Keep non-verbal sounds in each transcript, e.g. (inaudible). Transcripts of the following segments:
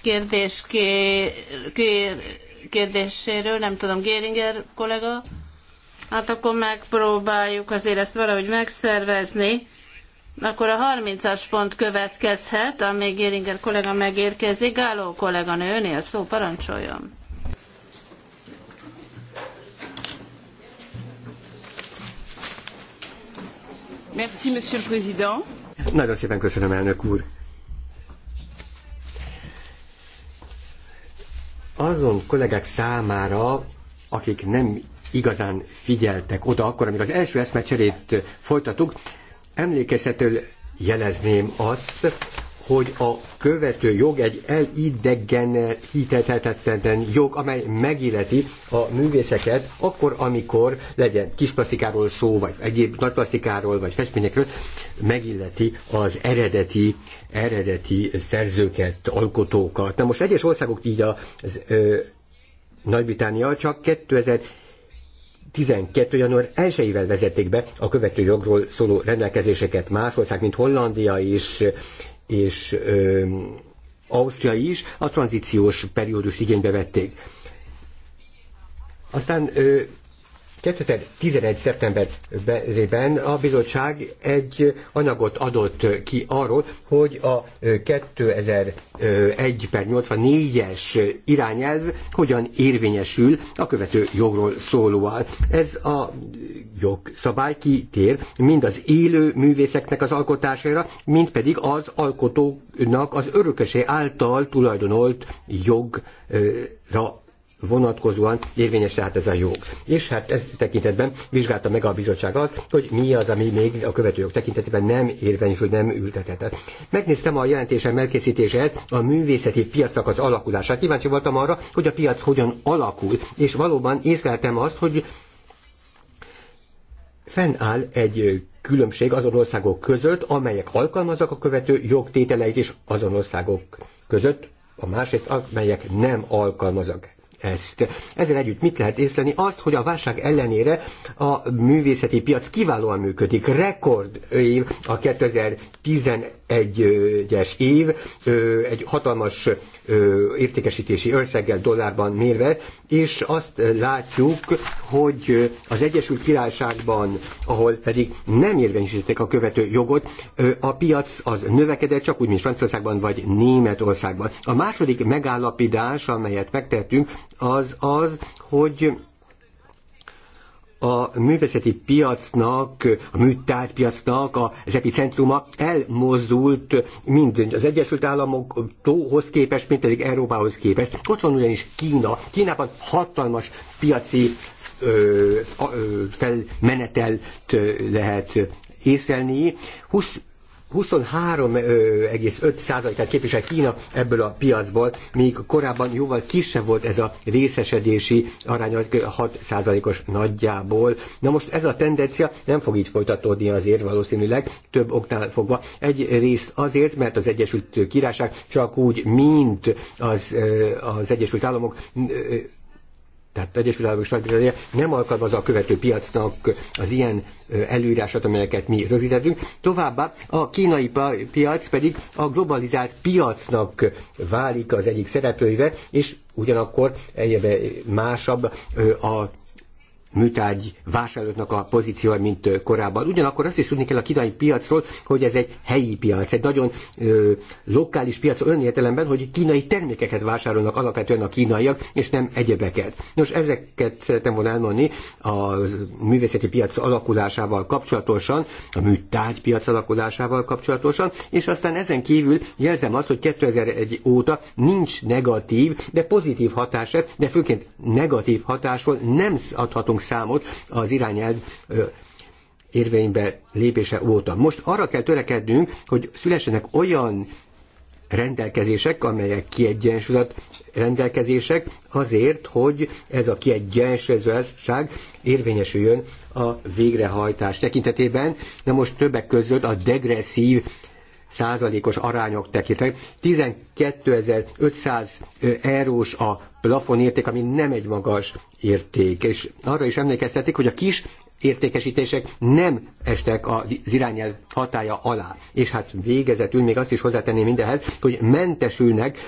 kérdés kér, kérdéséről, nem tudom, Géringer kollega, hát akkor megpróbáljuk azért ezt valahogy megszervezni. Akkor a 30-as pont következhet, amíg Géringer kollega megérkezik. Gáló kollega nőnél szó, parancsoljon. Merci, Monsieur le Président. Nagyon szépen köszönöm, elnök úr. azon kollégák számára, akik nem igazán figyeltek oda, akkor, amikor az első eszmecserét folytatuk, emlékeztetően jelezném azt, hogy a követő jog egy elidegenhetethetetlen jog, amely megilleti a művészeket akkor, amikor legyen kisplasztikáról szó, vagy egyéb nagyplasztikáról, vagy festményekről, megilleti az eredeti, eredeti szerzőket, alkotókat. Na most egyes országok így a nagy británia csak 2000 12. január 1-ével vezették be a követő jogról szóló rendelkezéseket. Más ország, mint Hollandia is és Ausztria is a tranzíciós periódust igénybe vették. Aztán 2011. szeptemberben a bizottság egy anyagot adott ki arról, hogy a 2001 per 84-es irányelv hogyan érvényesül a követő jogról szólóan. Ez a jogszabály kitér mind az élő művészeknek az alkotására, mind pedig az alkotóknak az örökösé által tulajdonolt jogra vonatkozóan érvényes tehát ez a jog. És hát ez tekintetben vizsgálta meg a bizottság azt, hogy mi az, ami még a követő jog tekintetében nem érvényes, hogy nem ültetett. Megnéztem a jelentésem elkészítését, a művészeti piacnak az alakulását. Kíváncsi voltam arra, hogy a piac hogyan alakul, és valóban észleltem azt, hogy fennáll egy különbség azon országok között, amelyek alkalmazzák a követő jogtételeit, és azon országok között, a másrészt, amelyek nem alkalmazak ezt. Ezzel együtt mit lehet észlelni? Azt, hogy a válság ellenére a művészeti piac kiválóan működik. Rekord év a 2011-es év, egy hatalmas értékesítési összeggel dollárban mérve, és azt látjuk, hogy az Egyesült Királyságban, ahol pedig nem érvényesítették a követő jogot, a piac az növekedett, csak úgy, mint Franciaországban vagy Németországban. A második megállapítás, amelyet megtettünk, az az, hogy a művészeti piacnak, a műtárt piacnak az epicentruma elmozdult mind az Egyesült Államokhoz képest, mint pedig Európához képest. Ott van ugyanis Kína. Kínában hatalmas piaci ö, ö, felmenetelt lehet észlelni. 20 23,5%-át képvisel Kína ebből a piacból, míg korábban jóval kisebb volt ez a részesedési arány 6%-os nagyjából. Na most ez a tendencia nem fog így folytatódni azért valószínűleg, több oknál fogva. Egy rész azért, mert az Egyesült Királyság csak úgy, mint az, az Egyesült Államok tehát Egyesült Államok Nagy-Britannia nem alkalmazza a követő piacnak az ilyen előírását, amelyeket mi rögzítettünk. Továbbá a kínai piac pedig a globalizált piacnak válik az egyik szereplőjével, és ugyanakkor egyébként másabb a műtárgy vásárlóknak a pozíciója, mint korábban. Ugyanakkor azt is tudni kell a kínai piacról, hogy ez egy helyi piac, egy nagyon ö, lokális piac olyan értelemben, hogy kínai termékeket vásárolnak alapvetően a kínaiak, és nem egyebeket. Nos, ezeket szeretem volna elmondani a művészeti piac alakulásával kapcsolatosan, a műtárgy piac alakulásával kapcsolatosan, és aztán ezen kívül jelzem azt, hogy 2001 óta nincs negatív, de pozitív hatása, de főként negatív hatásról nem adhatunk számot az irányelv érvénybe lépése óta. Most arra kell törekednünk, hogy szülessenek olyan rendelkezések, amelyek kiegyensúlyozott rendelkezések azért, hogy ez a kiegyensúlyozottság érvényesüljön a végrehajtás tekintetében. Na most többek között a degresszív százalékos arányok tekintetében 12.500 eurós a plafonérték, ami nem egy magas érték. És arra is emlékeztetik, hogy a kis értékesítések nem estek az irányel hatája alá. És hát végezetül még azt is hozzátenném mindehez, hogy mentesülnek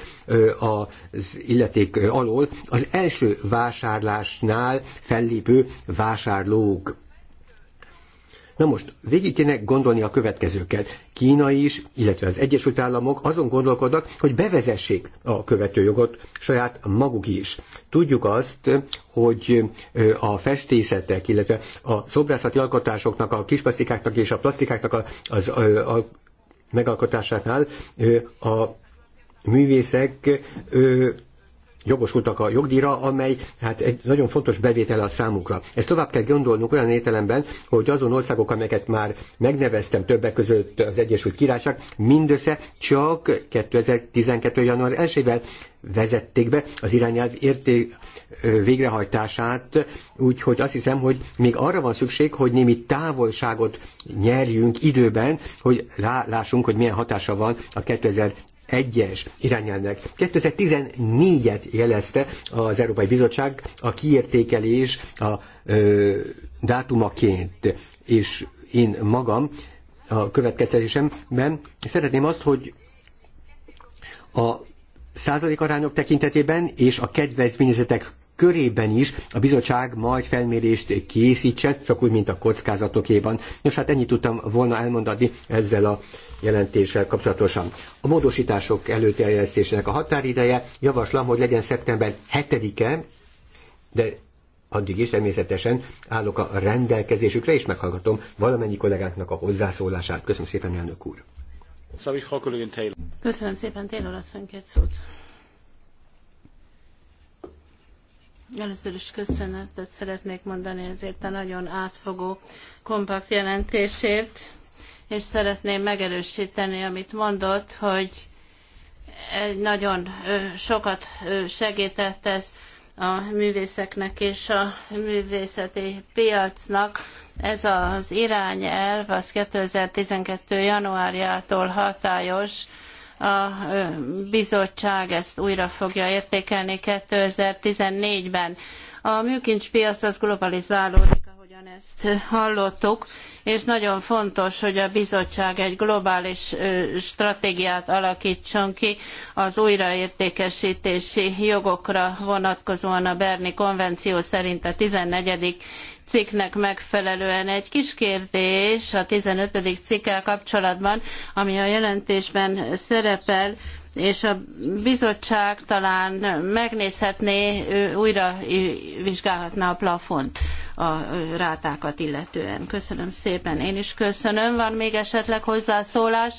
az illeték alól az első vásárlásnál fellépő vásárlók. Na most végig kéne gondolni a következőket. Kína is, illetve az Egyesült Államok azon gondolkodnak, hogy bevezessék a követőjogot saját maguk is. Tudjuk azt, hogy a festészetek, illetve a szobrászati alkotásoknak, a kisplasztikáknak és a plastikáknak az a, a megalkotásánál a művészek jogosultak a jogdíjra, amely hát egy nagyon fontos bevétel a számukra. Ezt tovább kell gondolnunk olyan értelemben, hogy azon országok, amelyeket már megneveztem többek között az Egyesült Királyság, mindössze csak 2012. január 1-ével vezették be az irányelv érté végrehajtását, úgyhogy azt hiszem, hogy még arra van szükség, hogy némi távolságot nyerjünk időben, hogy rálássunk, hogy milyen hatása van a 2000 egyes es irányelvnek. 2014-et jelezte az Európai Bizottság a kiértékelés a ö, dátumaként, és én magam a következtetésemben szeretném azt, hogy a százalékarányok tekintetében és a kedvezményezetek körében is a bizottság majd felmérést készítsen, csak úgy, mint a kockázatokéban. Nos, hát ennyit tudtam volna elmondani ezzel a jelentéssel kapcsolatosan. A módosítások előterjesztésének a határideje javaslom, hogy legyen szeptember 7-e, de addig is természetesen állok a rendelkezésükre, és meghallgatom valamennyi kollégánknak a hozzászólását. Köszönöm szépen, elnök úr! Köszönöm szépen, Taylor asszony, két szót. Először is köszönetet szeretnék mondani ezért a nagyon átfogó, kompakt jelentésért, és szeretném megerősíteni, amit mondott, hogy nagyon sokat segített ez a művészeknek és a művészeti piacnak. Ez az irányelv az 2012. januárjától hatályos, a bizottság ezt újra fogja értékelni 2014-ben. A műkincspiac az globalizálódik, ahogyan ezt hallottuk, és nagyon fontos, hogy a bizottság egy globális stratégiát alakítson ki az újraértékesítési jogokra vonatkozóan a Berni konvenció szerint a 14 cikknek megfelelően. Egy kis kérdés a 15. cikkel kapcsolatban, ami a jelentésben szerepel, és a bizottság talán megnézhetné, újra vizsgálhatná a plafont a rátákat illetően. Köszönöm szépen, én is köszönöm. Van még esetleg hozzászólás?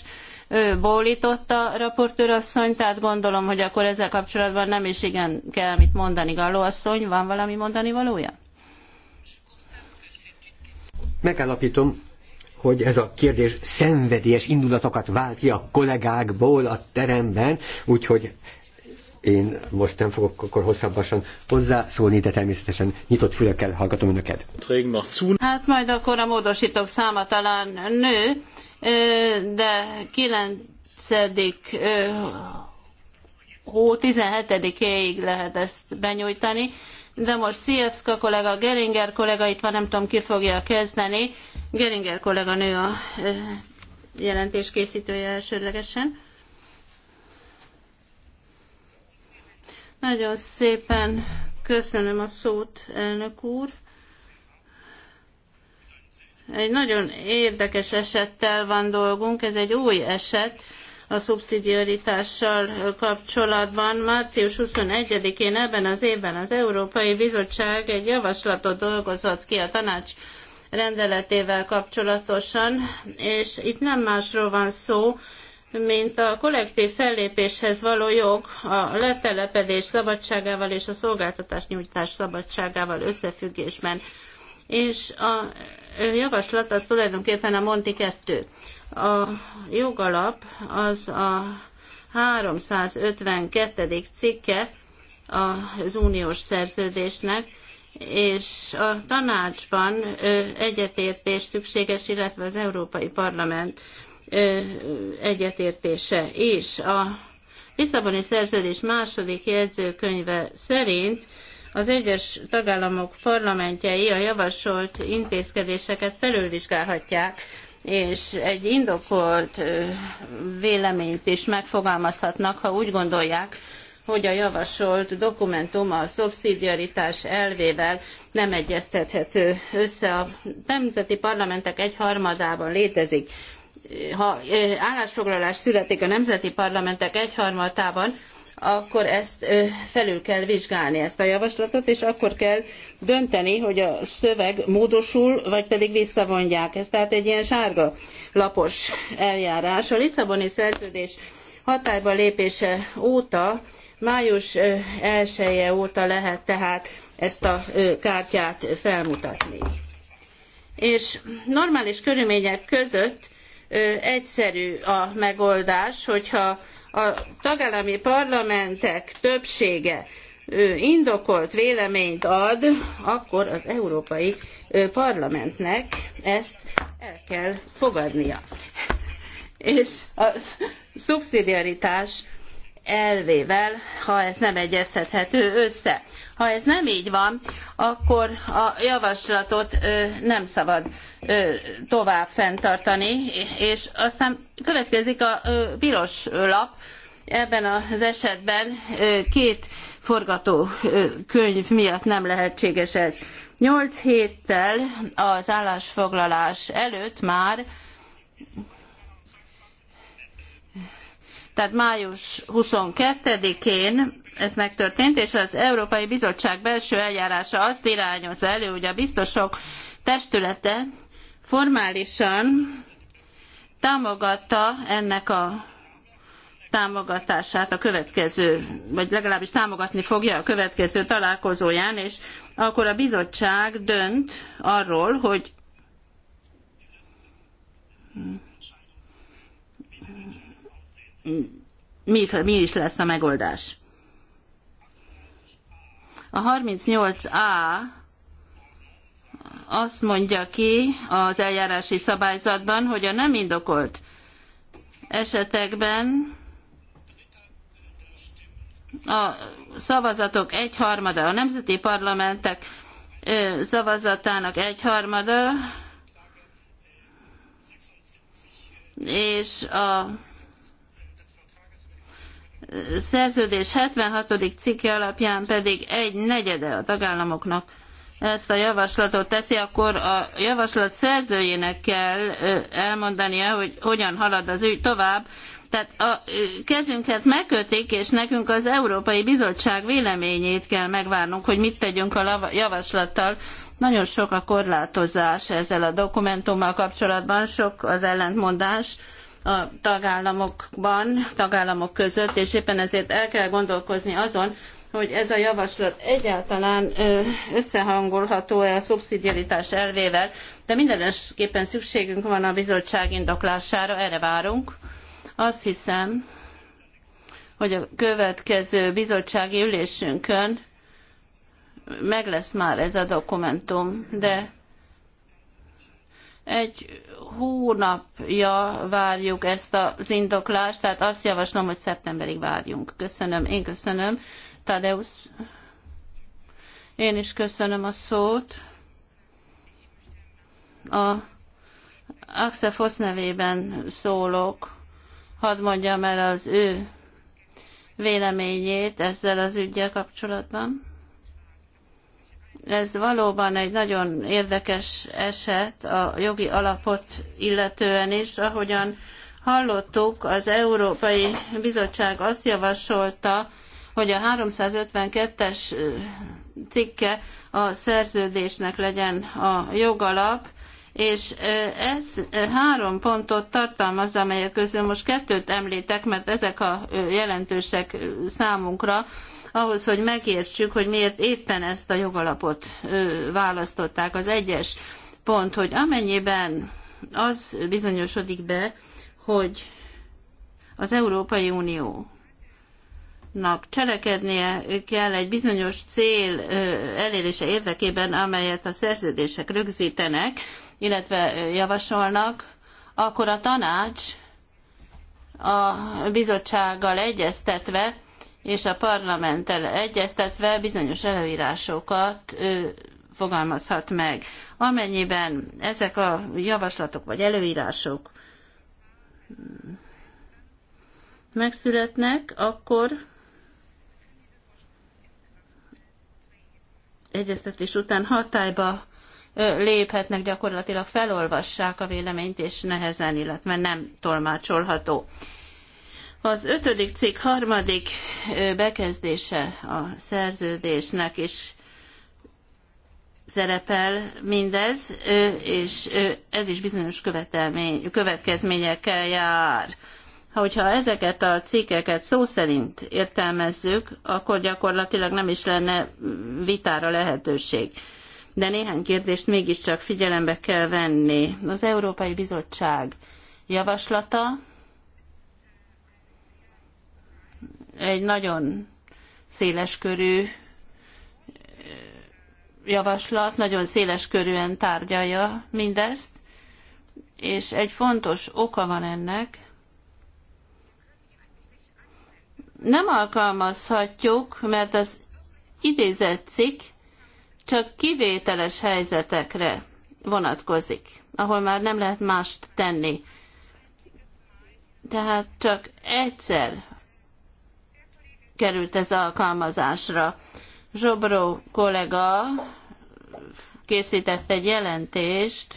Ő bólított a raportőr asszony, tehát gondolom, hogy akkor ezzel kapcsolatban nem is igen kell mit mondani. Galló asszony, van valami mondani valója? Megállapítom, hogy ez a kérdés szenvedélyes indulatokat vált ki a kollégákból a teremben, úgyhogy én most nem fogok akkor hosszabbasan hozzászólni, de természetesen nyitott fülekkel hallgatom önöket. Hát majd akkor a módosítók száma talán nő, de 9. hó 17-éig lehet ezt benyújtani de most Cievska kollega, Geringer kollega itt van, nem tudom ki fogja kezdeni. Geringer kollega nő a jelentés készítője elsődlegesen. Nagyon szépen köszönöm a szót, elnök úr. Egy nagyon érdekes esettel van dolgunk, ez egy új eset, a szubszidiaritással kapcsolatban. Március 21-én ebben az évben az Európai Bizottság egy javaslatot dolgozott ki a tanács rendeletével kapcsolatosan, és itt nem másról van szó, mint a kollektív fellépéshez való jog a letelepedés szabadságával és a szolgáltatás nyújtás szabadságával összefüggésben. És a javaslat az tulajdonképpen a Monti 2 a jogalap az a 352. cikke az uniós szerződésnek, és a tanácsban egyetértés szükséges, illetve az Európai Parlament egyetértése is. A Lisszaboni szerződés második jegyzőkönyve szerint az egyes tagállamok parlamentjei a javasolt intézkedéseket felülvizsgálhatják és egy indokolt véleményt is megfogalmazhatnak, ha úgy gondolják, hogy a javasolt dokumentum a szubszidiaritás elvével nem egyeztethető össze. A nemzeti parlamentek egyharmadában létezik. Ha állásfoglalás születik a nemzeti parlamentek egyharmadában, akkor ezt felül kell vizsgálni, ezt a javaslatot, és akkor kell dönteni, hogy a szöveg módosul, vagy pedig visszavonják. ezt tehát egy ilyen sárga lapos eljárás. A Lisszaboni szerződés hatályba lépése óta, május 1 -e óta lehet tehát ezt a kártyát felmutatni. És normális körülmények között egyszerű a megoldás, hogyha a tagállami parlamentek többsége indokolt véleményt ad, akkor az Európai Parlamentnek ezt el kell fogadnia. És a szubszidiaritás elvével, ha ez nem egyeztethető össze. Ha ez nem így van, akkor a javaslatot nem szabad tovább fenntartani, és aztán következik a piros lap, ebben az esetben két forgatókönyv miatt nem lehetséges ez. Nyolc héttel az állásfoglalás előtt már, tehát május 22-én ez megtörtént, és az Európai Bizottság belső eljárása azt irányozza elő, hogy a biztosok testülete formálisan támogatta ennek a támogatását a következő, vagy legalábbis támogatni fogja a következő találkozóján, és akkor a bizottság dönt arról, hogy mi, mi is lesz a megoldás. A 38A azt mondja ki az eljárási szabályzatban, hogy a nem indokolt esetekben a szavazatok egyharmada, a nemzeti parlamentek szavazatának egyharmada, és a szerződés 76. cikke alapján pedig egy negyede a tagállamoknak ezt a javaslatot teszi, akkor a javaslat szerzőjének kell elmondania, hogy hogyan halad az ügy tovább. Tehát a kezünket megkötik, és nekünk az Európai Bizottság véleményét kell megvárnunk, hogy mit tegyünk a javaslattal. Nagyon sok a korlátozás ezzel a dokumentummal kapcsolatban, sok az ellentmondás a tagállamokban, tagállamok között, és éppen ezért el kell gondolkozni azon, hogy ez a javaslat egyáltalán összehangolható-e a szubszidiaritás elvével, de mindenesképpen szükségünk van a bizottság indoklására, erre várunk. Azt hiszem, hogy a következő bizottsági ülésünkön meg lesz már ez a dokumentum, de egy hónapja várjuk ezt az indoklást, tehát azt javaslom, hogy szeptemberig várjunk. Köszönöm, én köszönöm. Tadeusz, én is köszönöm a szót. A Axel Fosz nevében szólok. Hadd mondjam el az ő véleményét ezzel az ügyel kapcsolatban. Ez valóban egy nagyon érdekes eset a jogi alapot illetően is, ahogyan hallottuk, az Európai Bizottság azt javasolta, hogy a 352-es cikke a szerződésnek legyen a jogalap, és ez három pontot tartalmaz, amelyek közül most kettőt említek, mert ezek a jelentősek számunkra ahhoz, hogy megértsük, hogy miért éppen ezt a jogalapot választották. Az egyes pont, hogy amennyiben az bizonyosodik be, hogy az Európai Unió nak cselekednie kell egy bizonyos cél elérése érdekében, amelyet a szerződések rögzítenek, illetve javasolnak, akkor a tanács a bizottsággal egyeztetve és a parlamenttel egyeztetve bizonyos előírásokat fogalmazhat meg. Amennyiben ezek a javaslatok vagy előírások megszületnek, akkor egyeztetés után hatályba léphetnek, gyakorlatilag felolvassák a véleményt, és nehezen, illetve nem tolmácsolható. Az ötödik cikk harmadik bekezdése a szerződésnek is szerepel mindez, és ez is bizonyos követelmény, következményekkel jár. Ha hogyha ezeket a cikkeket szó szerint értelmezzük, akkor gyakorlatilag nem is lenne vitára lehetőség. De néhány kérdést mégiscsak figyelembe kell venni. Az Európai Bizottság javaslata egy nagyon széleskörű javaslat, nagyon széleskörűen tárgyalja mindezt, és egy fontos oka van ennek. Nem alkalmazhatjuk, mert az idézett cikk csak kivételes helyzetekre vonatkozik, ahol már nem lehet mást tenni. Tehát csak egyszer került ez alkalmazásra. Zsobró kollega készített egy jelentést,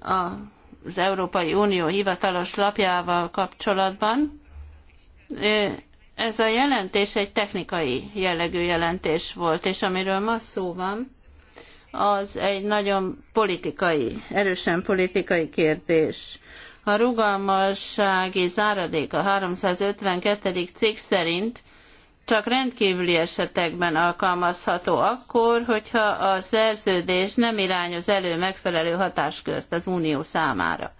az Európai Unió hivatalos lapjával kapcsolatban. Ez a jelentés egy technikai jellegű jelentés volt, és amiről ma szó van, az egy nagyon politikai, erősen politikai kérdés. A rugalmassági záradék a 352. cikk szerint csak rendkívüli esetekben alkalmazható akkor, hogyha a szerződés nem irányoz elő megfelelő hatáskört az Unió számára.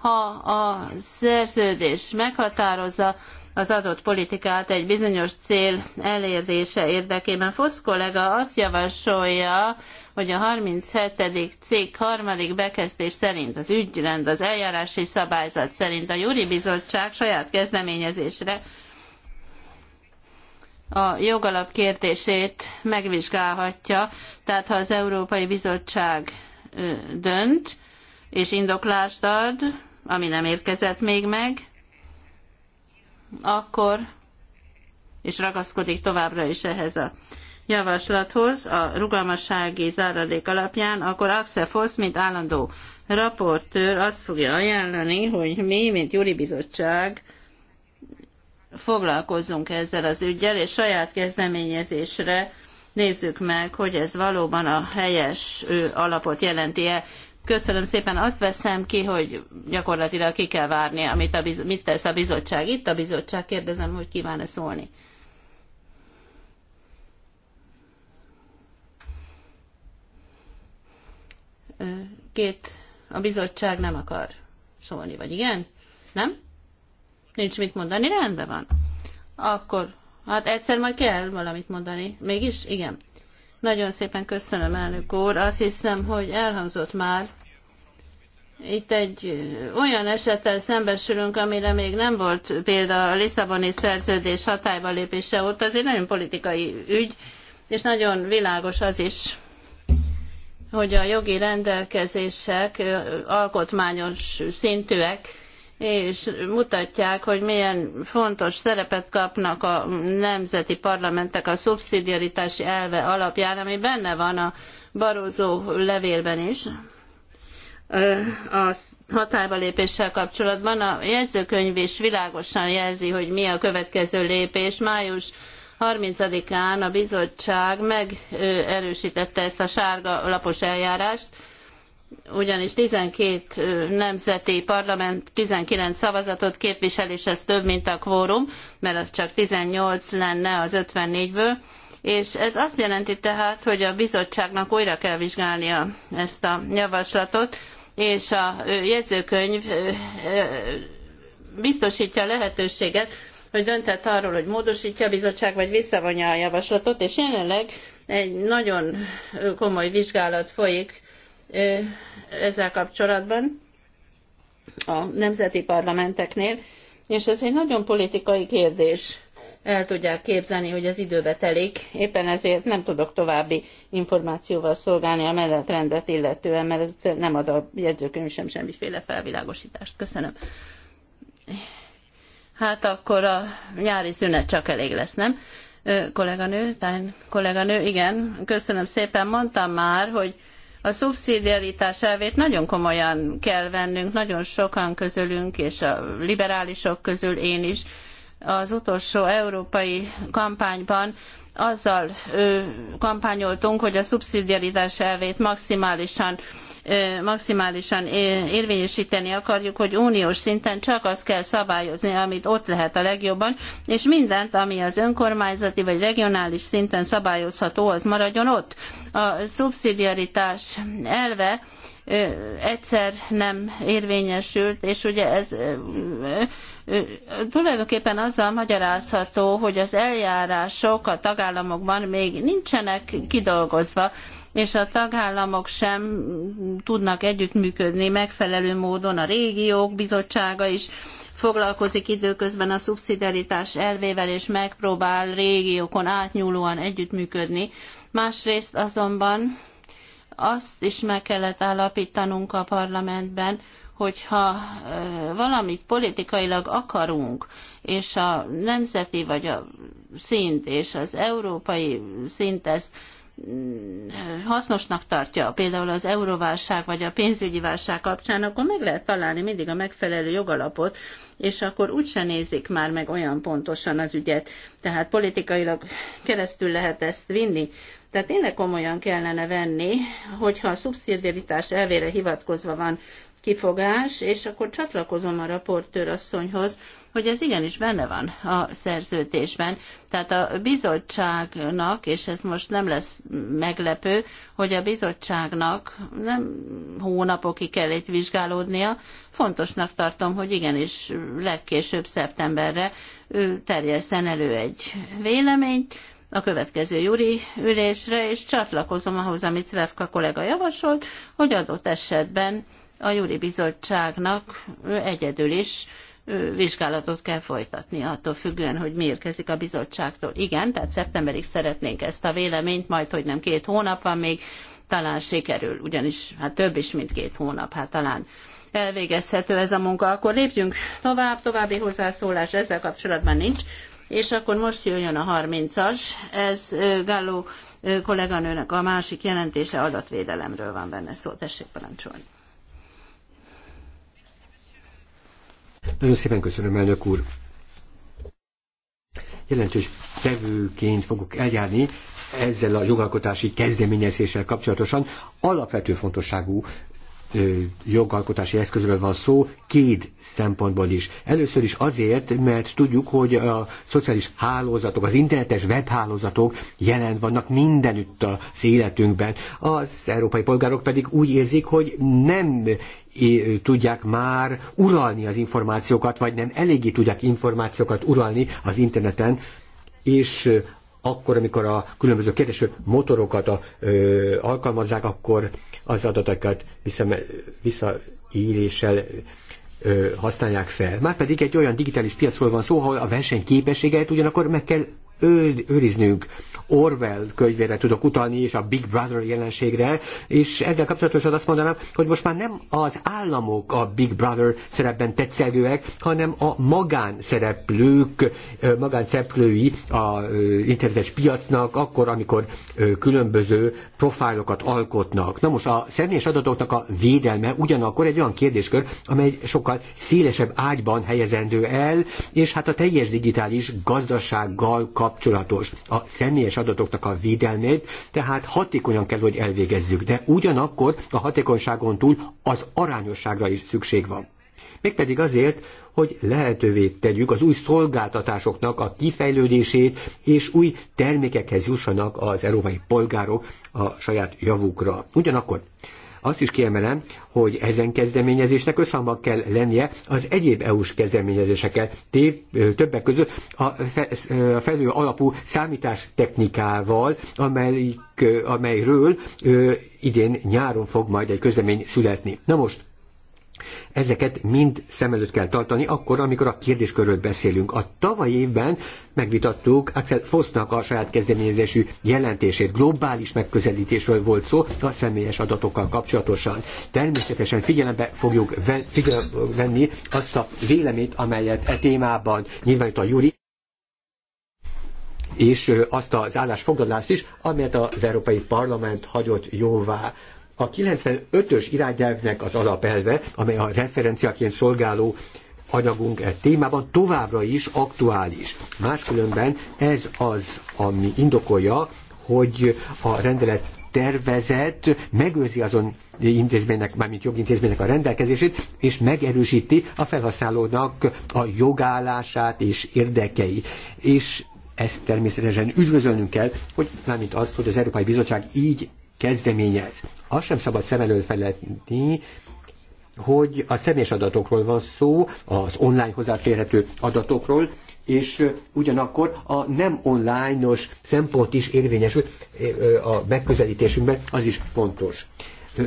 Ha a szerződés meghatározza, az adott politikát egy bizonyos cél elérése érdekében. Fosz kollega azt javasolja, hogy a 37. cikk harmadik bekezdés szerint az ügyrend, az eljárási szabályzat szerint a Júri Bizottság saját kezdeményezésre a jogalap kérdését megvizsgálhatja, tehát ha az Európai Bizottság dönt és indoklást ad, ami nem érkezett még meg, akkor, és ragaszkodik továbbra is ehhez a javaslathoz a rugalmassági záradék alapján, akkor Axel Foss, mint állandó raportőr azt fogja ajánlani, hogy mi, mint Júri Bizottság, foglalkozzunk ezzel az ügyel, és saját kezdeményezésre nézzük meg, hogy ez valóban a helyes alapot jelenti-e köszönöm szépen, azt veszem ki, hogy gyakorlatilag ki kell várni, amit a biz- mit tesz a bizottság. Itt a bizottság, kérdezem, hogy kíván-e szólni. Két, a bizottság nem akar szólni, vagy igen? Nem? Nincs mit mondani, rendben van. Akkor, hát egyszer majd kell valamit mondani. Mégis? Igen. Nagyon szépen köszönöm, elnök úr. Azt hiszem, hogy elhangzott már. Itt egy olyan esettel szembesülünk, amire még nem volt példa a Lisszaboni szerződés hatályba lépése óta. Ez egy nagyon politikai ügy, és nagyon világos az is, hogy a jogi rendelkezések alkotmányos szintűek, és mutatják, hogy milyen fontos szerepet kapnak a nemzeti parlamentek a szubszidiaritási elve alapján, ami benne van a Barózó levélben is. A hatályba lépéssel kapcsolatban a jegyzőkönyv is világosan jelzi, hogy mi a következő lépés. Május 30-án a bizottság megerősítette ezt a sárga lapos eljárást, ugyanis 12 nemzeti parlament 19 szavazatot képvisel, és ez több, mint a kvórum, mert az csak 18 lenne az 54-ből. És ez azt jelenti tehát, hogy a bizottságnak újra kell vizsgálnia ezt a javaslatot, és a jegyzőkönyv biztosítja a lehetőséget, hogy döntett arról, hogy módosítja a bizottság, vagy visszavonja a javaslatot, és jelenleg egy nagyon komoly vizsgálat folyik ezzel kapcsolatban a nemzeti parlamenteknél, és ez egy nagyon politikai kérdés. El tudják képzelni, hogy az időbe telik, éppen ezért nem tudok további információval szolgálni a menetrendet illetően, mert ez nem ad a jegyzőkönyv sem semmiféle felvilágosítást. Köszönöm. Hát akkor a nyári szünet csak elég lesz, nem? Ö, kolléganő, tán, kolléganő, igen, köszönöm szépen. Mondtam már, hogy a szubszidiaritás elvét nagyon komolyan kell vennünk, nagyon sokan közülünk, és a liberálisok közül én is, az utolsó európai kampányban azzal kampányoltunk, hogy a szubszidiaritás elvét maximálisan maximálisan érvényesíteni akarjuk, hogy uniós szinten csak azt kell szabályozni, amit ott lehet a legjobban, és mindent, ami az önkormányzati vagy regionális szinten szabályozható, az maradjon ott. A szubszidiaritás elve egyszer nem érvényesült, és ugye ez tulajdonképpen azzal magyarázható, hogy az eljárások a tagállamokban még nincsenek kidolgozva, és a tagállamok sem tudnak együttműködni megfelelő módon. A régiók bizottsága is foglalkozik időközben a szubszidiaritás elvével, és megpróbál régiókon átnyúlóan együttműködni. Másrészt azonban azt is meg kellett állapítanunk a parlamentben, hogyha valamit politikailag akarunk, és a nemzeti vagy a szint és az európai szint ezt mm, hasznosnak tartja, például az euróválság vagy a pénzügyi válság kapcsán, akkor meg lehet találni mindig a megfelelő jogalapot, és akkor úgyse nézik már meg olyan pontosan az ügyet. Tehát politikailag keresztül lehet ezt vinni. Tehát tényleg komolyan kellene venni, hogyha a szubszidiaritás elvére hivatkozva van kifogás, és akkor csatlakozom a raportőr asszonyhoz, hogy ez igenis benne van a szerződésben. Tehát a bizottságnak, és ez most nem lesz meglepő, hogy a bizottságnak nem hónapokig kell itt vizsgálódnia, fontosnak tartom, hogy igenis legkésőbb szeptemberre terjeszen elő egy véleményt, a következő júri ülésre, és csatlakozom ahhoz, amit Vevka kollega javasolt, hogy adott esetben a júri bizottságnak egyedül is vizsgálatot kell folytatni, attól függően, hogy mi érkezik a bizottságtól. Igen, tehát szeptemberig szeretnénk ezt a véleményt, majd hogy nem két hónap van még, talán sikerül, ugyanis hát több is, mint két hónap, hát talán elvégezhető ez a munka. Akkor lépjünk tovább, további hozzászólás ezzel kapcsolatban nincs és akkor most jöjjön a 30-as, ez Galló kolléganőnek a másik jelentése adatvédelemről van benne szó. Tessék parancsolni. Nagyon szépen köszönöm, elnök úr. Jelentős tevőként fogok eljárni ezzel a jogalkotási kezdeményezéssel kapcsolatosan alapvető fontosságú jogalkotási eszközről van szó, két szempontból is. Először is azért, mert tudjuk, hogy a szociális hálózatok, az internetes webhálózatok jelen vannak mindenütt a életünkben. Az európai polgárok pedig úgy érzik, hogy nem tudják már uralni az információkat, vagy nem eléggé tudják információkat uralni az interneten, és akkor, amikor a különböző kereső motorokat a, ö, alkalmazzák, akkor az adatokat visszaíréssel használják fel. Márpedig egy olyan digitális piacról van szó, ahol a versenyképességet ugyanakkor meg kell őriznünk. Orwell könyvére tudok utalni, és a Big Brother jelenségre, és ezzel kapcsolatosan azt mondanám, hogy most már nem az államok a Big Brother szerepben tetszelőek, hanem a magánszereplők, magánszereplői a internetes piacnak, akkor, amikor különböző profilokat alkotnak. Na most a személyes adatoknak a védelme ugyanakkor egy olyan kérdéskör, amely sokkal szélesebb ágyban helyezendő el, és hát a teljes digitális gazdasággal kapcsolatban kapcsolatos a személyes adatoknak a védelmét, tehát hatékonyan kell, hogy elvégezzük, de ugyanakkor a hatékonyságon túl az arányosságra is szükség van. Mégpedig azért, hogy lehetővé tegyük az új szolgáltatásoknak a kifejlődését, és új termékekhez jussanak az európai polgárok a saját javukra. Ugyanakkor azt is kiemelem, hogy ezen kezdeményezésnek összhangban kell lennie az egyéb EU-s kezdeményezésekkel, többek között a felül alapú számítástechnikával, amelyik, amelyről idén nyáron fog majd egy közlemény születni. Na most, Ezeket mind szem előtt kell tartani, akkor, amikor a kérdéskörről beszélünk. A tavaly évben megvitattuk Axel Fosznak a saját kezdeményezésű jelentését. Globális megközelítésről volt szó a személyes adatokkal kapcsolatosan. Természetesen figyelembe fogjuk venni azt a véleményt, amelyet e témában nyilvánít a Júri és azt az állásfoglalást is, amelyet az Európai Parlament hagyott jóvá a 95-ös irányelvnek az alapelve, amely a referenciaként szolgáló anyagunk e témában továbbra is aktuális. Máskülönben ez az, ami indokolja, hogy a rendelet tervezet megőrzi azon intézménynek, mármint jogintézménynek a rendelkezését, és megerősíti a felhasználónak a jogállását és érdekei. És ezt természetesen üdvözölnünk kell, hogy mármint azt, hogy az Európai Bizottság így kezdeményez. Azt sem szabad szem elől feletni, hogy a személyes adatokról van szó, az online hozzáférhető adatokról, és ugyanakkor a nem onlineos szempont is érvényesül a megközelítésünkben, az is fontos.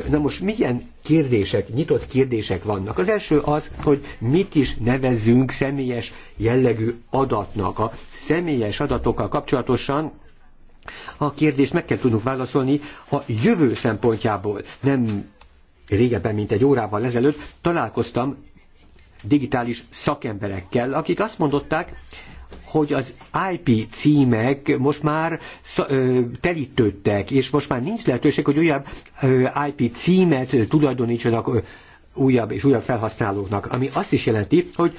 Na most milyen kérdések, nyitott kérdések vannak? Az első az, hogy mit is nevezünk személyes jellegű adatnak. A személyes adatokkal kapcsolatosan a kérdést meg kell tudnunk válaszolni a jövő szempontjából. Nem régebben, mint egy órával ezelőtt találkoztam digitális szakemberekkel, akik azt mondották, hogy az IP címek most már telítődtek, és most már nincs lehetőség, hogy újabb IP címet tulajdonítsanak újabb és újabb felhasználóknak, ami azt is jelenti, hogy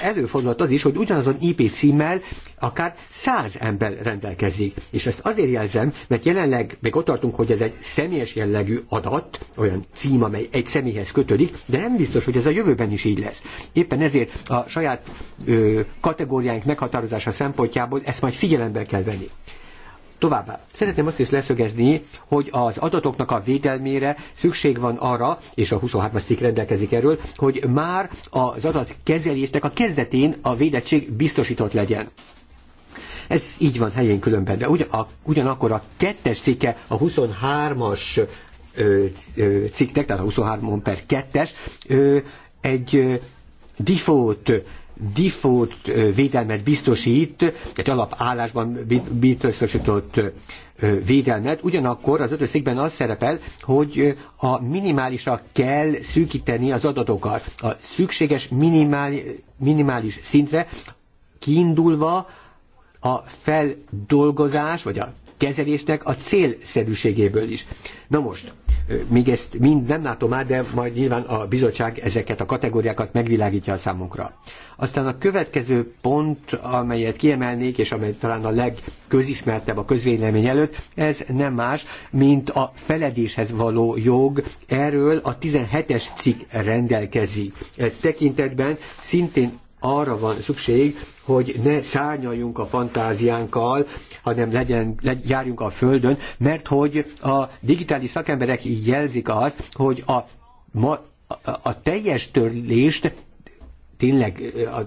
előfordulhat az is, hogy ugyanazon IP címmel akár száz ember rendelkezik. És ezt azért jelzem, mert jelenleg még ott tartunk, hogy ez egy személyes jellegű adat, olyan cím, amely egy személyhez kötődik, de nem biztos, hogy ez a jövőben is így lesz. Éppen ezért a saját ö, kategóriánk meghatározása szempontjából ezt majd figyelembe kell venni. Továbbá szeretném azt is leszögezni, hogy az adatoknak a védelmére szükség van arra, és a 23-as cikk rendelkezik erről, hogy már az adatkezelésnek a kezdetén a védettség biztosított legyen. Ez így van helyén különben, de ugyanakkor a kettes cikke a 23-as cikknek, tehát a 23 per 2-es, egy default default védelmet biztosít, egy alapállásban biztosított védelmet, ugyanakkor az ötös az szerepel, hogy a minimálisra kell szűkíteni az adatokat. A szükséges minimális, minimális szintre kiindulva a feldolgozás, vagy a kezelésnek a célszerűségéből is. Na most, még ezt mind nem látom át, de majd nyilván a bizottság ezeket a kategóriákat megvilágítja a számunkra. Aztán a következő pont, amelyet kiemelnék, és amely talán a legközismertebb a közvélemény előtt, ez nem más, mint a feledéshez való jog. Erről a 17-es cikk rendelkezik. Egy tekintetben szintén arra van szükség, hogy ne szárnyaljunk a fantáziánkkal, hanem legyen, legy, járjunk a földön, mert hogy a digitális szakemberek jelzik azt, hogy a, ma, a, a teljes törlést tényleg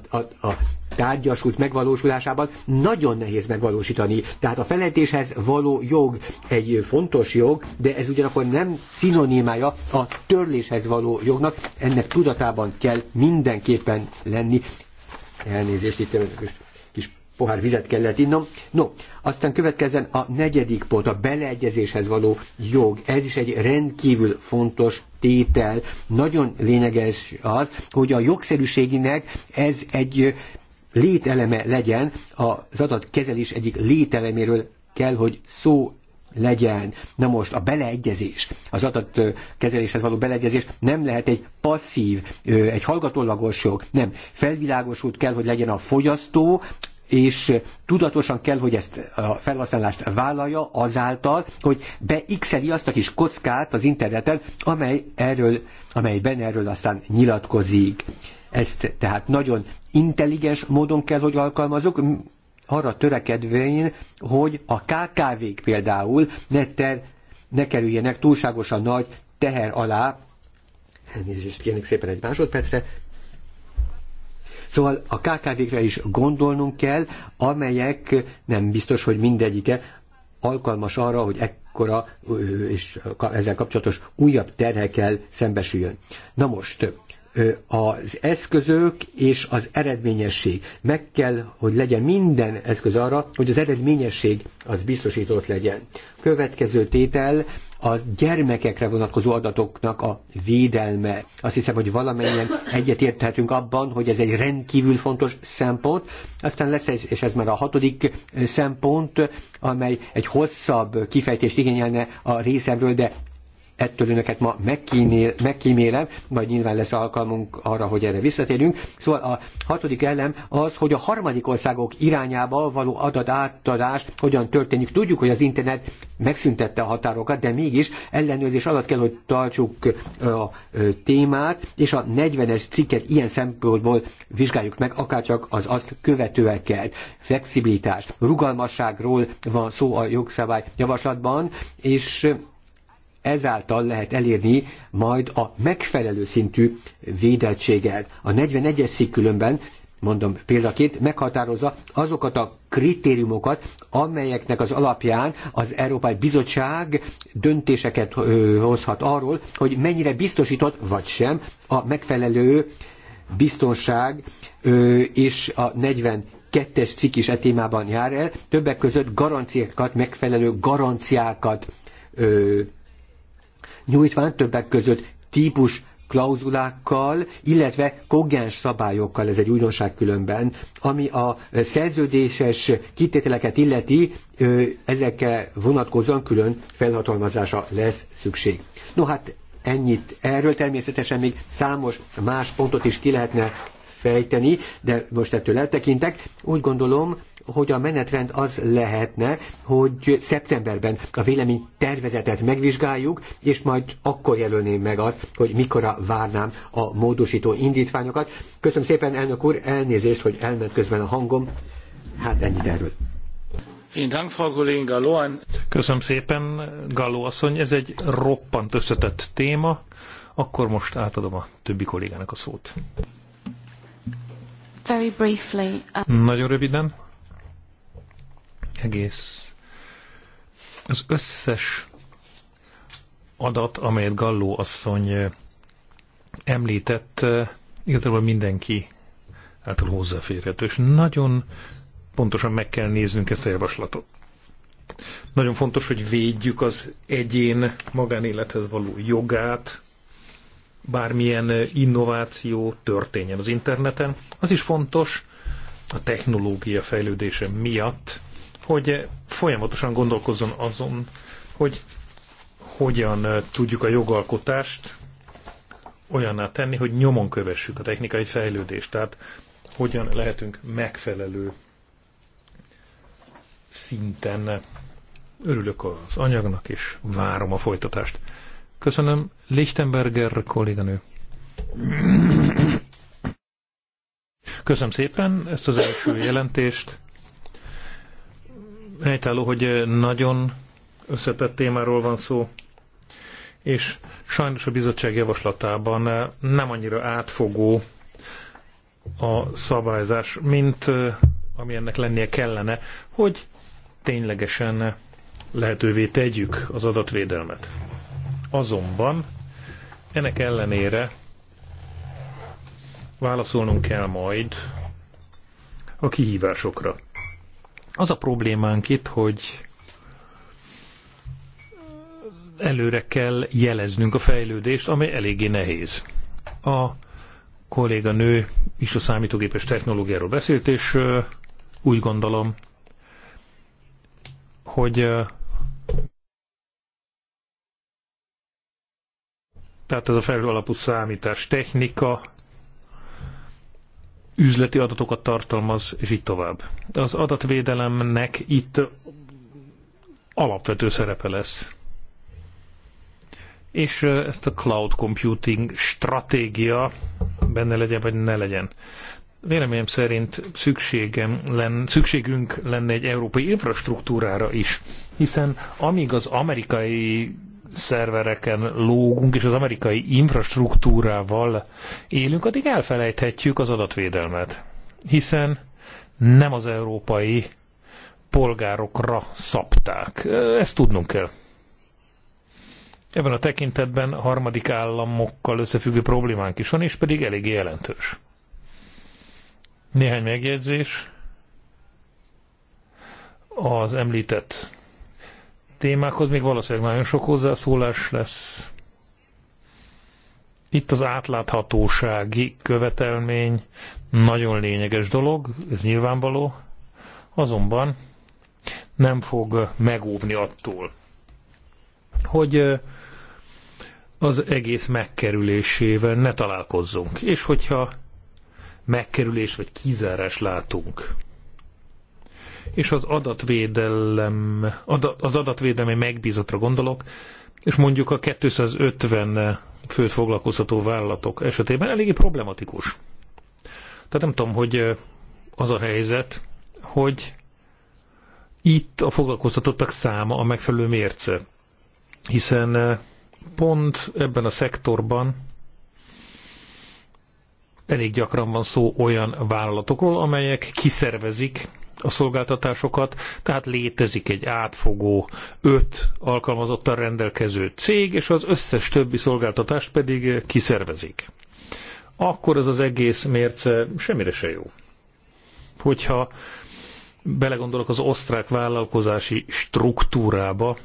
a, a, a tárgyasult megvalósulásában nagyon nehéz megvalósítani. Tehát a feledéshez való jog egy fontos jog, de ez ugyanakkor nem szinonimája a törléshez való jognak, ennek tudatában kell mindenképpen lenni. Elnézést, itt most kis pohár vizet kellett innom. No, aztán következzen a negyedik pont, a beleegyezéshez való jog. Ez is egy rendkívül fontos tétel. Nagyon lényeges az, hogy a jogszerűségének ez egy lételeme legyen, az adatkezelés egyik lételeméről kell, hogy szó legyen. Na most a beleegyezés, az adatkezeléshez való beleegyezés nem lehet egy passzív, egy hallgatólagos jog, nem. Felvilágosult kell, hogy legyen a fogyasztó, és tudatosan kell, hogy ezt a felhasználást vállalja azáltal, hogy beixeli azt a kis kockát az interneten, amely erről, amelyben erről aztán nyilatkozik. Ezt tehát nagyon intelligens módon kell, hogy alkalmazok, arra törekedvén, hogy a KKV-k például ne, ter, ne kerüljenek túlságosan nagy teher alá. Elnézést kérnék szépen egy másodpercre. Szóval a KKV-kre is gondolnunk kell, amelyek nem biztos, hogy mindegyike alkalmas arra, hogy ekkora és ezzel kapcsolatos újabb terhekkel szembesüljön. Na most, az eszközök és az eredményesség. Meg kell, hogy legyen minden eszköz arra, hogy az eredményesség az biztosított legyen. Következő tétel a gyermekekre vonatkozó adatoknak a védelme. Azt hiszem, hogy valamennyien egyetérthetünk abban, hogy ez egy rendkívül fontos szempont. Aztán lesz, ez, és ez már a hatodik szempont, amely egy hosszabb kifejtést igényelne a részemről, de ettől önöket ma megkímél, megkímélem, majd nyilván lesz alkalmunk arra, hogy erre visszatérjünk. Szóval a hatodik elem az, hogy a harmadik országok irányába való adatátadás hogyan történik. Tudjuk, hogy az internet megszüntette a határokat, de mégis ellenőrzés alatt kell, hogy tartsuk a témát, és a 40-es cikket ilyen szempontból vizsgáljuk meg, akárcsak az azt követőekkel. Flexibilitás, rugalmasságról van szó a jogszabály javaslatban, és ezáltal lehet elérni majd a megfelelő szintű védettséget. A 41-es szik különben mondom példaként, meghatározza azokat a kritériumokat, amelyeknek az alapján az Európai Bizottság döntéseket hozhat arról, hogy mennyire biztosított vagy sem a megfelelő biztonság és a 40 kettes cikk is e témában jár el, többek között garanciákat, megfelelő garanciákat ö, nyújtván többek között típus klauzulákkal, illetve kogens szabályokkal, ez egy újdonság különben, ami a szerződéses kitételeket illeti, ezekkel vonatkozóan külön felhatalmazása lesz szükség. No hát ennyit erről, természetesen még számos más pontot is ki lehetne fejteni, de most ettől eltekintek. Úgy gondolom, hogy a menetrend az lehetne, hogy szeptemberben a vélemény tervezetet megvizsgáljuk, és majd akkor jelölném meg azt, hogy mikora várnám a módosító indítványokat. Köszönöm szépen, elnök úr, elnézést, hogy elment közben a hangom. Hát ennyit erről. Köszönöm szépen, Galló asszony. Ez egy roppant összetett téma. Akkor most átadom a többi kollégának a szót. Very briefly. Uh- Nagyon röviden egész az összes adat, amelyet Galló asszony eh, említett, eh, igazából mindenki által hozzáférhető, és nagyon pontosan meg kell néznünk ezt a javaslatot. Nagyon fontos, hogy védjük az egyén magánélethez való jogát, bármilyen eh, innováció történjen az interneten. Az is fontos, a technológia fejlődése miatt hogy folyamatosan gondolkozzon azon, hogy hogyan tudjuk a jogalkotást olyanná tenni, hogy nyomon kövessük a technikai fejlődést. Tehát hogyan lehetünk megfelelő szinten. Örülök az anyagnak, és várom a folytatást. Köszönöm, Lichtenberger kolléganő. Köszönöm szépen ezt az első jelentést helytálló, hogy nagyon összetett témáról van szó, és sajnos a bizottság javaslatában nem annyira átfogó a szabályzás, mint ami ennek lennie kellene, hogy ténylegesen lehetővé tegyük az adatvédelmet. Azonban ennek ellenére válaszolnunk kell majd a kihívásokra. Az a problémánk itt, hogy előre kell jeleznünk a fejlődést, ami eléggé nehéz. A nő is a számítógépes technológiáról beszélt, és úgy gondolom, hogy tehát ez a felhő alapú számítás technika üzleti adatokat tartalmaz, és így tovább. Az adatvédelemnek itt alapvető szerepe lesz. És ezt a cloud computing stratégia benne legyen, vagy ne legyen. Véleményem szerint szükségem len, szükségünk lenne egy európai infrastruktúrára is, hiszen amíg az amerikai szervereken lógunk, és az amerikai infrastruktúrával élünk, addig elfelejthetjük az adatvédelmet. Hiszen nem az európai polgárokra szapták. Ezt tudnunk kell. Ebben a tekintetben a harmadik államokkal összefüggő problémánk is van, és pedig eléggé jelentős. Néhány megjegyzés az említett témákhoz még valószínűleg nagyon sok hozzászólás lesz. Itt az átláthatósági követelmény nagyon lényeges dolog, ez nyilvánvaló, azonban nem fog megóvni attól, hogy az egész megkerülésével ne találkozzunk. És hogyha megkerülés vagy kizárás látunk, és az adatvédelem, az adatvédelmi megbízatra gondolok, és mondjuk a 250 főt foglalkoztató vállalatok esetében eléggé problematikus. Tehát nem tudom, hogy eh, az a helyzet, hogy itt a foglalkoztatottak száma a megfelelő mérce. Hiszen eh, pont ebben a szektorban elég gyakran van szó olyan vállalatokról, amelyek kiszervezik a szolgáltatásokat, tehát létezik egy átfogó öt alkalmazottan rendelkező cég, és az összes többi szolgáltatást pedig kiszervezik. Akkor ez az egész mérce semmire se jó. Hogyha belegondolok az osztrák vállalkozási struktúrába,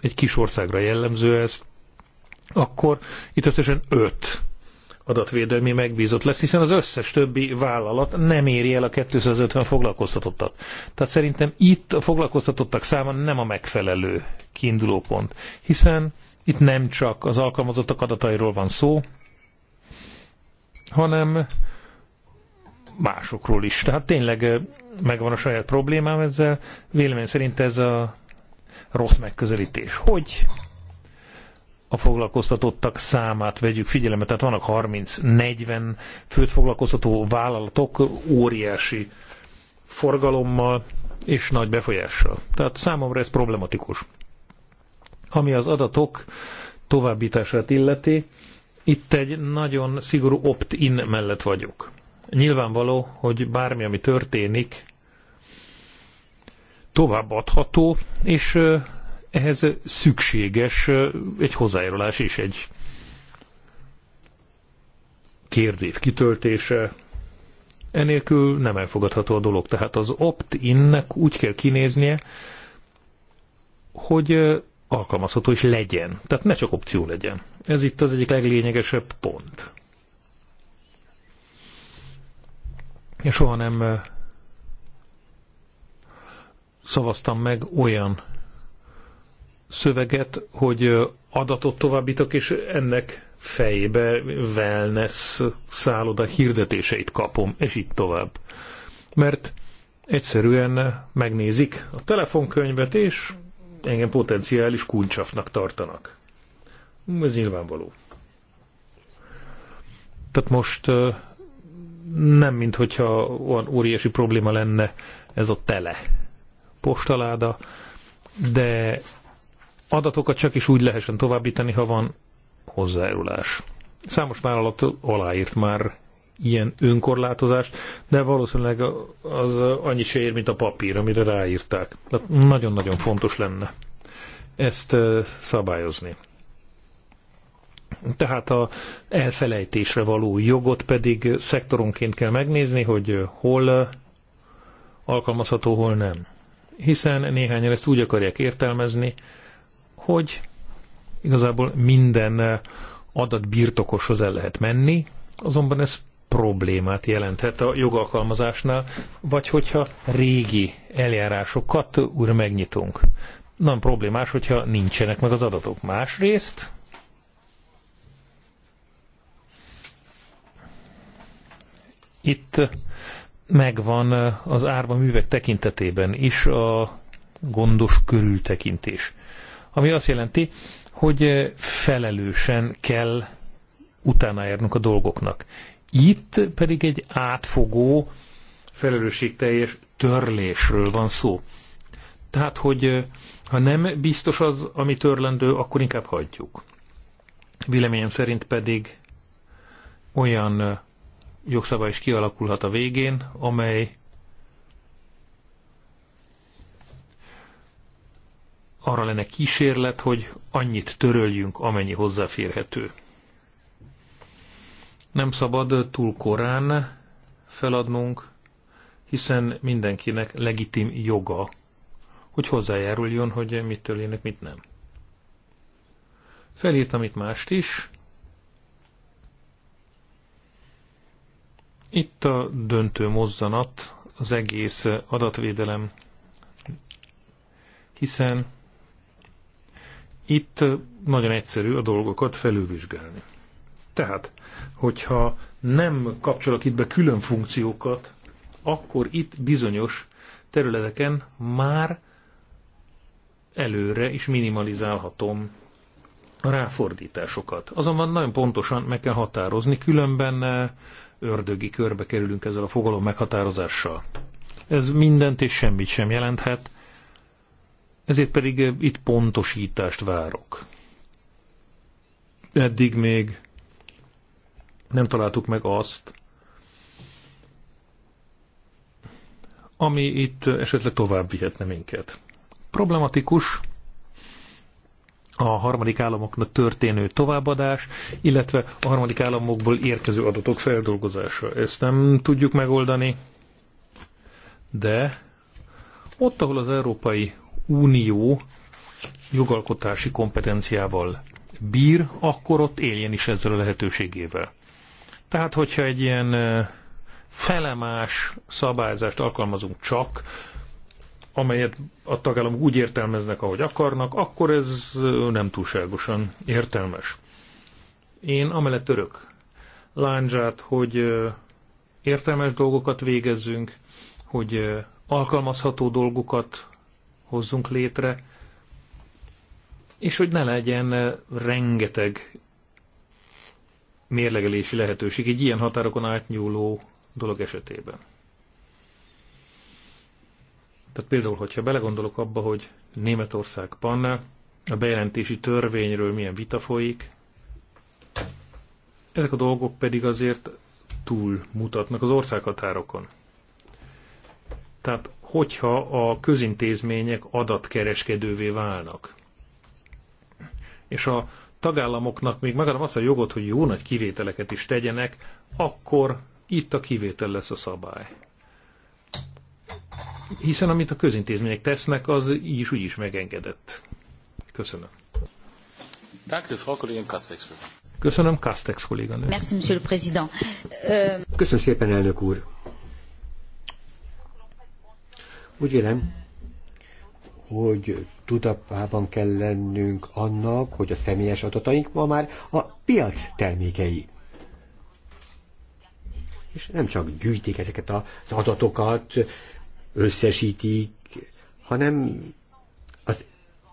egy kis országra jellemző ez, akkor itt összesen öt adatvédelmi megbízott lesz, hiszen az összes többi vállalat nem éri el a 250 foglalkoztatottat. Tehát szerintem itt a foglalkoztatottak száma nem a megfelelő kiindulópont, hiszen itt nem csak az alkalmazottak adatairól van szó, hanem másokról is. Tehát tényleg eh, megvan a saját problémám ezzel. Vélemény szerint ez a rossz megközelítés. Hogy a foglalkoztatottak számát vegyük figyelembe. Tehát vannak 30-40 főt foglalkoztató vállalatok óriási forgalommal és nagy befolyással. Tehát számomra ez problematikus. Ami az adatok továbbítását illeti, itt egy nagyon szigorú opt-in mellett vagyok. Nyilvánvaló, hogy bármi, ami történik, továbbadható, és ehhez szükséges egy hozzájárulás és egy kérdés kitöltése. Enélkül nem elfogadható a dolog. Tehát az opt-innek úgy kell kinéznie, hogy alkalmazható is legyen. Tehát ne csak opció legyen. Ez itt az egyik leglényegesebb pont. És soha nem szavaztam meg olyan szöveget, hogy adatot továbbítok, és ennek fejébe wellness szálloda hirdetéseit kapom, és így tovább. Mert egyszerűen megnézik a telefonkönyvet, és engem potenciális kuncsafnak tartanak. Ez nyilvánvaló. Tehát most nem, mint hogyha olyan óriási probléma lenne ez a tele postaláda, de adatokat csak is úgy lehessen továbbítani, ha van hozzájárulás. Számos vállalat aláírt már ilyen önkorlátozást, de valószínűleg az annyi se ér, mint a papír, amire ráírták. Tehát nagyon-nagyon fontos lenne ezt eh, szabályozni. Tehát a elfelejtésre való jogot pedig szektoronként kell megnézni, hogy hol alkalmazható, hol nem. Hiszen néhányan ezt úgy akarják értelmezni, hogy igazából minden adat birtokoshoz el lehet menni, azonban ez problémát jelenthet a jogalkalmazásnál, vagy hogyha régi eljárásokat újra megnyitunk. Nem problémás, hogyha nincsenek meg az adatok. Másrészt itt megvan az árva művek tekintetében is a gondos körültekintés ami azt jelenti, hogy felelősen kell utána járnunk a dolgoknak. Itt pedig egy átfogó, felelősségteljes törlésről van szó. Tehát, hogy ha nem biztos az, ami törlendő, akkor inkább hagyjuk. Véleményem szerint pedig olyan jogszabály is kialakulhat a végén, amely arra lenne kísérlet, hogy annyit töröljünk, amennyi hozzáférhető. Nem szabad túl korán feladnunk, hiszen mindenkinek legitim joga, hogy hozzájáruljon, hogy mit törlének, mit nem. Felírtam itt mást is. Itt a döntő mozzanat az egész adatvédelem, hiszen itt nagyon egyszerű a dolgokat felülvizsgálni. Tehát, hogyha nem kapcsolok itt be külön funkciókat, akkor itt bizonyos területeken már előre is minimalizálhatom a ráfordításokat. Azonban nagyon pontosan meg kell határozni, különben eh, ördögi körbe kerülünk ezzel a fogalom meghatározással. Ez mindent és semmit sem jelenthet, ezért pedig eh, itt pontosítást várok. Eddig még nem találtuk meg azt, ami itt esetleg tovább vihetne minket. Problematikus a harmadik államoknak történő továbbadás, illetve a harmadik államokból érkező adatok feldolgozása. Ezt nem tudjuk megoldani, de ott, ahol az Európai Unió jogalkotási kompetenciával bír, akkor ott éljen is ezzel a lehetőségével. Tehát, hogyha egy ilyen felemás szabályzást alkalmazunk csak, amelyet a tagállamok úgy értelmeznek, ahogy akarnak, akkor ez nem túlságosan értelmes. Én amellett örök lányzsát, hogy értelmes dolgokat végezzünk, hogy alkalmazható dolgokat hozzunk létre, és hogy ne legyen eh, rengeteg mérlegelési lehetőség egy ilyen határokon átnyúló dolog esetében. Tehát például, hogyha belegondolok abba, hogy Németországban a bejelentési törvényről milyen vita folyik, ezek a dolgok pedig azért túl mutatnak az országhatárokon. Tehát hogyha a közintézmények adatkereskedővé válnak. És a tagállamoknak még megadom azt a jogot, hogy jó nagy kivételeket is tegyenek, akkor itt a kivétel lesz a szabály. Hiszen amit a közintézmények tesznek, az így is úgy is megengedett. Köszönöm. Köszönöm, Kastex kolléganő. Köszönöm szépen, elnök úr. Úgy vélem, hogy tudatában kell lennünk annak, hogy a személyes adataink ma már a piac termékei. És nem csak gyűjtik ezeket az adatokat, összesítik, hanem az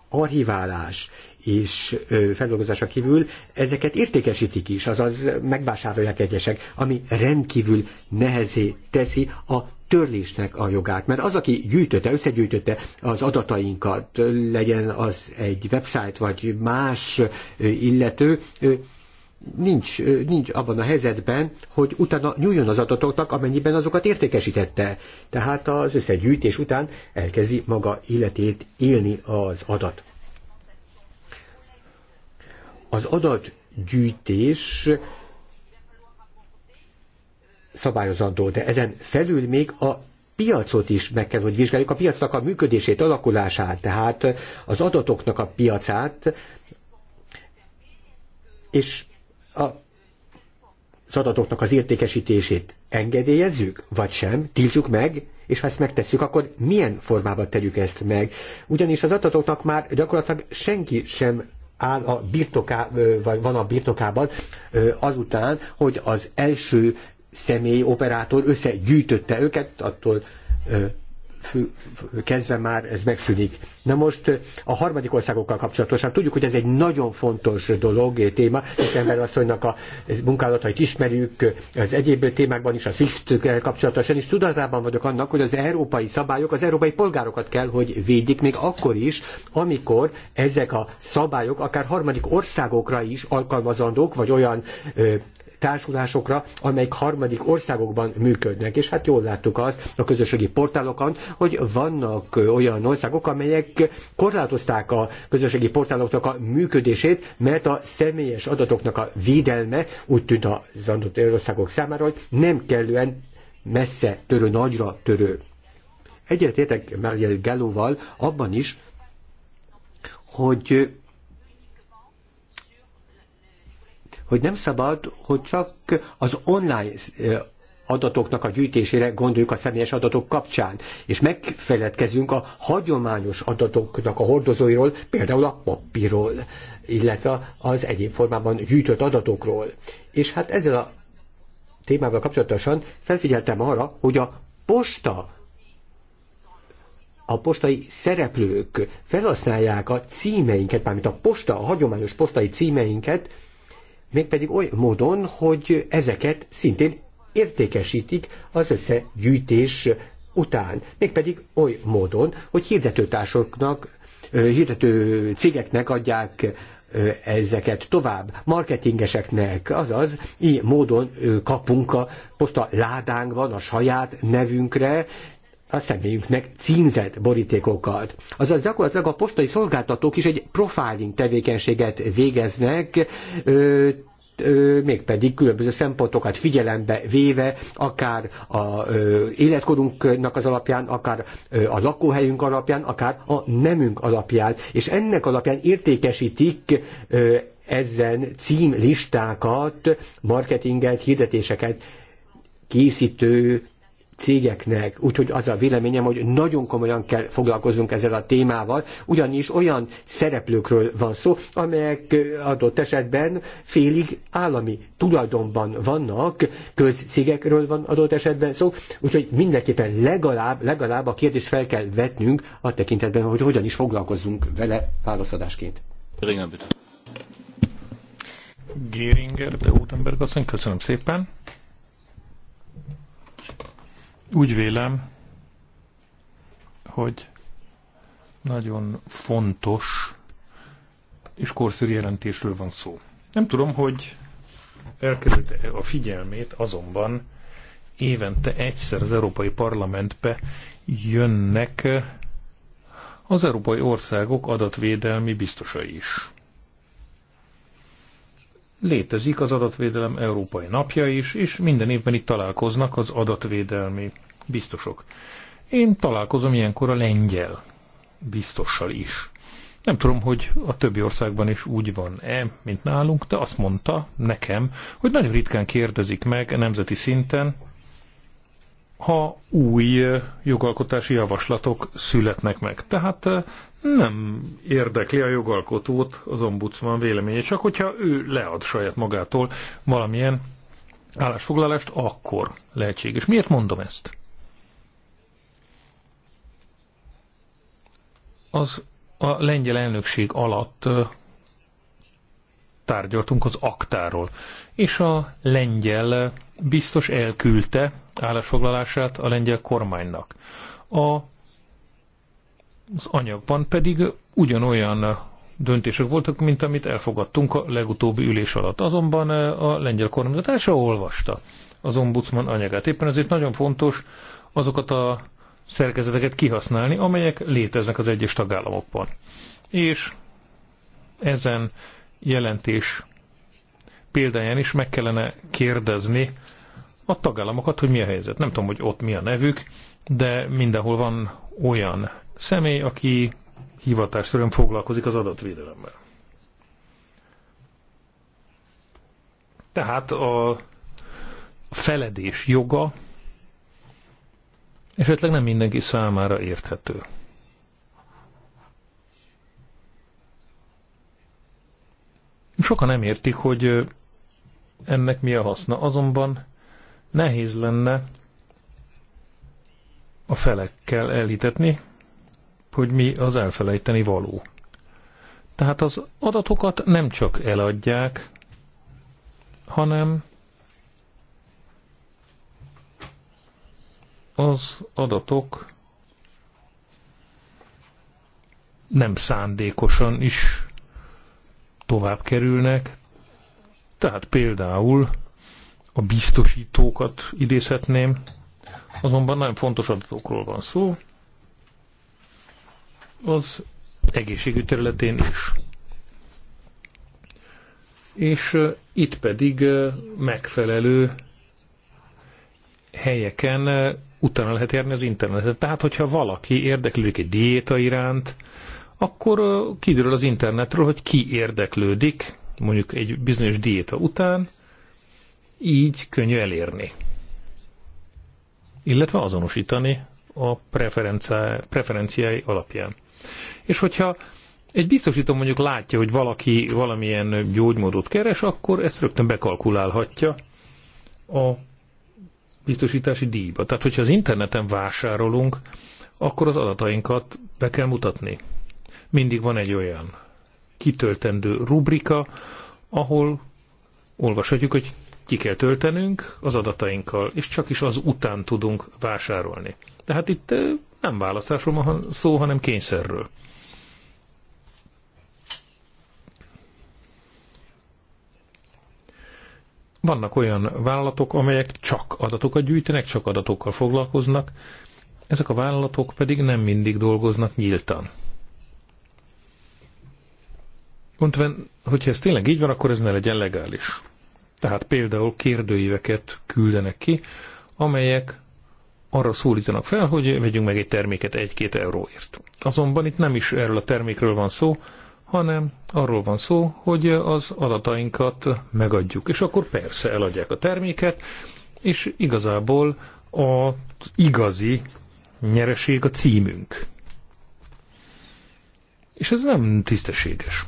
archiválás és feldolgozása kívül ezeket értékesítik is, azaz megvásárolják egyesek, ami rendkívül nehezé teszi a törlésnek a jogát. Mert az, aki gyűjtötte, összegyűjtötte az adatainkat, legyen az egy website vagy más illető, nincs, nincs abban a helyzetben, hogy utána nyúljon az adatoknak, amennyiben azokat értékesítette. Tehát az összegyűjtés után elkezdi maga életét élni az adat. Az adatgyűjtés szabályozandó, de ezen felül még a piacot is meg kell, hogy vizsgáljuk, a piacnak a működését, alakulását, tehát az adatoknak a piacát, és a, az adatoknak az értékesítését engedélyezzük, vagy sem, tiltjuk meg, és ha ezt megtesszük, akkor milyen formában tegyük ezt meg? Ugyanis az adatoknak már gyakorlatilag senki sem áll a birtoká, vagy van a birtokában azután, hogy az első személy, operátor összegyűjtötte őket, attól kezdve már ez megszűnik. Na most a harmadik országokkal kapcsolatosan tudjuk, hogy ez egy nagyon fontos dolog, téma. Szeptember asszonynak a munkálatait ismerjük, az egyéb témákban is, a swift kapcsolatosan is. Tudatában vagyok annak, hogy az európai szabályok az európai polgárokat kell, hogy védjék, még akkor is, amikor ezek a szabályok akár harmadik országokra is alkalmazandók, vagy olyan ö, társulásokra, amelyek harmadik országokban működnek. És hát jól láttuk azt a közösségi portálokon, hogy vannak olyan országok, amelyek korlátozták a közösségi portáloknak a működését, mert a személyes adatoknak a védelme úgy tűnt az adott országok számára, hogy nem kellően messze törő, nagyra törő. Egyetértek Mariel Gallóval abban is, hogy hogy nem szabad, hogy csak az online adatoknak a gyűjtésére gondoljuk a személyes adatok kapcsán, és megfeledkezünk a hagyományos adatoknak a hordozóiról, például a papírról, illetve az egyéb formában gyűjtött adatokról. És hát ezzel a témával kapcsolatosan felfigyeltem arra, hogy a posta a postai szereplők felhasználják a címeinket, mármint a posta, a hagyományos postai címeinket, mégpedig oly módon, hogy ezeket szintén értékesítik az összegyűjtés után, mégpedig oly módon, hogy hirdetőtársoknak, hirdető cégeknek adják ezeket tovább marketingeseknek, azaz így módon kapunk a posta ládánkban a saját nevünkre, a személyünknek címzett borítékokat. Azaz gyakorlatilag a postai szolgáltatók is egy profiling tevékenységet végeznek, ö, ö, mégpedig különböző szempontokat figyelembe véve, akár a ö, életkorunknak az alapján, akár ö, a lakóhelyünk alapján, akár a nemünk alapján, és ennek alapján értékesítik ö, ezen címlistákat, marketinget, hirdetéseket készítő cégeknek. Úgyhogy az a véleményem, hogy nagyon komolyan kell foglalkoznunk ezzel a témával, ugyanis olyan szereplőkről van szó, amelyek adott esetben félig állami tulajdonban vannak, közcégekről van adott esetben szó, úgyhogy mindenképpen legalább, legalább a kérdést fel kell vetnünk a tekintetben, hogy hogyan is foglalkozzunk vele válaszadásként. Géringer, de asszony, köszönöm szépen. Úgy vélem, hogy nagyon fontos és korszerű jelentésről van szó. Nem tudom, hogy elkerült -e a figyelmét, azonban évente egyszer az Európai Parlamentbe jönnek az európai országok adatvédelmi biztosai is. Létezik az adatvédelem európai napja is, és minden évben itt találkoznak az adatvédelmi biztosok. Én találkozom ilyenkor a lengyel biztossal is. Nem tudom, hogy a többi országban is úgy van-e, mint nálunk, de azt mondta nekem, hogy nagyon ritkán kérdezik meg nemzeti szinten, ha új jogalkotási javaslatok születnek meg. Tehát nem érdekli a jogalkotót az ombudsman véleménye, csak hogyha ő lead saját magától valamilyen állásfoglalást, akkor lehetséges. Miért mondom ezt? Az a lengyel elnökség alatt tárgyaltunk az aktáról, és a lengyel biztos elküldte állásfoglalását a lengyel kormánynak. A, az anyagban pedig ugyanolyan döntések voltak, mint amit elfogadtunk a legutóbbi ülés alatt. Azonban e, a lengyel kormányzatása olvasta az ombudsman anyagát. Éppen ezért nagyon fontos azokat a szerkezeteket kihasználni, amelyek léteznek az egyes tagállamokban. És ezen jelentés példáján is meg kellene kérdezni a tagállamokat, hogy mi a helyzet. Nem tudom, hogy ott mi a nevük, de mindenhol van olyan személy, aki hivatásszerűen foglalkozik az adatvédelemmel. Tehát a feledés joga esetleg nem mindenki számára érthető. Sokan nem értik, hogy ennek mi a haszna. Azonban nehéz lenne a felekkel elhitetni, hogy mi az elfelejteni való. Tehát az adatokat nem csak eladják, hanem az adatok nem szándékosan is tovább kerülnek, tehát például a biztosítókat idézhetném, azonban nagyon fontos adatokról van szó, az egészségügy területén is. És itt pedig megfelelő helyeken utána lehet járni az internetet. Tehát, hogyha valaki érdeklődik egy diéta iránt, akkor kiderül az internetről, hogy ki érdeklődik mondjuk egy bizonyos diéta után, így könnyű elérni. Illetve azonosítani a preferenciái alapján. És hogyha egy biztosító mondjuk látja, hogy valaki valamilyen gyógymódot keres, akkor ezt rögtön bekalkulálhatja a biztosítási díjba. Tehát, hogyha az interneten vásárolunk, akkor az adatainkat be kell mutatni. Mindig van egy olyan kitöltendő rubrika, ahol olvashatjuk, hogy ki kell töltenünk az adatainkkal, és csak is az után tudunk vásárolni. Tehát itt nem választásról van szó, hanem kényszerről. Vannak olyan vállalatok, amelyek csak adatokat gyűjtenek, csak adatokkal foglalkoznak, ezek a vállalatok pedig nem mindig dolgoznak nyíltan. Pontven, hogyha ez tényleg így van, akkor ez ne legyen legális. Tehát például kérdőíveket küldenek ki, amelyek arra szólítanak fel, hogy vegyünk meg egy terméket egy-két euróért. Azonban itt nem is erről a termékről van szó, hanem arról van szó, hogy az adatainkat megadjuk. És akkor persze eladják a terméket, és igazából az igazi nyereség a címünk. És ez nem tisztességes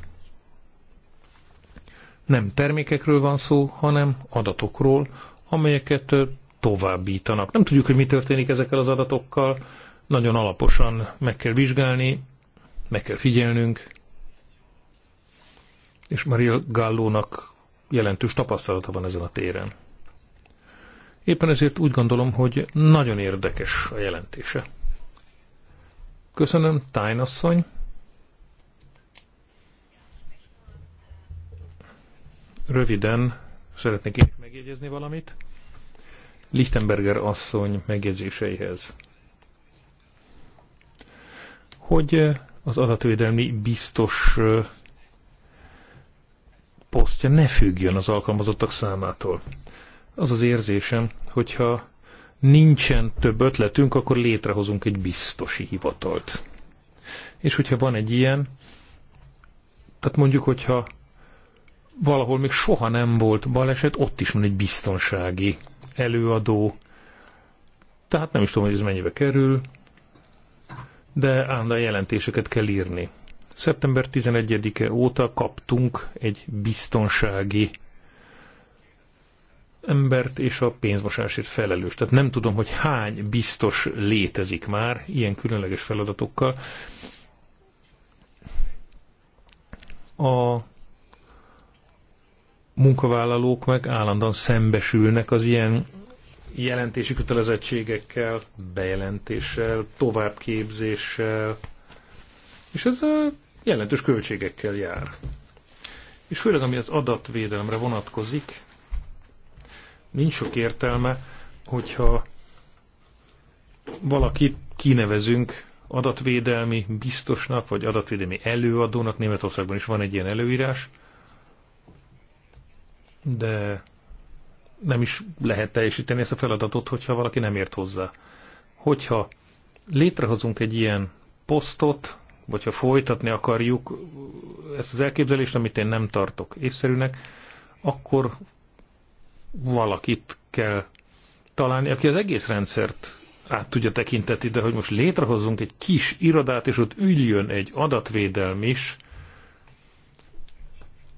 nem termékekről van szó, hanem adatokról, amelyeket továbbítanak. Nem tudjuk, hogy mi történik ezekkel az adatokkal, nagyon alaposan meg kell vizsgálni, meg kell figyelnünk, és Maria Gallónak jelentős tapasztalata van ezen a téren. Éppen ezért úgy gondolom, hogy nagyon érdekes a jelentése. Köszönöm, Tájnasszony. Röviden szeretnék én megjegyezni valamit. Lichtenberger asszony megjegyzéseihez. Hogy eh, az adatvédelmi biztos eh, posztja ne függjön az alkalmazottak számától. Az az érzésem, hogyha nincsen több ötletünk, akkor létrehozunk egy biztosi hivatalt. És hogyha van egy ilyen, tehát mondjuk, hogyha valahol még soha nem volt baleset, ott is van egy biztonsági előadó. Tehát nem is tudom, hogy ez mennyibe kerül, de állandóan jelentéseket kell írni. Szeptember 11-e óta kaptunk egy biztonsági embert és a pénzmosásért felelős. Tehát nem tudom, hogy hány biztos létezik már ilyen különleges feladatokkal. A munkavállalók meg állandóan szembesülnek az ilyen jelentési kötelezettségekkel, bejelentéssel, továbbképzéssel, és ez a jelentős költségekkel jár. És főleg ami az adatvédelemre vonatkozik, nincs sok értelme, hogyha valakit kinevezünk adatvédelmi biztosnak, vagy adatvédelmi előadónak, Németországban is van egy ilyen előírás, de nem is lehet teljesíteni ezt a feladatot, hogyha valaki nem ért hozzá. Hogyha létrehozunk egy ilyen posztot, vagy ha folytatni akarjuk ezt az elképzelést, amit én nem tartok észszerűnek, akkor valakit kell találni, aki az egész rendszert át tudja tekinteni, de hogy most létrehozzunk egy kis irodát, és ott üljön egy adatvédelm is,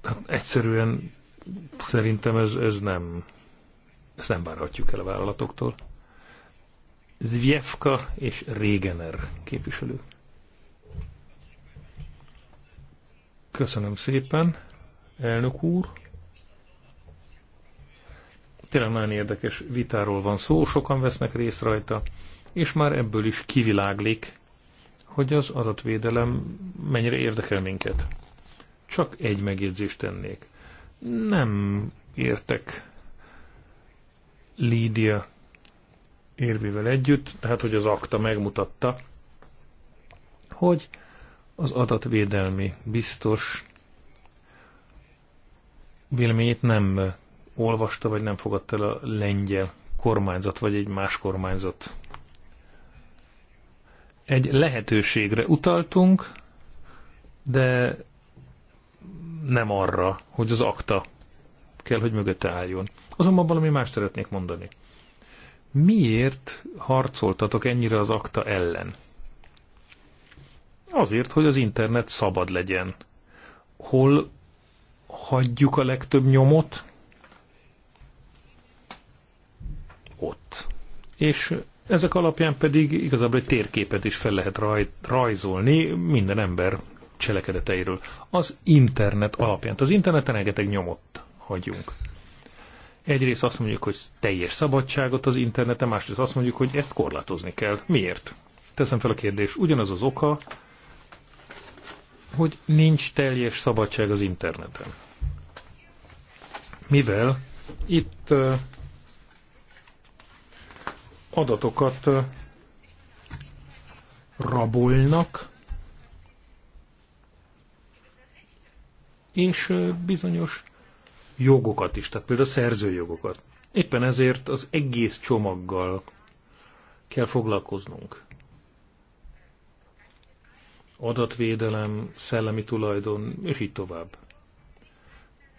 hát egyszerűen Szerintem ez, ez nem, ezt nem várhatjuk el a vállalatoktól. Zvjevka és Régener képviselő. Köszönöm szépen, elnök úr. Tényleg nagyon érdekes vitáról van szó, sokan vesznek részt rajta, és már ebből is kiviláglik, hogy az adatvédelem mennyire érdekel minket. Csak egy megjegyzést tennék nem értek Lídia érvével együtt, tehát hogy az akta megmutatta, hogy az adatvédelmi biztos véleményét nem olvasta, vagy nem fogadta el a lengyel kormányzat, vagy egy más kormányzat. Egy lehetőségre utaltunk, de nem arra, hogy az akta kell, hogy mögötte álljon. Azonban valami más szeretnék mondani. Miért harcoltatok ennyire az akta ellen? Azért, hogy az internet szabad legyen. Hol hagyjuk a legtöbb nyomot? Ott. És ezek alapján pedig igazából egy térképet is fel lehet rajzolni, minden ember cselekedeteiről. Az internet alapján. Az interneten rengeteg nyomot hagyunk. Egyrészt azt mondjuk, hogy teljes szabadságot az interneten, másrészt azt mondjuk, hogy ezt korlátozni kell. Miért? Teszem fel a kérdést. Ugyanaz az oka, hogy nincs teljes szabadság az interneten. Mivel itt adatokat rabolnak, és bizonyos jogokat is, tehát például a szerzőjogokat. Éppen ezért az egész csomaggal kell foglalkoznunk. Adatvédelem, szellemi tulajdon, és így tovább.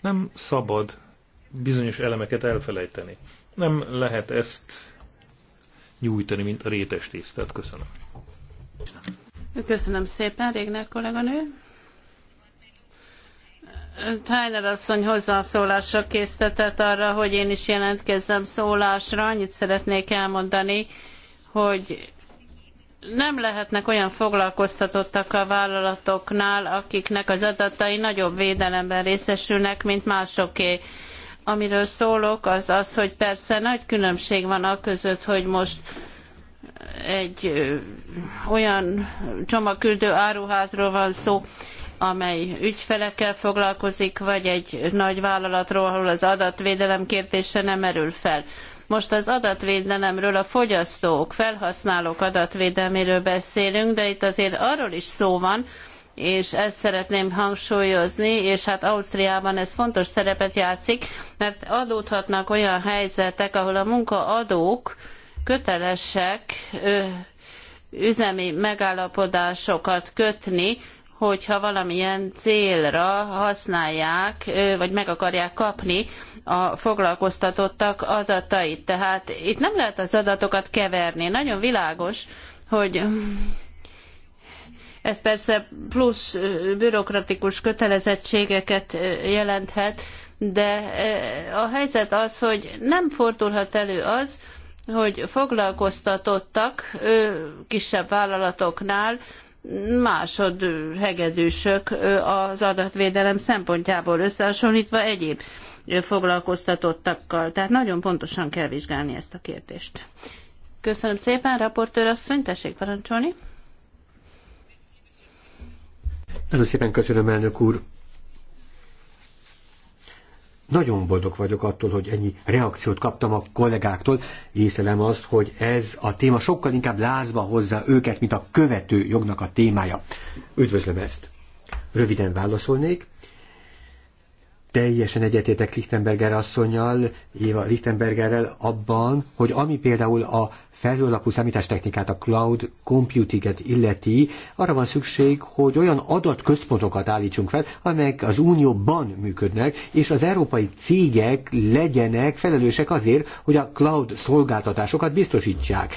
Nem szabad bizonyos elemeket elfelejteni. Nem lehet ezt nyújtani, mint a rétes tésztát. Köszönöm. Köszönöm szépen, Régner kolléganő. Tyler asszony hozzászólásra késztetett arra, hogy én is jelentkezzem szólásra. Annyit szeretnék elmondani, hogy nem lehetnek olyan foglalkoztatottak a vállalatoknál, akiknek az adatai nagyobb védelemben részesülnek, mint másoké. Amiről szólok, az az, hogy persze nagy különbség van a között, hogy most egy olyan csomagküldő áruházról van szó, amely ügyfelekkel foglalkozik, vagy egy nagy vállalatról, ahol az adatvédelem kérdése nem merül fel. Most az adatvédelemről, a fogyasztók, felhasználók adatvédelméről beszélünk, de itt azért arról is szó van, és ezt szeretném hangsúlyozni, és hát Ausztriában ez fontos szerepet játszik, mert adódhatnak olyan helyzetek, ahol a munkaadók kötelesek üzemi megállapodásokat kötni hogyha valamilyen célra használják, vagy meg akarják kapni a foglalkoztatottak adatait. Tehát itt nem lehet az adatokat keverni. Nagyon világos, hogy ez persze plusz bürokratikus kötelezettségeket jelenthet, de a helyzet az, hogy nem fordulhat elő az, hogy foglalkoztatottak kisebb vállalatoknál másod hegedűsök az adatvédelem szempontjából összehasonlítva egyéb foglalkoztatottakkal. Tehát nagyon pontosan kell vizsgálni ezt a kérdést. Köszönöm szépen, raportőr asszony, tessék parancsolni. Nagyon szépen köszönöm, elnök úr. Nagyon boldog vagyok attól, hogy ennyi reakciót kaptam a kollégáktól. Észlelem azt, hogy ez a téma sokkal inkább lázba hozza őket, mint a követő jognak a témája. Üdvözlöm ezt. Röviden válaszolnék teljesen egyetétek Lichtenberger asszonyal, Éva Lichtenbergerrel abban, hogy ami például a felhőlapú számítástechnikát, a cloud computinget illeti, arra van szükség, hogy olyan adatközpontokat állítsunk fel, amelyek az Unióban működnek, és az európai cégek legyenek felelősek azért, hogy a cloud szolgáltatásokat biztosítsák.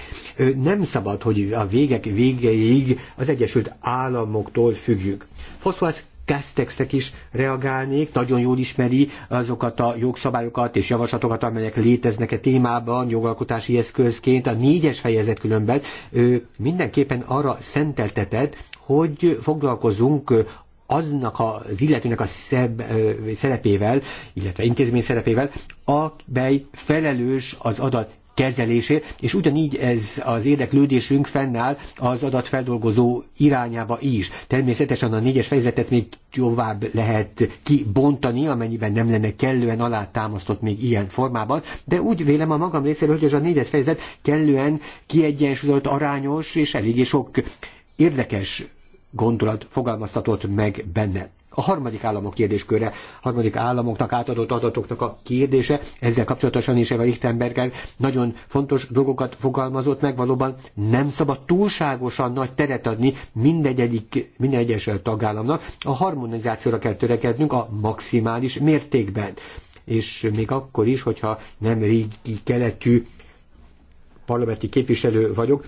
Nem szabad, hogy a végek végéig az Egyesült Államoktól függjük. Foszfász castex is reagálnék, nagyon jól ismeri azokat a jogszabályokat és javaslatokat, amelyek léteznek a e témában jogalkotási eszközként. A négyes fejezet különben ő mindenképpen arra szenteltetett, hogy foglalkozunk aznak az illetőnek a szebb, szerepével, illetve intézmény szerepével, amely felelős az adat kezelését, és ugyanígy ez az érdeklődésünk fennáll az adatfeldolgozó irányába is. Természetesen a négyes fejezetet még tovább lehet kibontani, amennyiben nem lenne kellően alátámasztott még ilyen formában, de úgy vélem a magam részéről, hogy ez a négyes fejezet kellően kiegyensúlyozott, arányos és eléggé sok érdekes gondolat fogalmaztatott meg benne a harmadik államok kérdésköre, harmadik államoknak átadott adatoknak a kérdése, ezzel kapcsolatosan is Eva Lichtenberger nagyon fontos dolgokat fogalmazott meg, valóban nem szabad túlságosan nagy teret adni mindegy egyik, minden egyes tagállamnak, a harmonizációra kell törekednünk a maximális mértékben. És még akkor is, hogyha nem régi keletű parlamenti képviselő vagyok,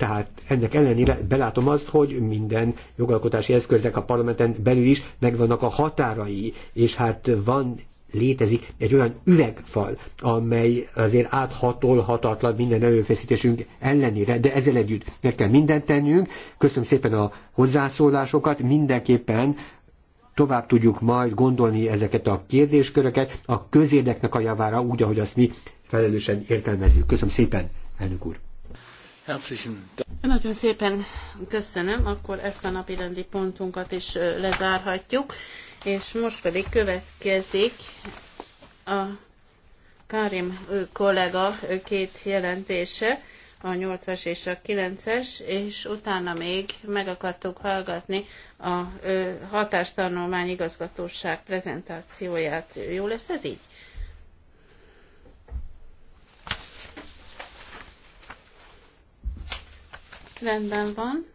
tehát ennek ellenére belátom azt, hogy minden jogalkotási eszköznek a parlamenten belül is megvannak a határai, és hát van létezik egy olyan üvegfal, amely azért áthatolhatatlan minden előfeszítésünk ellenére, de ezzel együtt meg kell mindent tennünk. Köszönöm szépen a hozzászólásokat, mindenképpen tovább tudjuk majd gondolni ezeket a kérdésköröket a közérdeknek a javára, úgy, ahogy azt mi felelősen értelmezzük. Köszönöm szépen, elnök úr! Herzlichen Nagyon szépen köszönöm, akkor ezt a napirendi pontunkat is lezárhatjuk, és most pedig következik a Karim kollega két jelentése, a 8-as és a 9-es, és utána még meg akartuk hallgatni a hatástanulmány igazgatóság prezentációját. Jó lesz ez így? Rendben van.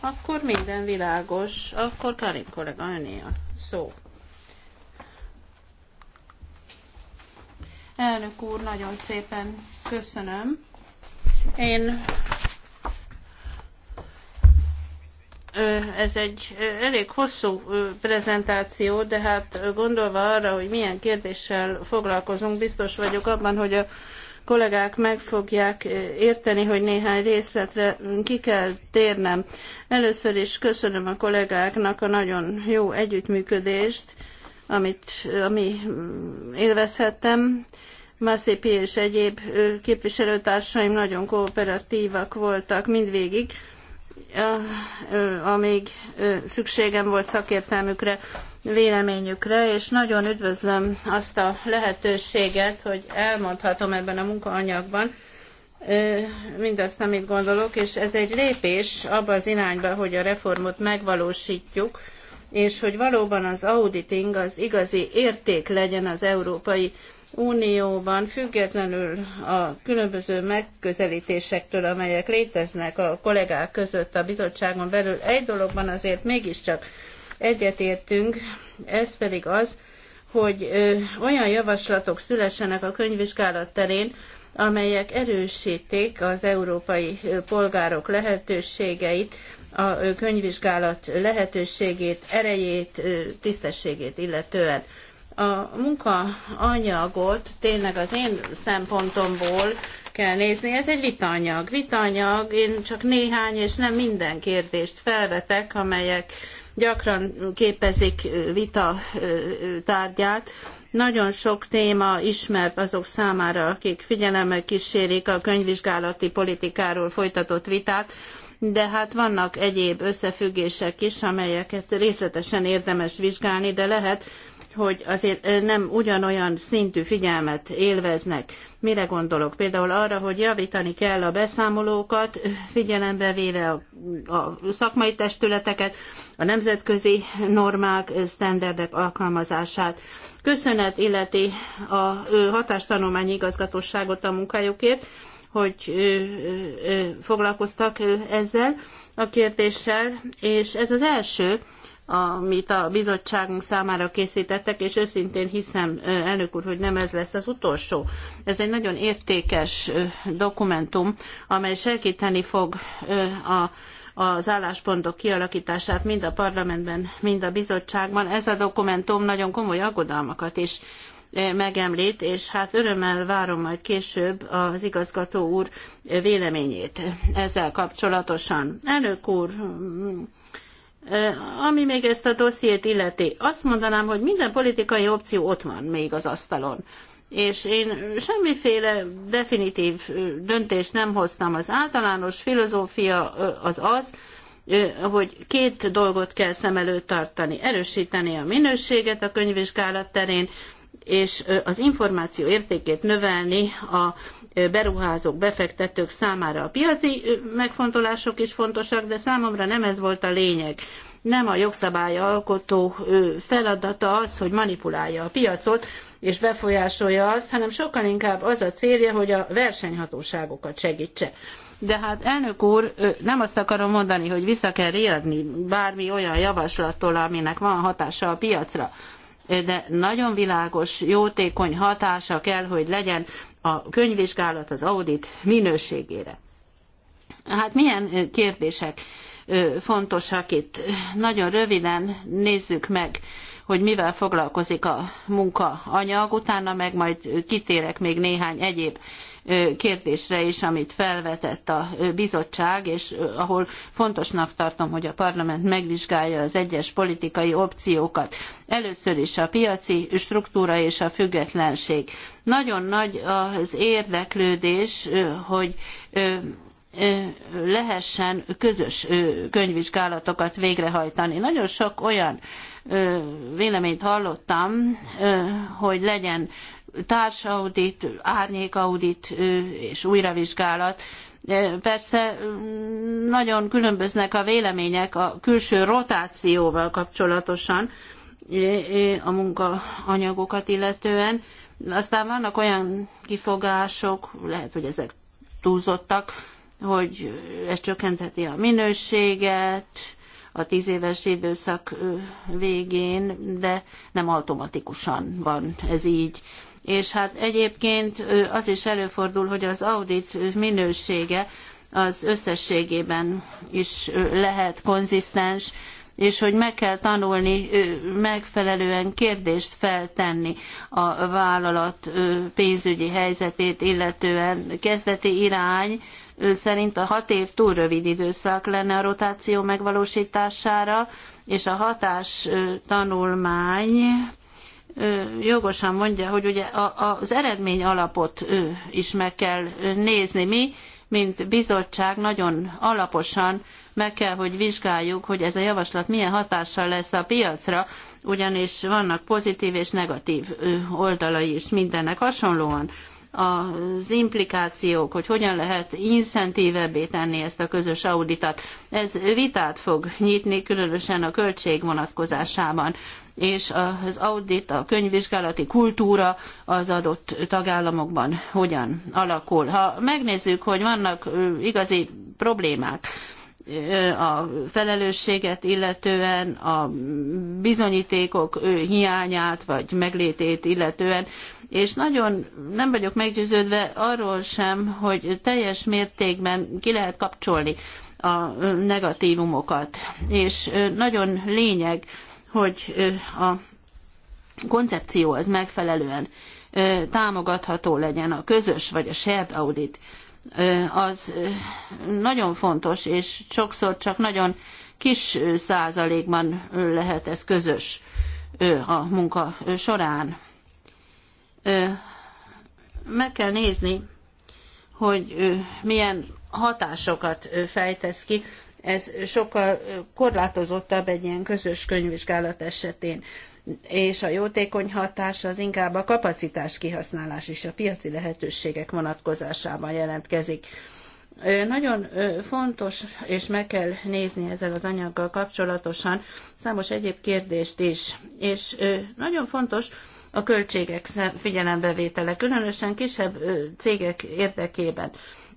Akkor minden világos. Akkor Karin kollega, öné a szó. Elnök úr, nagyon szépen köszönöm. Én ez egy elég hosszú prezentáció, de hát gondolva arra, hogy milyen kérdéssel foglalkozunk, biztos vagyok abban, hogy a kollégák meg fogják eh, érteni, hogy néhány részletre ki kell térnem. Először is köszönöm a kollégáknak a nagyon jó együttműködést, amit ami mm, élvezhettem. Masszipi és egyéb képviselőtársaim nagyon kooperatívak voltak mindvégig, Eh, amíg eh, szükségem volt szakértelmükre, véleményükre, és nagyon üdvözlöm azt a lehetőséget, hogy elmondhatom ebben a munkaanyagban eh, mindazt, amit gondolok, és ez egy lépés abba az irányba, hogy a reformot megvalósítjuk, és hogy valóban az auditing az igazi érték legyen az Európai Unióban függetlenül a különböző megközelítésektől, amelyek léteznek a kollégák között a bizottságon belül, egy dologban azért mégiscsak egyetértünk, ez pedig az, hogy olyan javaslatok szülessenek a könyvvizsgálat terén, amelyek erősítik az európai polgárok lehetőségeit, a könyvvizsgálat lehetőségét, erejét, tisztességét illetően a munkaanyagot tényleg az én szempontomból kell nézni, ez egy vitanyag. Vitanyag, én csak néhány és nem minden kérdést felvetek, amelyek gyakran képezik vita tárgyát. Nagyon sok téma ismert azok számára, akik figyelemmel kísérik a könyvvizsgálati politikáról folytatott vitát, de hát vannak egyéb összefüggések is, amelyeket részletesen érdemes vizsgálni, de lehet, hogy azért nem ugyanolyan szintű figyelmet élveznek. Mire gondolok? Például arra, hogy javítani kell a beszámolókat, figyelembe véve a, a szakmai testületeket, a nemzetközi normák, sztenderdek alkalmazását. Köszönet illeti a hatástanulmányi igazgatóságot a munkájukért, hogy foglalkoztak ezzel a kérdéssel, és ez az első amit a bizottságunk számára készítettek, és őszintén hiszem, elnök úr, hogy nem ez lesz az utolsó. Ez egy nagyon értékes dokumentum, amely segíteni fog a az álláspontok kialakítását mind a parlamentben, mind a bizottságban. Ez a dokumentum nagyon komoly aggodalmakat is megemlít, és hát örömmel várom majd később az igazgató úr véleményét ezzel kapcsolatosan. Elnök úr, ami még ezt a dossziét illeti, azt mondanám, hogy minden politikai opció ott van még az asztalon. És én semmiféle definitív döntést nem hoztam. Az általános filozófia az az, hogy két dolgot kell szem előtt tartani. Erősíteni a minőséget a könyvvizsgálat terén, és az információ értékét növelni a beruházók, befektetők számára. A piaci megfontolások is fontosak, de számomra nem ez volt a lényeg. Nem a jogszabály alkotó feladata az, hogy manipulálja a piacot, és befolyásolja azt, hanem sokkal inkább az a célja, hogy a versenyhatóságokat segítse. De hát elnök úr, nem azt akarom mondani, hogy vissza kell riadni bármi olyan javaslattól, aminek van hatása a piacra de nagyon világos, jótékony hatása kell, hogy legyen a könyvvizsgálat, az audit minőségére. Hát milyen kérdések fontosak itt? Nagyon röviden nézzük meg, hogy mivel foglalkozik a munkaanyag, utána meg majd kitérek még néhány egyéb kérdésre is, amit felvetett a bizottság, és ahol fontosnak tartom, hogy a parlament megvizsgálja az egyes politikai opciókat. Először is a piaci struktúra és a függetlenség. Nagyon nagy az érdeklődés, hogy lehessen közös könyvvizsgálatokat végrehajtani. Nagyon sok olyan véleményt hallottam, hogy legyen társaudit, árnyékaudit és újravizsgálat. Persze nagyon különböznek a vélemények a külső rotációval kapcsolatosan, a munkaanyagokat illetően. Aztán vannak olyan kifogások, lehet, hogy ezek túlzottak, hogy ez csökkentheti a minőséget a tíz éves időszak végén, de nem automatikusan van ez így és hát egyébként az is előfordul, hogy az audit minősége az összességében is lehet konzisztens, és hogy meg kell tanulni megfelelően kérdést feltenni a vállalat pénzügyi helyzetét, illetően kezdeti irány szerint a hat év túl rövid időszak lenne a rotáció megvalósítására, és a hatás tanulmány jogosan mondja, hogy ugye az eredmény alapot is meg kell nézni. Mi, mint bizottság, nagyon alaposan meg kell, hogy vizsgáljuk, hogy ez a javaslat milyen hatással lesz a piacra, ugyanis vannak pozitív és negatív oldalai is mindennek hasonlóan az implikációk, hogy hogyan lehet inszentívebbé tenni ezt a közös auditat. Ez vitát fog nyitni, különösen a költség vonatkozásában és az audit, a könyvvizsgálati kultúra az adott tagállamokban hogyan alakul. Ha megnézzük, hogy vannak igazi problémák, a felelősséget illetően, a bizonyítékok hiányát vagy meglétét illetően, és nagyon nem vagyok meggyőződve arról sem, hogy teljes mértékben ki lehet kapcsolni a negatívumokat. És nagyon lényeg, hogy a koncepció az megfelelően támogatható legyen a közös vagy a shared audit, az nagyon fontos, és sokszor csak nagyon kis százalékban lehet ez közös a munka során. Meg kell nézni, hogy milyen hatásokat fejtesz ki ez sokkal korlátozottabb egy ilyen közös könyvvizsgálat esetén és a jótékony hatás az inkább a kapacitás kihasználás és a piaci lehetőségek vonatkozásában jelentkezik. Nagyon fontos, és meg kell nézni ezzel az anyaggal kapcsolatosan számos egyéb kérdést is. És nagyon fontos a költségek figyelembevétele, különösen kisebb cégek érdekében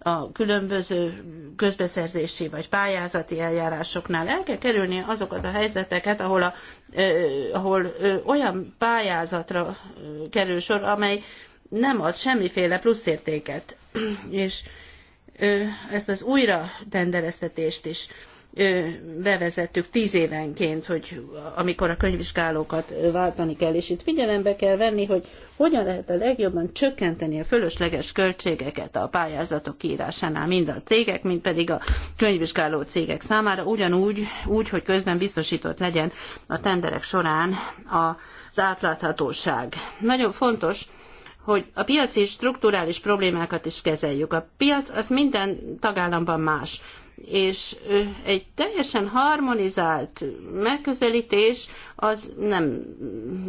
a különböző közbeszerzési vagy pályázati eljárásoknál el kell kerülni azokat a helyzeteket, ahol, a, ahol olyan pályázatra kerül sor, amely nem ad semmiféle pluszértéket, (clears throat) és ezt az újra tendereztetést is bevezettük tíz évenként, hogy amikor a könyvvizsgálókat váltani kell, és itt figyelembe kell venni, hogy hogyan lehet a legjobban csökkenteni a fölösleges költségeket a pályázatok írásánál, mind a cégek, mind pedig a könyvvizsgáló cégek számára, ugyanúgy, úgy, hogy közben biztosított legyen a tenderek során az átláthatóság. Nagyon fontos, hogy a piaci strukturális problémákat is kezeljük. A piac az minden tagállamban más és egy teljesen harmonizált megközelítés az nem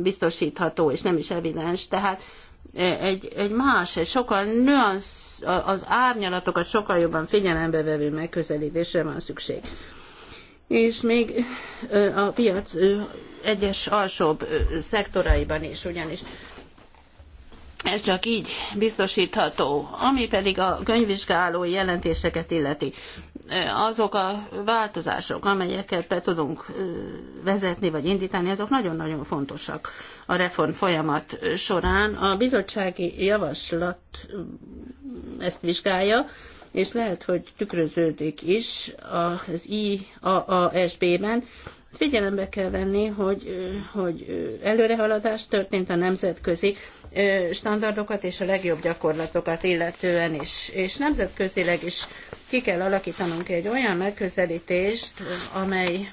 biztosítható, és nem is evidens. Tehát egy, egy más, egy sokkal nüansz, az árnyalatokat sokkal jobban figyelembe vevő megközelítésre van szükség. És még a piac egyes alsóbb szektoraiban is, ugyanis ez csak így biztosítható. Ami pedig a könyvvizsgálói jelentéseket illeti, azok a változások, amelyeket be tudunk vezetni vagy indítani, azok nagyon-nagyon fontosak a reform folyamat során. A bizottsági javaslat ezt vizsgálja, és lehet, hogy tükröződik is az iasb ben figyelembe kell venni, hogy, hogy előrehaladás történt a nemzetközi standardokat és a legjobb gyakorlatokat illetően is. És nemzetközileg is ki kell alakítanunk egy olyan megközelítést, amely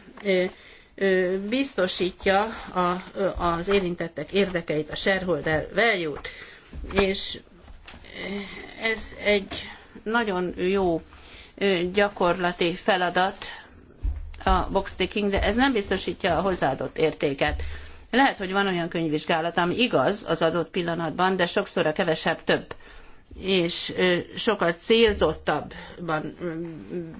biztosítja a, az érintettek érdekeit, a shareholder value -t. És ez egy nagyon jó gyakorlati feladat a box ticking, de ez nem biztosítja a hozzáadott értéket lehet, hogy van olyan könyvvizsgálat, ami igaz az adott pillanatban, de sokszor a kevesebb több és sokkal célzottabban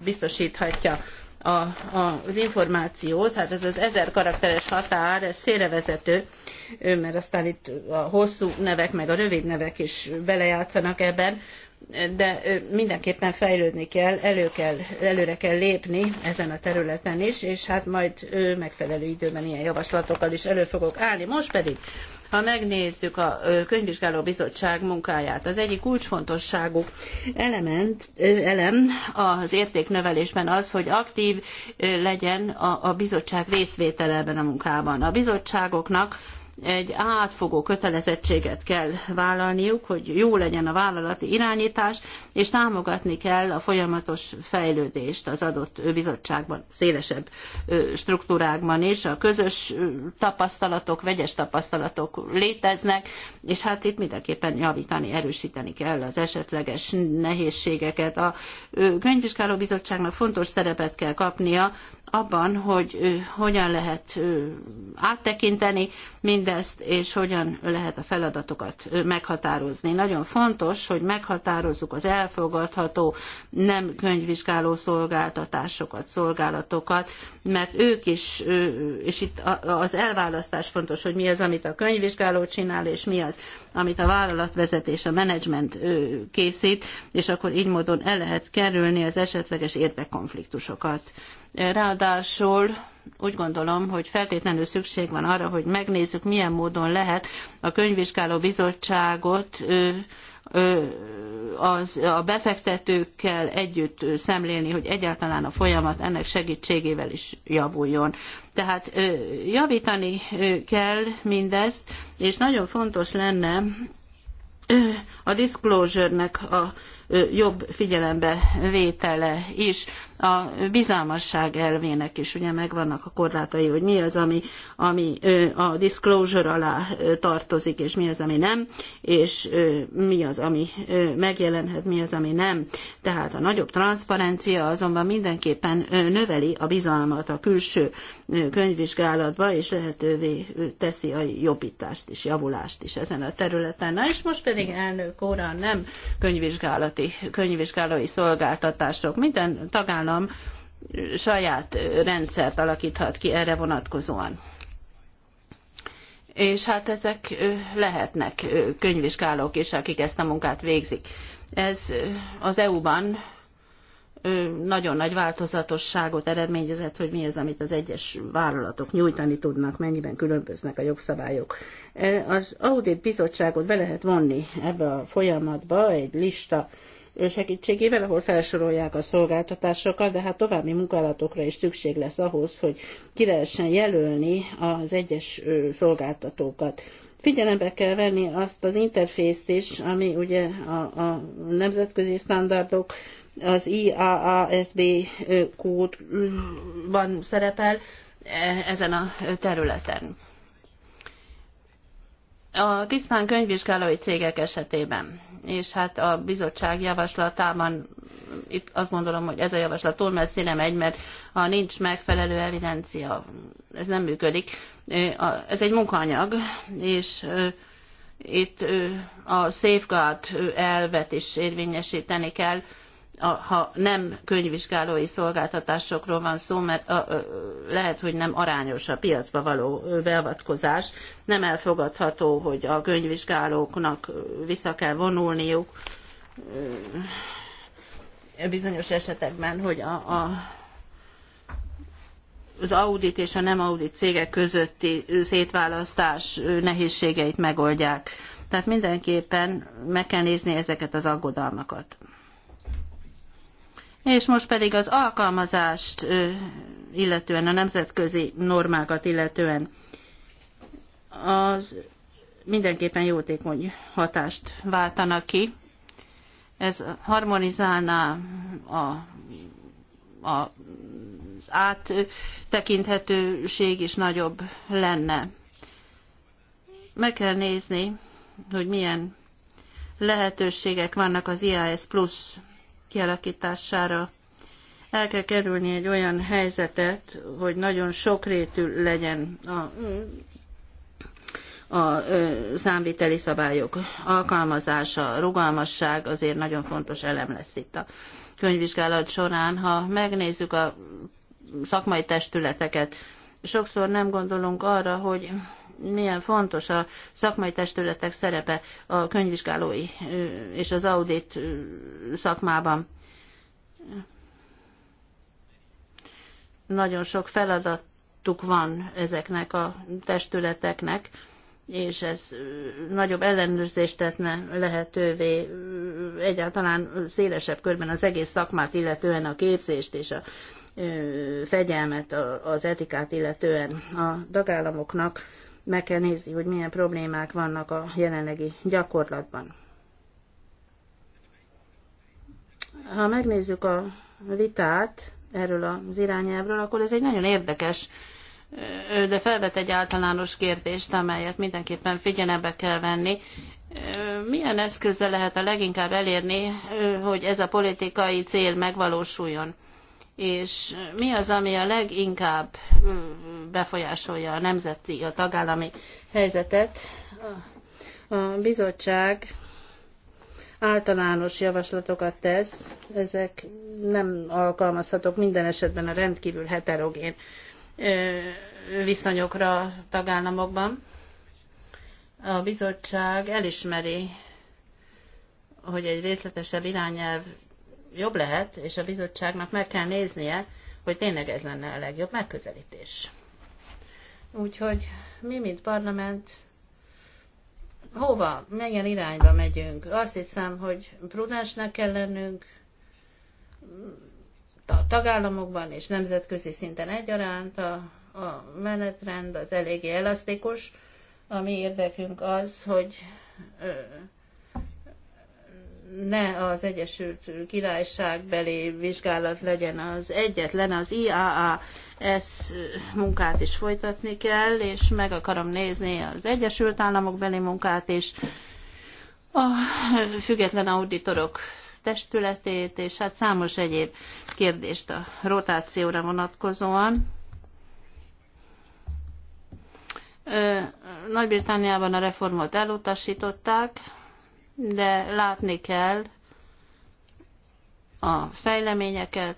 biztosíthatja a, a, az információt, hát ez az ezer karakteres határ, ez félrevezető, mert aztán itt a hosszú nevek meg a rövid nevek is belejátszanak ebben, de mindenképpen fejlődni kell, elő kell, előre kell lépni ezen a területen is, és hát majd megfelelő időben ilyen javaslatokkal is elő fogok állni. Most pedig, ha megnézzük a könyvvizsgáló bizottság munkáját, az egyik kulcsfontosságú element, elem az értéknövelésben az, hogy aktív legyen a, a bizottság részvétele ebben a munkában. A bizottságoknak egy átfogó kötelezettséget kell vállalniuk, hogy jó legyen a vállalati irányítás, és támogatni kell a folyamatos fejlődést az adott bizottságban, szélesebb struktúrákban is. A közös tapasztalatok, vegyes tapasztalatok léteznek, és hát itt mindenképpen javítani, erősíteni kell az esetleges nehézségeket. A könyvvizsgáló bizottságnak fontos szerepet kell kapnia abban, hogy hogyan lehet áttekinteni mindezt, és hogyan lehet a feladatokat meghatározni. Nagyon fontos, hogy meghatározzuk az elfogadható nem könyvvizsgáló szolgáltatásokat, szolgálatokat, mert ők is, és itt az elválasztás fontos, hogy mi az, amit a könyvvizsgáló csinál, és mi az, amit a vállalatvezetés, a menedzsment készít, és akkor így módon el lehet kerülni az esetleges érdekkonfliktusokat. Ráadásul úgy gondolom, hogy feltétlenül szükség van arra, hogy megnézzük, milyen módon lehet a könyvvizsgáló bizottságot az, a befektetőkkel együtt szemlélni, hogy egyáltalán a folyamat ennek segítségével is javuljon. Tehát javítani kell mindezt, és nagyon fontos lenne a disclosure-nek a jobb figyelembe vétele is, a bizalmasság elvének is ugye megvannak a korlátai, hogy mi az, ami, ami a disclosure alá tartozik, és mi az, ami nem, és mi az, ami megjelenhet, mi az, ami nem. Tehát a nagyobb transzparencia azonban mindenképpen növeli a bizalmat a külső könyvvizsgálatba, és lehetővé teszi a jobbítást is, javulást is ezen a területen. Na és most pedig elnök óra nem könyvvizsgálati nemzeti könyvvizsgálói szolgáltatások. Minden tagállam saját rendszert alakíthat ki erre vonatkozóan. És hát ezek lehetnek könyvvizsgálók is, akik ezt a munkát végzik. Ez az EU-ban nagyon nagy változatosságot eredményezett, hogy mi az, amit az egyes vállalatok nyújtani tudnak, mennyiben különböznek a jogszabályok. Az Audit Bizottságot be lehet vonni ebbe a folyamatba, egy lista segítségével, ahol felsorolják a szolgáltatásokat, de hát további munkálatokra is szükség lesz ahhoz, hogy ki lehessen jelölni az egyes szolgáltatókat. Figyelembe kell venni azt az interfészt is, ami ugye a, a nemzetközi standardok, az IAASB kódban szerepel e, ezen a területen a tisztán könyvvizsgálói cégek esetében, és hát a bizottság javaslatában itt azt gondolom, hogy ez a javaslat túl messzire nem megy, mert ha nincs megfelelő evidencia, ez nem működik. Ez egy munkanyag, és itt a safeguard elvet is érvényesíteni kell, a, ha nem könyvvizsgálói szolgáltatásokról van szó, mert a, a, lehet, hogy nem arányos a piacba való beavatkozás. Nem elfogadható, hogy a könyvvizsgálóknak vissza kell vonulniuk bizonyos esetekben, hogy a, a az audit és a nem audit cégek közötti szétválasztás nehézségeit megoldják. Tehát mindenképpen meg kell nézni ezeket az aggodalmakat. És most pedig az alkalmazást, illetően a nemzetközi normákat illetően az mindenképpen jótékony hatást váltana ki. Ez harmonizálná a a az áttekinthetőség is nagyobb lenne. Meg kell nézni, hogy milyen lehetőségek vannak az IAS Plus kialakítására. El kell kerülni egy olyan helyzetet, hogy nagyon sokrétű legyen a a számviteli szabályok alkalmazása, rugalmasság azért nagyon fontos elem lesz itt a könyvvizsgálat során. Ha megnézzük a szakmai testületeket, sokszor nem gondolunk arra, hogy milyen fontos a szakmai testületek szerepe a könyvvizsgálói és az audit szakmában. Nagyon sok feladatuk van ezeknek a testületeknek, és ez nagyobb ellenőrzést tetne lehetővé egyáltalán szélesebb körben az egész szakmát, illetően a képzést és a fegyelmet, az etikát illetően a dagállamoknak meg kell nézni, hogy milyen problémák vannak a jelenlegi gyakorlatban. Ha megnézzük a vitát erről az irányelvről, akkor ez egy nagyon érdekes, de felvet egy általános kérdést, amelyet mindenképpen figyelembe kell venni. Milyen eszközzel lehet a leginkább elérni, hogy ez a politikai cél megvalósuljon? és mi az, ami a leginkább befolyásolja a nemzeti, a tagállami helyzetet. A bizottság általános javaslatokat tesz, ezek nem alkalmazhatók minden esetben a rendkívül heterogén viszonyokra a tagállamokban. A bizottság elismeri, hogy egy részletesebb irányelv jobb lehet, és a bizottságnak meg kell néznie, hogy tényleg ez lenne a legjobb megközelítés. Úgyhogy mi, mint parlament, hova, milyen irányba megyünk? Azt hiszem, hogy prudensnek kell lennünk a tagállamokban és nemzetközi szinten egyaránt a, a menetrend az eléggé elasztikus. A mi érdekünk az, hogy ne az Egyesült Királyság belé vizsgálat legyen az egyetlen, az IAA. ezt munkát is folytatni kell, és meg akarom nézni az Egyesült Államok beli munkát is, a független auditorok testületét, és hát számos egyéb kérdést a rotációra vonatkozóan. nagy britániában a reformot elutasították, de látni kell a fejleményeket,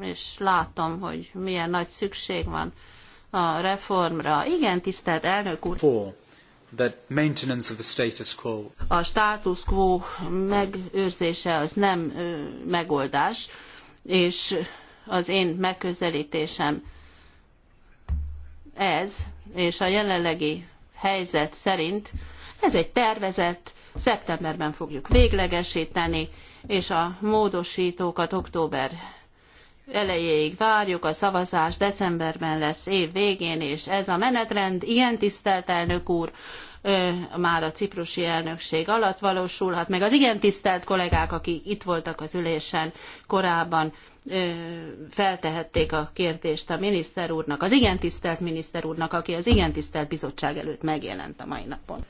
és látom, hogy milyen nagy szükség van a reformra. Igen, tisztelt elnök úr! Four. That maintenance of the status quo. A status quo megőrzése az nem ö, megoldás, és az én megközelítésem ez, és a jelenlegi helyzet szerint ez egy tervezett Szeptemberben fogjuk véglegesíteni, és a módostókat október elejéig várjuk, a szavazás decemberben lesz év végén, és ez a menetrend, ilyen tisztelt elnök úr, ö, már a ciprusi elnökség alatt valósulhat, meg az igen tisztelt kollégák, akik itt voltak az ülésen korábban, ö, feltehették a kérdést a miniszter úrnak, az igen tisztelt miniszter úrnak, aki az igen tisztelt bizottság előtt megjelent a mai napon.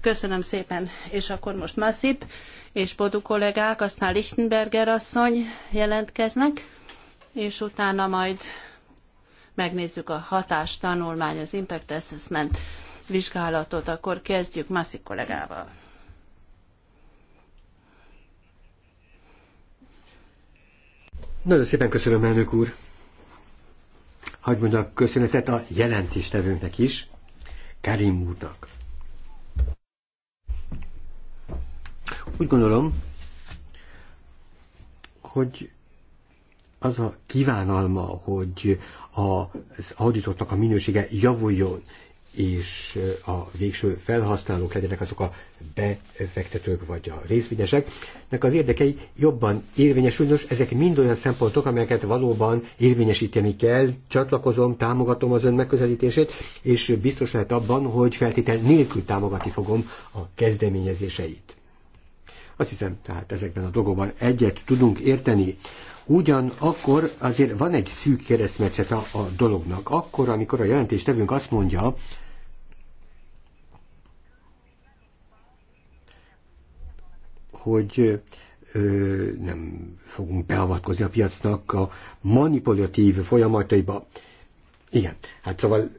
Köszönöm szépen, és akkor most Masip és Bodu kollégák, aztán Lichtenberger asszony jelentkeznek, és utána majd megnézzük a hatástanulmány, az Impact Assessment vizsgálatot, akkor kezdjük Masip kollégával. Nagyon szépen köszönöm, elnök úr! Hagy mondjak köszönetet a jelentéstevőnknek is, Karim úrnak. Úgy gondolom, hogy az a kívánalma, hogy az auditoknak a minősége javuljon, és a végső felhasználók legyenek azok a befektetők vagy a részvényesek, nek az érdekei jobban érvényesülnek, ezek mind olyan szempontok, amelyeket valóban érvényesíteni kell, csatlakozom, támogatom az ön megközelítését, és biztos lehet abban, hogy feltétel nélkül támogatni fogom a kezdeményezéseit. Azt hiszem, tehát ezekben a dolgokban egyet tudunk érteni. Ugyanakkor azért van egy szűk keresztmetszete a dolognak. Akkor, amikor a jelentéstevőnk azt mondja, hogy nem fogunk beavatkozni a piacnak a manipulatív folyamataiba. Igen, hát szóval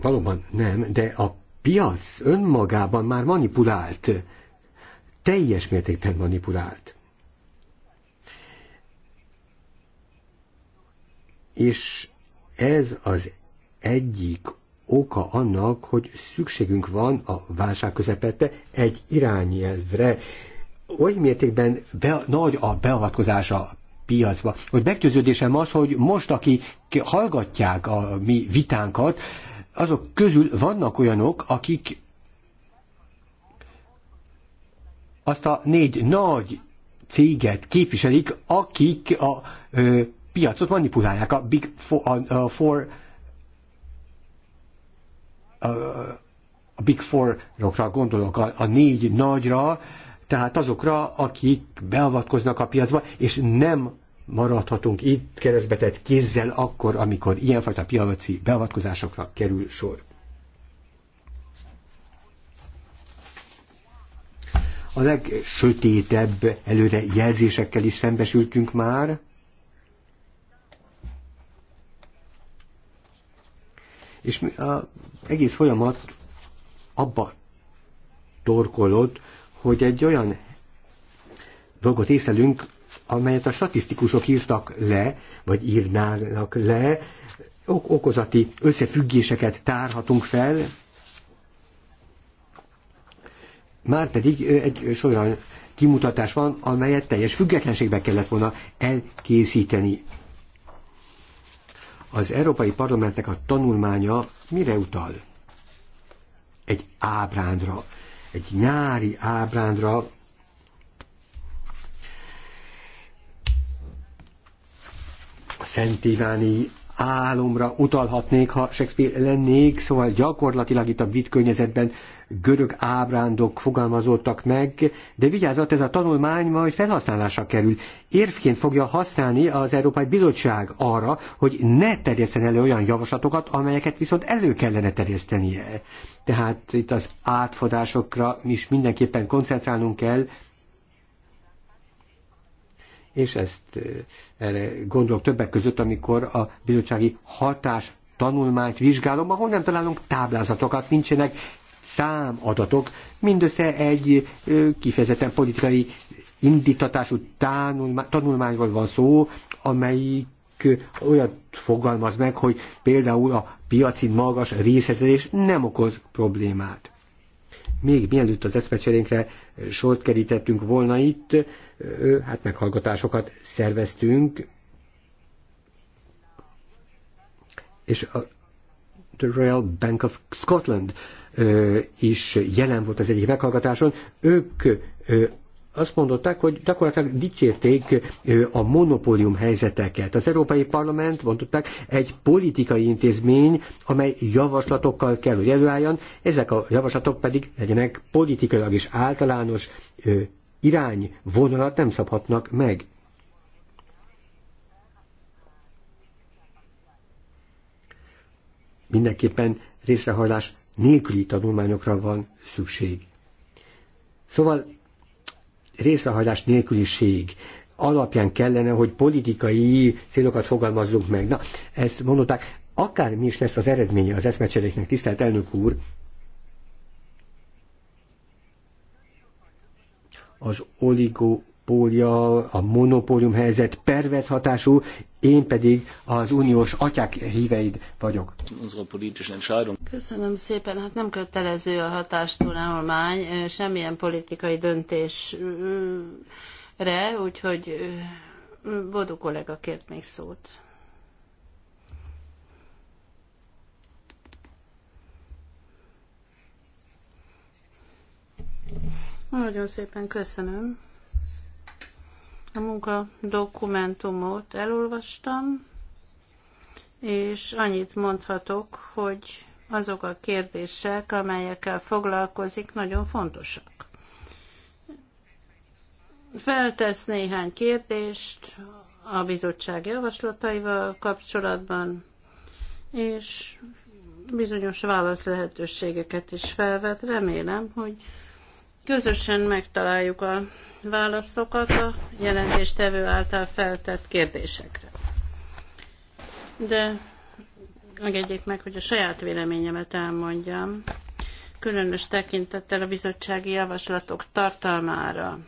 valóban nem, de a piac önmagában már manipulált, teljes mértékben manipulált. És ez az egyik oka annak, hogy szükségünk van a válság közepette egy irányelvre, oly mértékben be, nagy a beavatkozása piacba, hogy meggyőződésem az, hogy most, aki hallgatják a mi vitánkat, azok közül vannak olyanok, akik azt a négy nagy céget képviselik, akik a ö, piacot manipulálják, a Big Four, a, a, four, a, a Big Four-okra gondolok, a, a négy nagyra, tehát azokra, akik beavatkoznak a piacba, és nem maradhatunk itt keresztbetett kézzel akkor, amikor ilyenfajta piaci beavatkozásokra kerül sor. A legsötétebb előre jelzésekkel is szembesültünk már, és az egész folyamat abba torkolott, hogy egy olyan dolgot észlelünk, amelyet a statisztikusok írtak le, vagy írnának le, ok okozati összefüggéseket tárhatunk fel, Már pedig egy olyan kimutatás van, amelyet teljes függetlenségben kellett volna elkészíteni. Az Európai Parlamentnek a tanulmánya mire utal? Egy ábrándra egy nyári ábrándra, a Szent Iváni álomra utalhatnék, ha Shakespeare lennék, szóval gyakorlatilag itt a vitt környezetben görög ábrándok fogalmazottak meg, de vigyázat, ez a tanulmány majd felhasználásra kerül. Érvként fogja használni az Európai Bizottság arra, hogy ne terjeszten elő olyan javaslatokat, amelyeket viszont elő kellene terjesztenie. Tehát itt az átfodásokra is mindenképpen koncentrálnunk kell, és ezt eh, erre gondolok többek között, amikor a bizottsági hatás tanulmányt vizsgálom, ahol nem találunk táblázatokat, nincsenek számadatok mindössze egy kifejezetten politikai indítatású tanulmányról van szó, amelyik olyat fogalmaz meg, hogy például a piaci magas részletedés nem okoz problémát. Még mielőtt az eszmecserénkre sort kerítettünk volna itt, hát meghallgatásokat szerveztünk, és a The Royal Bank of Scotland is jelen volt az egyik meghallgatáson, ők azt mondották, hogy gyakorlatilag dicsérték a monopólium helyzeteket. Az Európai Parlament, mondották, egy politikai intézmény, amely javaslatokkal kell, hogy előálljon, ezek a javaslatok pedig legyenek politikailag is általános irányvonalat nem szabhatnak meg. Mindenképpen részrehajlás nélküli tanulmányokra van szükség. Szóval részrehajlás nélküliség alapján kellene, hogy politikai célokat fogalmazzunk meg. Na, ezt mondották, akármi is lesz az eredménye az eszmecseréknek, tisztelt elnök úr, az oligo monopólia, a monopólium helyzet pervez hatású, én pedig az uniós atyák híveid vagyok. Köszönöm szépen, hát nem kötelező a hatástulálmány, semmilyen politikai döntésre, úgyhogy Bodó kollega kért még szót. Nagyon szépen köszönöm. A munka dokumentumot elolvastam, és annyit mondhatok, hogy azok a kérdések, amelyekkel foglalkozik, nagyon fontosak. Feltesz néhány kérdést a bizottság javaslataival kapcsolatban, és bizonyos válasz lehetőségeket is felvet. Remélem, hogy Közösen megtaláljuk a válaszokat a jelentéstevő által feltett kérdésekre. De engedjék meg, hogy a saját véleményemet elmondjam, különös tekintettel a bizottsági javaslatok tartalmára.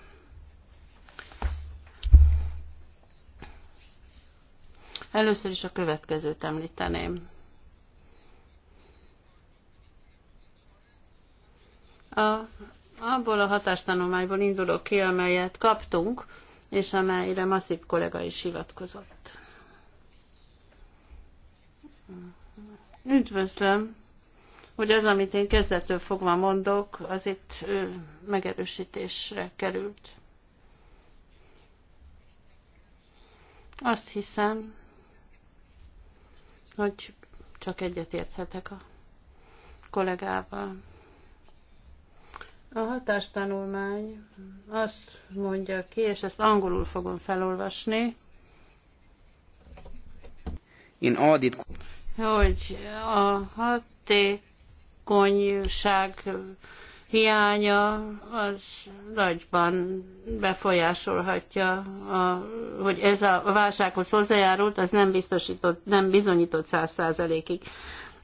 Először is a következőt említeném. A abból a hatástanulmányból indulok ki, amelyet kaptunk, és amelyre masszív kollega is hivatkozott. Üdvözlöm, hogy az, amit én kezdettől fogva mondok, az itt megerősítésre került. Azt hiszem, hogy csak egyet érthetek a kollégával. A hatástanulmány azt mondja ki, és ezt angolul fogom felolvasni, In audit. hogy a hatékonyság hiánya az nagyban befolyásolhatja, a, hogy ez a válsághoz hozzájárult, az nem biztosított, nem bizonyított száz százalékig.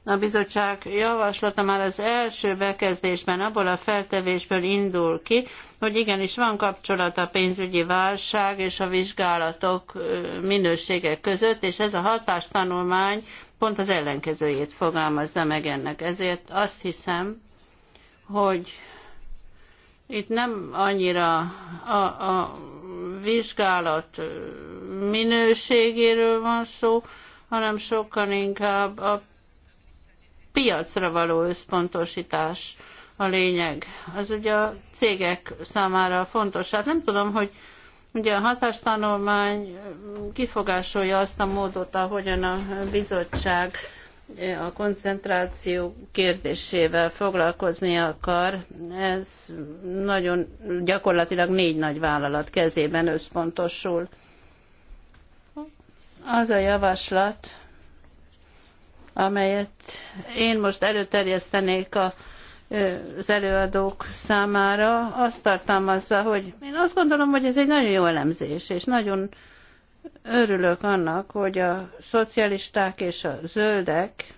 A bizottság javaslata már az első bekezdésben abból a feltevésből indul ki, hogy igenis van kapcsolat a pénzügyi válság és a vizsgálatok minősége között, és ez a hatástanulmány pont az ellenkezőjét fogalmazza meg ennek. Ezért azt hiszem, hogy itt nem annyira a, a vizsgálat minőségéről van szó, hanem sokkal inkább a piacra való összpontosítás a lényeg. Az ugye a cégek számára fontos. Hát nem tudom, hogy ugye a hatástanulmány kifogásolja azt a módot, ahogyan a bizottság a koncentráció kérdésével foglalkozni akar. Ez nagyon gyakorlatilag négy nagy vállalat kezében összpontosul. Az a javaslat, amelyet én most előterjesztenék a az előadók számára azt tartalmazza, hogy én azt gondolom, hogy ez egy nagyon jó elemzés, és nagyon örülök annak, hogy a szocialisták és a zöldek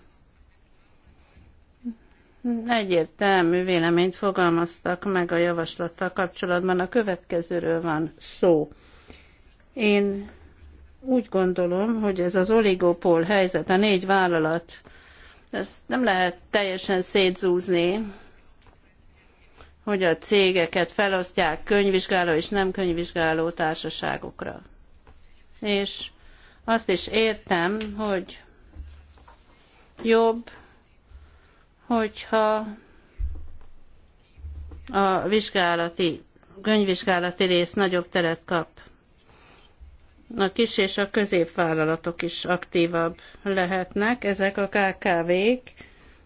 egyértelmű véleményt fogalmaztak meg a javaslattal kapcsolatban. A következőről van szó. Én úgy gondolom, hogy ez az oligopól helyzet, a négy vállalat, ezt nem lehet teljesen szétzúzni, hogy a cégeket felosztják könyvvizsgáló és nem könyvvizsgáló társaságokra. És azt is értem, hogy jobb, hogyha a vizsgálati, könyvvizsgálati rész nagyobb teret kap a kis és a középvállalatok is aktívabb lehetnek, ezek a KKV-k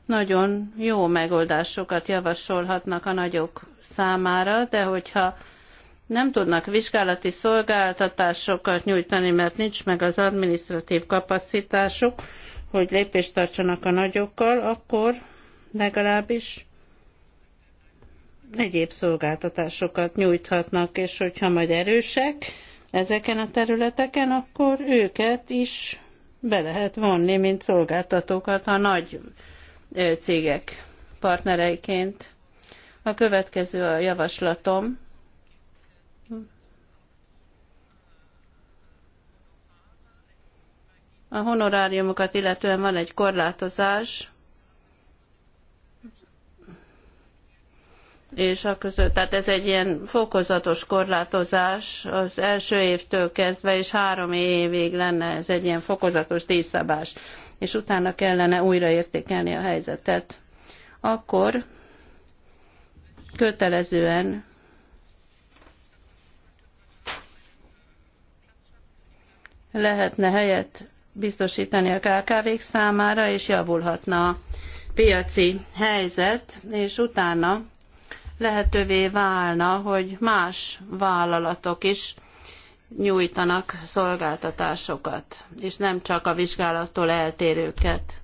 nagyon jó megoldásokat javasolhatnak a nagyok számára, de hogyha nem tudnak vizsgálati szolgáltatásokat nyújtani, mert nincs meg az administratív kapacitásuk, hogy lépést tartsanak a nagyokkal, akkor legalábbis egyéb szolgáltatásokat nyújthatnak, és hogyha majd erősek, ezeken a területeken, akkor őket is be lehet vonni, mint szolgáltatókat a nagy cégek partnereiként. A következő a javaslatom. A honoráriumokat illetően van egy korlátozás, és a között, tehát ez egy ilyen fokozatos korlátozás az első évtől kezdve, és három évig lenne ez egy ilyen fokozatos díjszabás, és utána kellene újraértékelni a helyzetet. Akkor kötelezően lehetne helyet biztosítani a KKV-k számára, és javulhatna a piaci helyzet, és utána lehetővé válna, hogy más vállalatok is nyújtanak szolgáltatásokat, és nem csak a vizsgálattól eltérőket.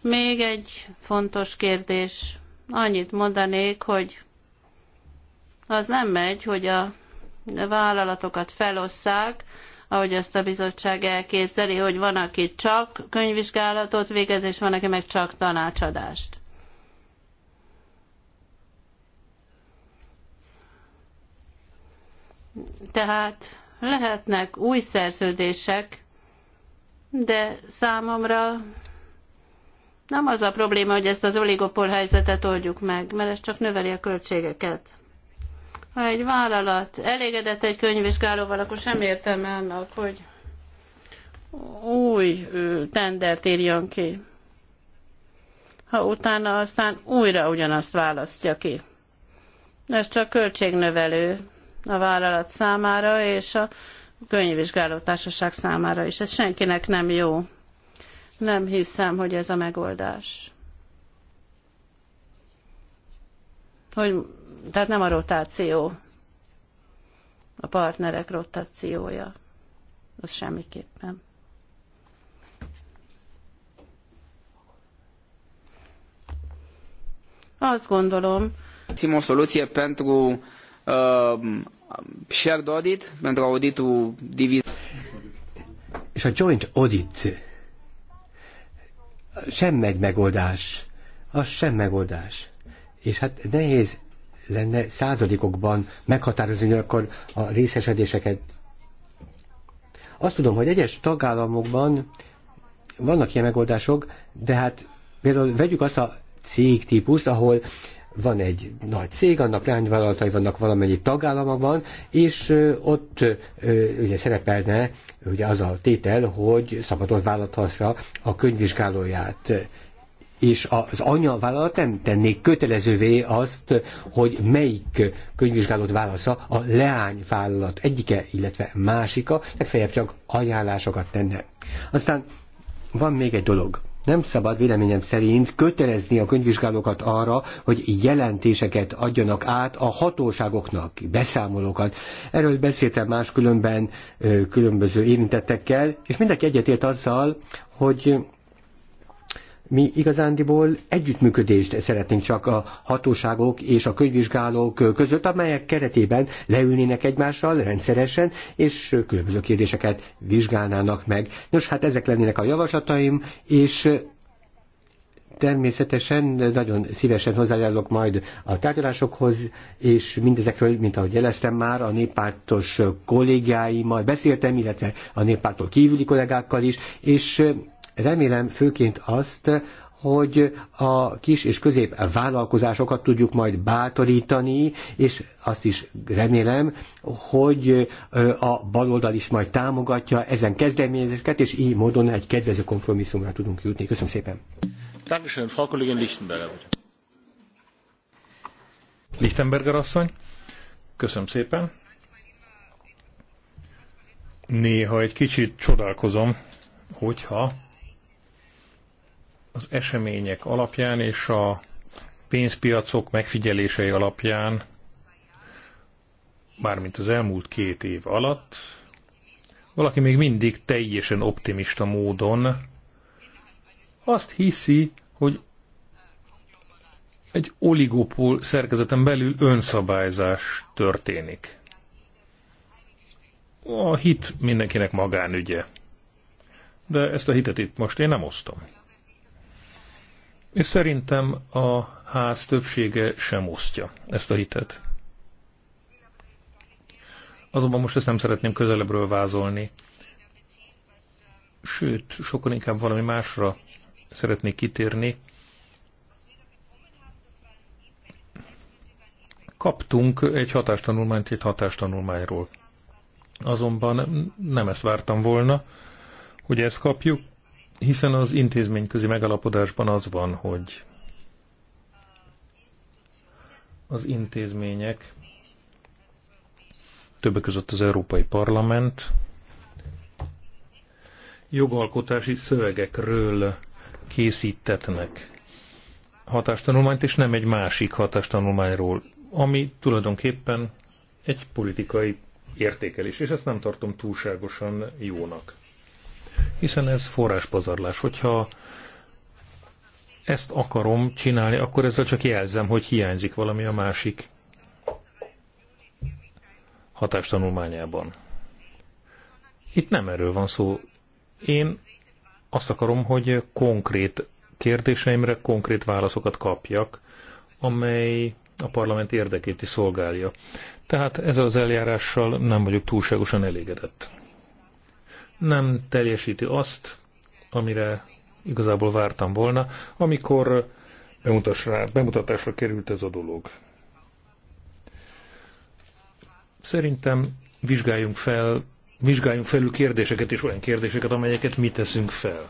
Még egy fontos kérdés. Annyit mondanék, hogy az nem megy, hogy a vállalatokat felosszák, ahogy ezt a bizottság elképzeli, hogy van, aki csak könyvvizsgálatot végez, és van, aki meg csak tanácsadást. Tehát lehetnek új szerződések, de számomra nem az a probléma, hogy ezt az oligopol helyzetet oldjuk meg, mert ez csak növeli a költségeket. Ha egy vállalat elégedett egy könyvvizsgálóval, akkor sem értem annak, hogy új tendert írjon ki. Ha utána aztán újra ugyanazt választja ki. Ez csak költségnövelő, a vállalat számára és a könyvvizsgáló társaság számára is. Ez senkinek nem jó. Nem hiszem, hogy ez a megoldás. Hogy, tehát nem a rotáció, a partnerek rotációja. Az semmiképpen. Azt gondolom. Soluție pentru Um, shared audit, pentru auditul diviz. És a joint audit sem egy megoldás, az sem megoldás. És hát nehéz lenne századikokban meghatározni akkor a részesedéseket. Azt tudom, hogy egyes tagállamokban vannak ilyen megoldások, de hát például vegyük azt a cégtípust, ahol van egy nagy cég, annak lányvállalatai vannak valamennyi tagállamokban, és ott ugye szerepelne ugye az a tétel, hogy szabadon vállalhassa a könyvvizsgálóját és az anyavállalat nem tenné kötelezővé azt, hogy melyik könyvvizsgálót válasza a leányvállalat egyike, illetve másika, legfeljebb csak ajánlásokat tenne. Aztán van még egy dolog nem szabad véleményem szerint kötelezni a könyvvizsgálókat arra, hogy jelentéseket adjanak át a hatóságoknak, beszámolókat. Erről beszéltem más különben különböző érintettekkel, és mindenki egyetért azzal, hogy mi igazándiból együttműködést szeretnénk csak a hatóságok és a könyvvizsgálók között, amelyek keretében leülnének egymással rendszeresen, és különböző kérdéseket vizsgálnának meg. Nos, hát ezek lennének a javaslataim, és természetesen nagyon szívesen hozzájárulok majd a tárgyalásokhoz, és mindezekről, mint ahogy jeleztem már, a néppártos kollégáimmal beszéltem, illetve a néppártól kívüli kollégákkal is, és Remélem főként azt, hogy a kis és közép vállalkozásokat tudjuk majd bátorítani, és azt is remélem, hogy a baloldal is majd támogatja ezen kezdeményezéseket, és így módon egy kedvező kompromisszumra tudunk jutni. Köszönöm szépen. Dankeschön, Frau Kollegin Lichtenberger. Lichtenberger asszony, köszönöm szépen. Néha egy kicsit csodálkozom, hogyha az események alapján és a pénzpiacok megfigyelései alapján, mármint az elmúlt két év alatt, valaki még mindig teljesen optimista módon azt hiszi, hogy egy oligopól szerkezeten belül önszabályzás történik. A hit mindenkinek magánügye. De ezt a hitet itt most én nem osztom. És szerintem a ház többsége sem osztja ezt a hitet. Azonban most ezt nem szeretném közelebbről vázolni. Sőt, sokkal inkább valami másra szeretnék kitérni. Kaptunk egy hatástanulmányt egy hatástanulmányról. Azonban nem ezt vártam volna, hogy ezt kapjuk, hiszen az intézményközi megalapodásban az van, hogy az intézmények, többek között az Európai Parlament, jogalkotási szövegekről készítetnek hatástanulmányt, és nem egy másik hatástanulmányról, ami tulajdonképpen egy politikai értékelés, és ezt nem tartom túlságosan jónak hiszen ez forráspazarlás. Hogyha ezt akarom csinálni, akkor ezzel csak jelzem, hogy hiányzik valami a másik hatástanulmányában. Itt nem erről van szó. Én azt akarom, hogy konkrét kérdéseimre konkrét válaszokat kapjak, amely a parlament érdekét is szolgálja. Tehát ezzel az eljárással nem vagyok túlságosan elégedett nem teljesíti azt, amire igazából vártam volna, amikor bemutatásra, bemutatásra került ez a dolog. Szerintem vizsgáljunk fel, vizsgáljunk felül kérdéseket és olyan kérdéseket, amelyeket mi teszünk fel.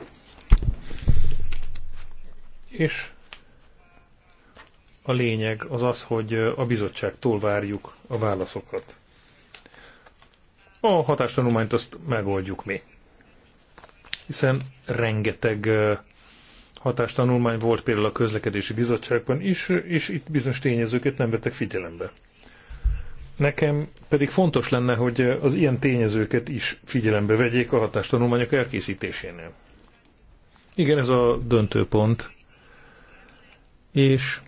És a lényeg az az, hogy a bizottságtól várjuk a válaszokat. A hatástanulmányt azt megoldjuk mi. Hiszen rengeteg hatástanulmány volt például a közlekedési bizottságban is, és itt bizonyos tényezőket nem vettek figyelembe. Nekem pedig fontos lenne, hogy az ilyen tényezőket is figyelembe vegyék a hatástanulmányok elkészítésénél. Igen, ez a döntőpont. És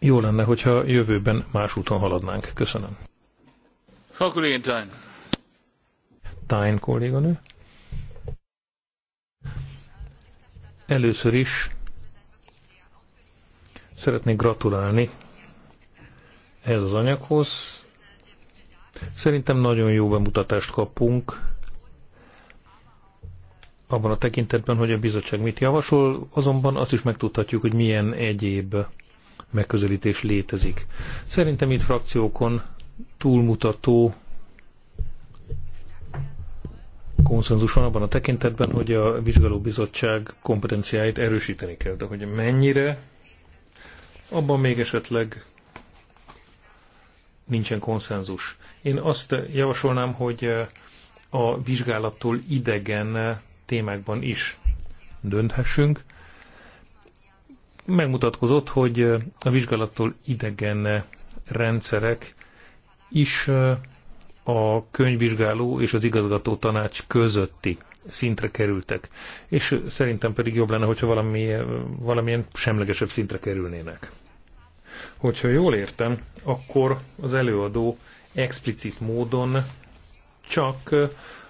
jó lenne, hogyha jövőben más úton haladnánk. Köszönöm. Frau Kollegin Thein. Thein kolléganő. Először is szeretnék gratulálni ehhez az anyaghoz. Szerintem nagyon jó bemutatást kapunk abban a tekintetben, hogy a bizottság mit javasol, azonban azt is megtudhatjuk, hogy milyen egyéb megközelítés létezik. Szerintem itt frakciókon túlmutató konszenzus van abban a tekintetben, hogy a vizsgálóbizottság kompetenciáit erősíteni kell, de hogy mennyire, abban még esetleg nincsen konszenzus. Én azt javasolnám, hogy a vizsgálattól idegen témákban is dönthessünk. Megmutatkozott, hogy a vizsgálattól idegen rendszerek is a könyvvizsgáló és az igazgató tanács közötti szintre kerültek. És szerintem pedig jobb lenne, hogyha valami, valamilyen semlegesebb szintre kerülnének. Hogyha jól értem, akkor az előadó explicit módon csak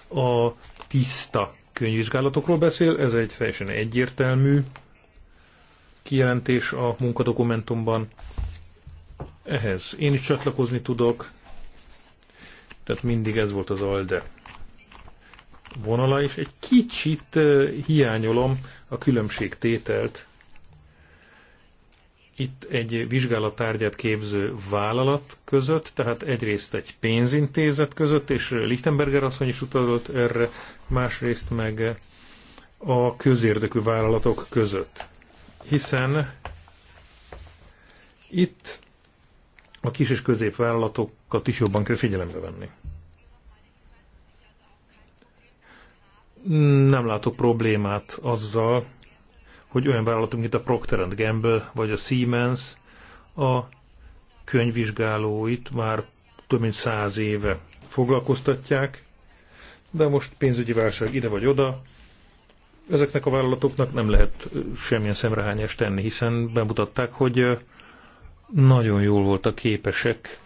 a tiszta könyvvizsgálatokról beszél, ez egy teljesen egyértelmű kijelentés a munkadokumentumban. Ehhez én is csatlakozni tudok, tehát mindig ez volt az ALDE vonala, és egy kicsit hiányolom a különbségtételt. Itt egy vizsgálattárgyát képző vállalat között, tehát egyrészt egy pénzintézet között, és Lichtenberger asszony is utazott erre, másrészt meg a közérdekű vállalatok között. Hiszen itt a kis és középvállalatokat is jobban kell figyelembe venni. Nem látok problémát azzal, hogy olyan vállalatunk, mint a Procter Gamble vagy a Siemens a könyvvizsgálóit már több mint száz éve foglalkoztatják, de most pénzügyi válság ide vagy oda, ezeknek a vállalatoknak nem lehet semmilyen szemrehányást tenni, hiszen bemutatták, hogy nagyon jól voltak képesek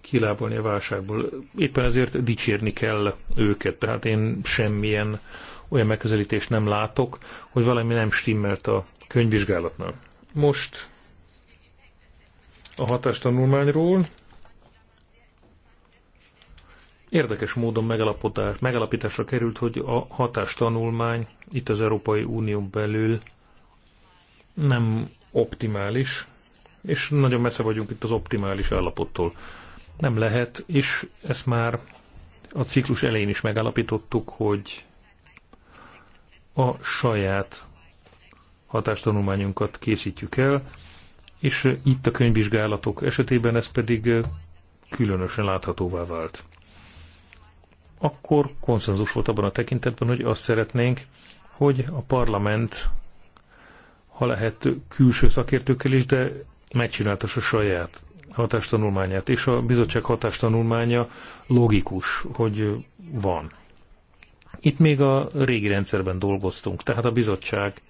kilábalni a válságból. Éppen ezért dicsérni kell őket. Tehát én semmilyen olyan megközelítést nem látok, hogy valami nem stimmelt a könyvvizsgálatnál. Most a hatástanulmányról érdekes módon megalapításra került, hogy a hatástanulmány itt az Európai Unión belül nem optimális, és nagyon messze vagyunk itt az optimális állapottól. Nem lehet, és ezt már a ciklus elején is megállapítottuk, hogy a saját hatástanulmányunkat készítjük el, és itt a könyvvizsgálatok esetében ez pedig különösen láthatóvá vált. Akkor konszenzus volt abban a tekintetben, hogy azt szeretnénk, hogy a parlament, ha lehet külső szakértőkkel is, de megcsinálta a saját hatástanulmányát, és a bizottság hatástanulmánya logikus, hogy van. Itt még a régi rendszerben dolgoztunk, tehát a bizottság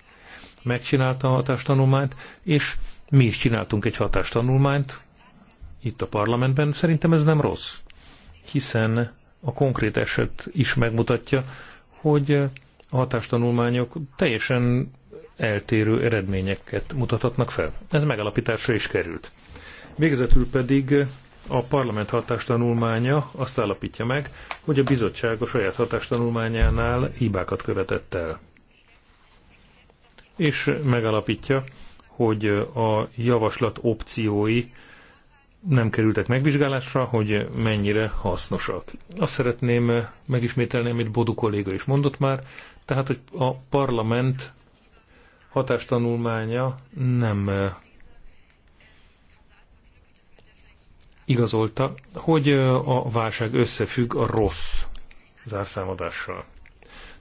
megcsinálta a hatástanulmányt, és mi is csináltunk egy hatástanulmányt itt a parlamentben. Szerintem ez nem rossz, hiszen a konkrét eset is megmutatja, hogy a hatástanulmányok teljesen eltérő eredményeket mutathatnak fel. Ez megalapításra is került. Végezetül pedig a parlament hatástanulmánya azt állapítja meg, hogy a bizottság a saját hatástanulmányánál hibákat követett el. És megalapítja, hogy a javaslat opciói nem kerültek megvizsgálásra, hogy mennyire hasznosak. Azt szeretném megismételni, amit Bodu kolléga is mondott már, tehát, hogy a parlament hatástanulmánya nem eh, igazolta, hogy eh, a válság összefügg a rossz zárszámadással.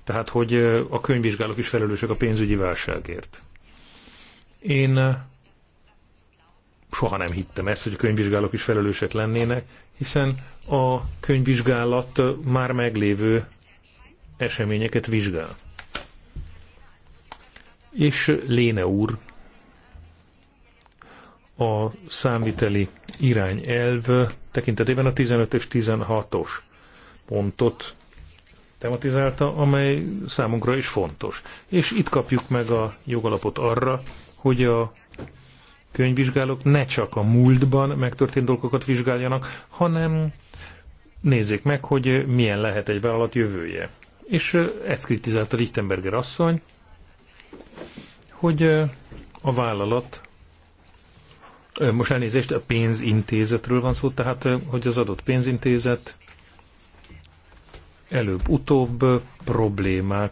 Tehát, hogy eh, a könyvvizsgálók is felelősek a pénzügyi válságért. Én soha nem hittem ezt, hogy a könyvvizsgálók is felelősek lennének, hiszen a könyvvizsgálat már meglévő eseményeket vizsgál. És Léne úr a számviteli irányelv tekintetében a 15 és 16-os pontot tematizálta, amely számunkra is fontos. És itt kapjuk meg a jogalapot arra, hogy a könyvvizsgálók ne csak a múltban megtörtént dolgokat vizsgáljanak, hanem nézzék meg, hogy milyen lehet egy vállalat jövője. És ezt kritizálta Lichtenberger asszony, hogy a vállalat, most elnézést, a pénzintézetről van szó, tehát hogy az adott pénzintézet előbb-utóbb problémák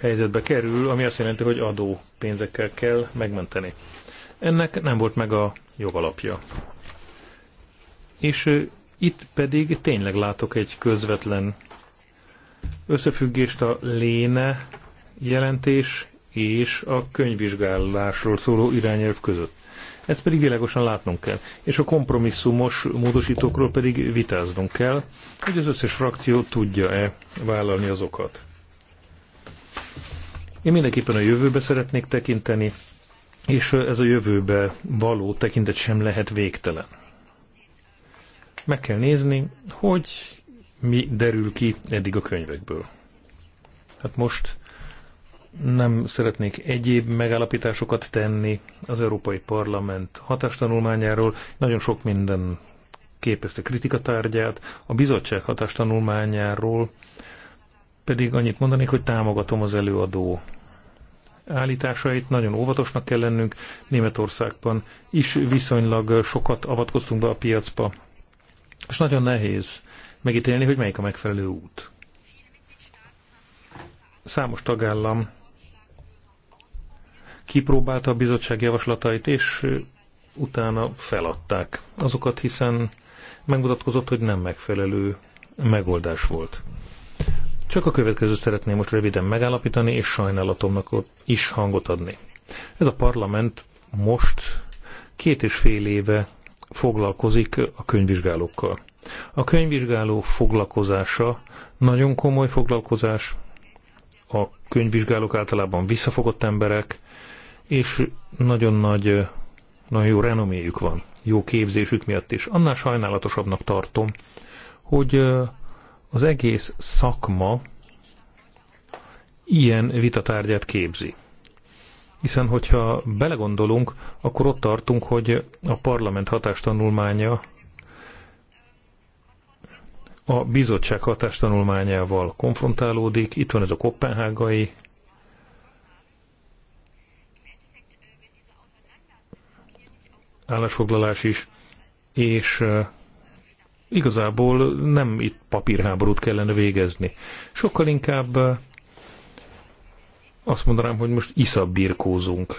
helyzetbe kerül, ami azt jelenti, hogy adó pénzekkel kell megmenteni. Ennek nem volt meg a jogalapja. És itt pedig tényleg látok egy közvetlen összefüggést a léne jelentés és a könyvvizsgálásról szóló irányelv között. Ezt pedig világosan látnunk kell, és a kompromisszumos módosítókról pedig vitáznunk kell, hogy az összes frakció tudja-e vállalni azokat. Én mindenképpen a jövőbe szeretnék tekinteni, és ez a jövőbe való tekintet sem lehet végtelen. Meg kell nézni, hogy mi derül ki eddig a könyvekből. Hát most nem szeretnék egyéb megállapításokat tenni az Európai Parlament hatástanulmányáról. Nagyon sok minden képezte kritikatárgyát. A bizottság hatástanulmányáról pedig annyit mondanék, hogy támogatom az előadó állításait, nagyon óvatosnak kell lennünk. Németországban is viszonylag sokat avatkoztunk be a piacba, és nagyon nehéz megítélni, hogy melyik a megfelelő út. Számos tagállam kipróbálta a bizottság javaslatait, és utána feladták azokat, hiszen megmutatkozott, hogy nem megfelelő megoldás volt. Csak a következő szeretném most röviden megállapítani, és sajnálatomnak is hangot adni. Ez a parlament most két és fél éve foglalkozik a könyvvizsgálókkal. A könyvvizsgáló foglalkozása nagyon komoly foglalkozás, a könyvvizsgálók általában visszafogott emberek, és nagyon nagy, nagyon jó renoméjük van, jó képzésük miatt is. Annál sajnálatosabbnak tartom, hogy az egész szakma ilyen vitatárgyát képzi. Hiszen, hogyha belegondolunk, akkor ott tartunk, hogy a parlament hatástanulmánya a bizottság hatástanulmányával konfrontálódik. Itt van ez a kopenhágai állásfoglalás is, és igazából nem itt papírháborút kellene végezni. Sokkal inkább azt mondanám, hogy most birkózunk,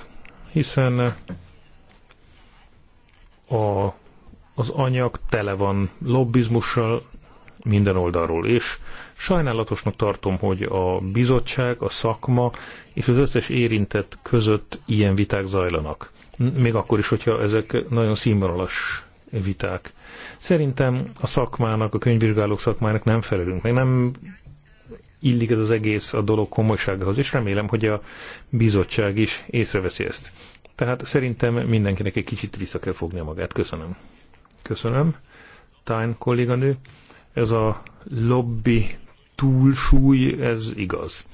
hiszen a, az anyag tele van lobbizmussal minden oldalról, és sajnálatosnak tartom, hogy a bizottság, a szakma és az összes érintett között ilyen viták zajlanak még akkor is, hogyha ezek nagyon színvonalas viták. Szerintem a szakmának, a könyvvizsgálók szakmának nem felelünk, meg nem illik ez az egész a dolog komolysághoz, és remélem, hogy a bizottság is észreveszi ezt. Tehát szerintem mindenkinek egy kicsit vissza kell fognia magát. Köszönöm. Köszönöm. Tyne kolléganő. Ez a lobby túlsúly, ez igaz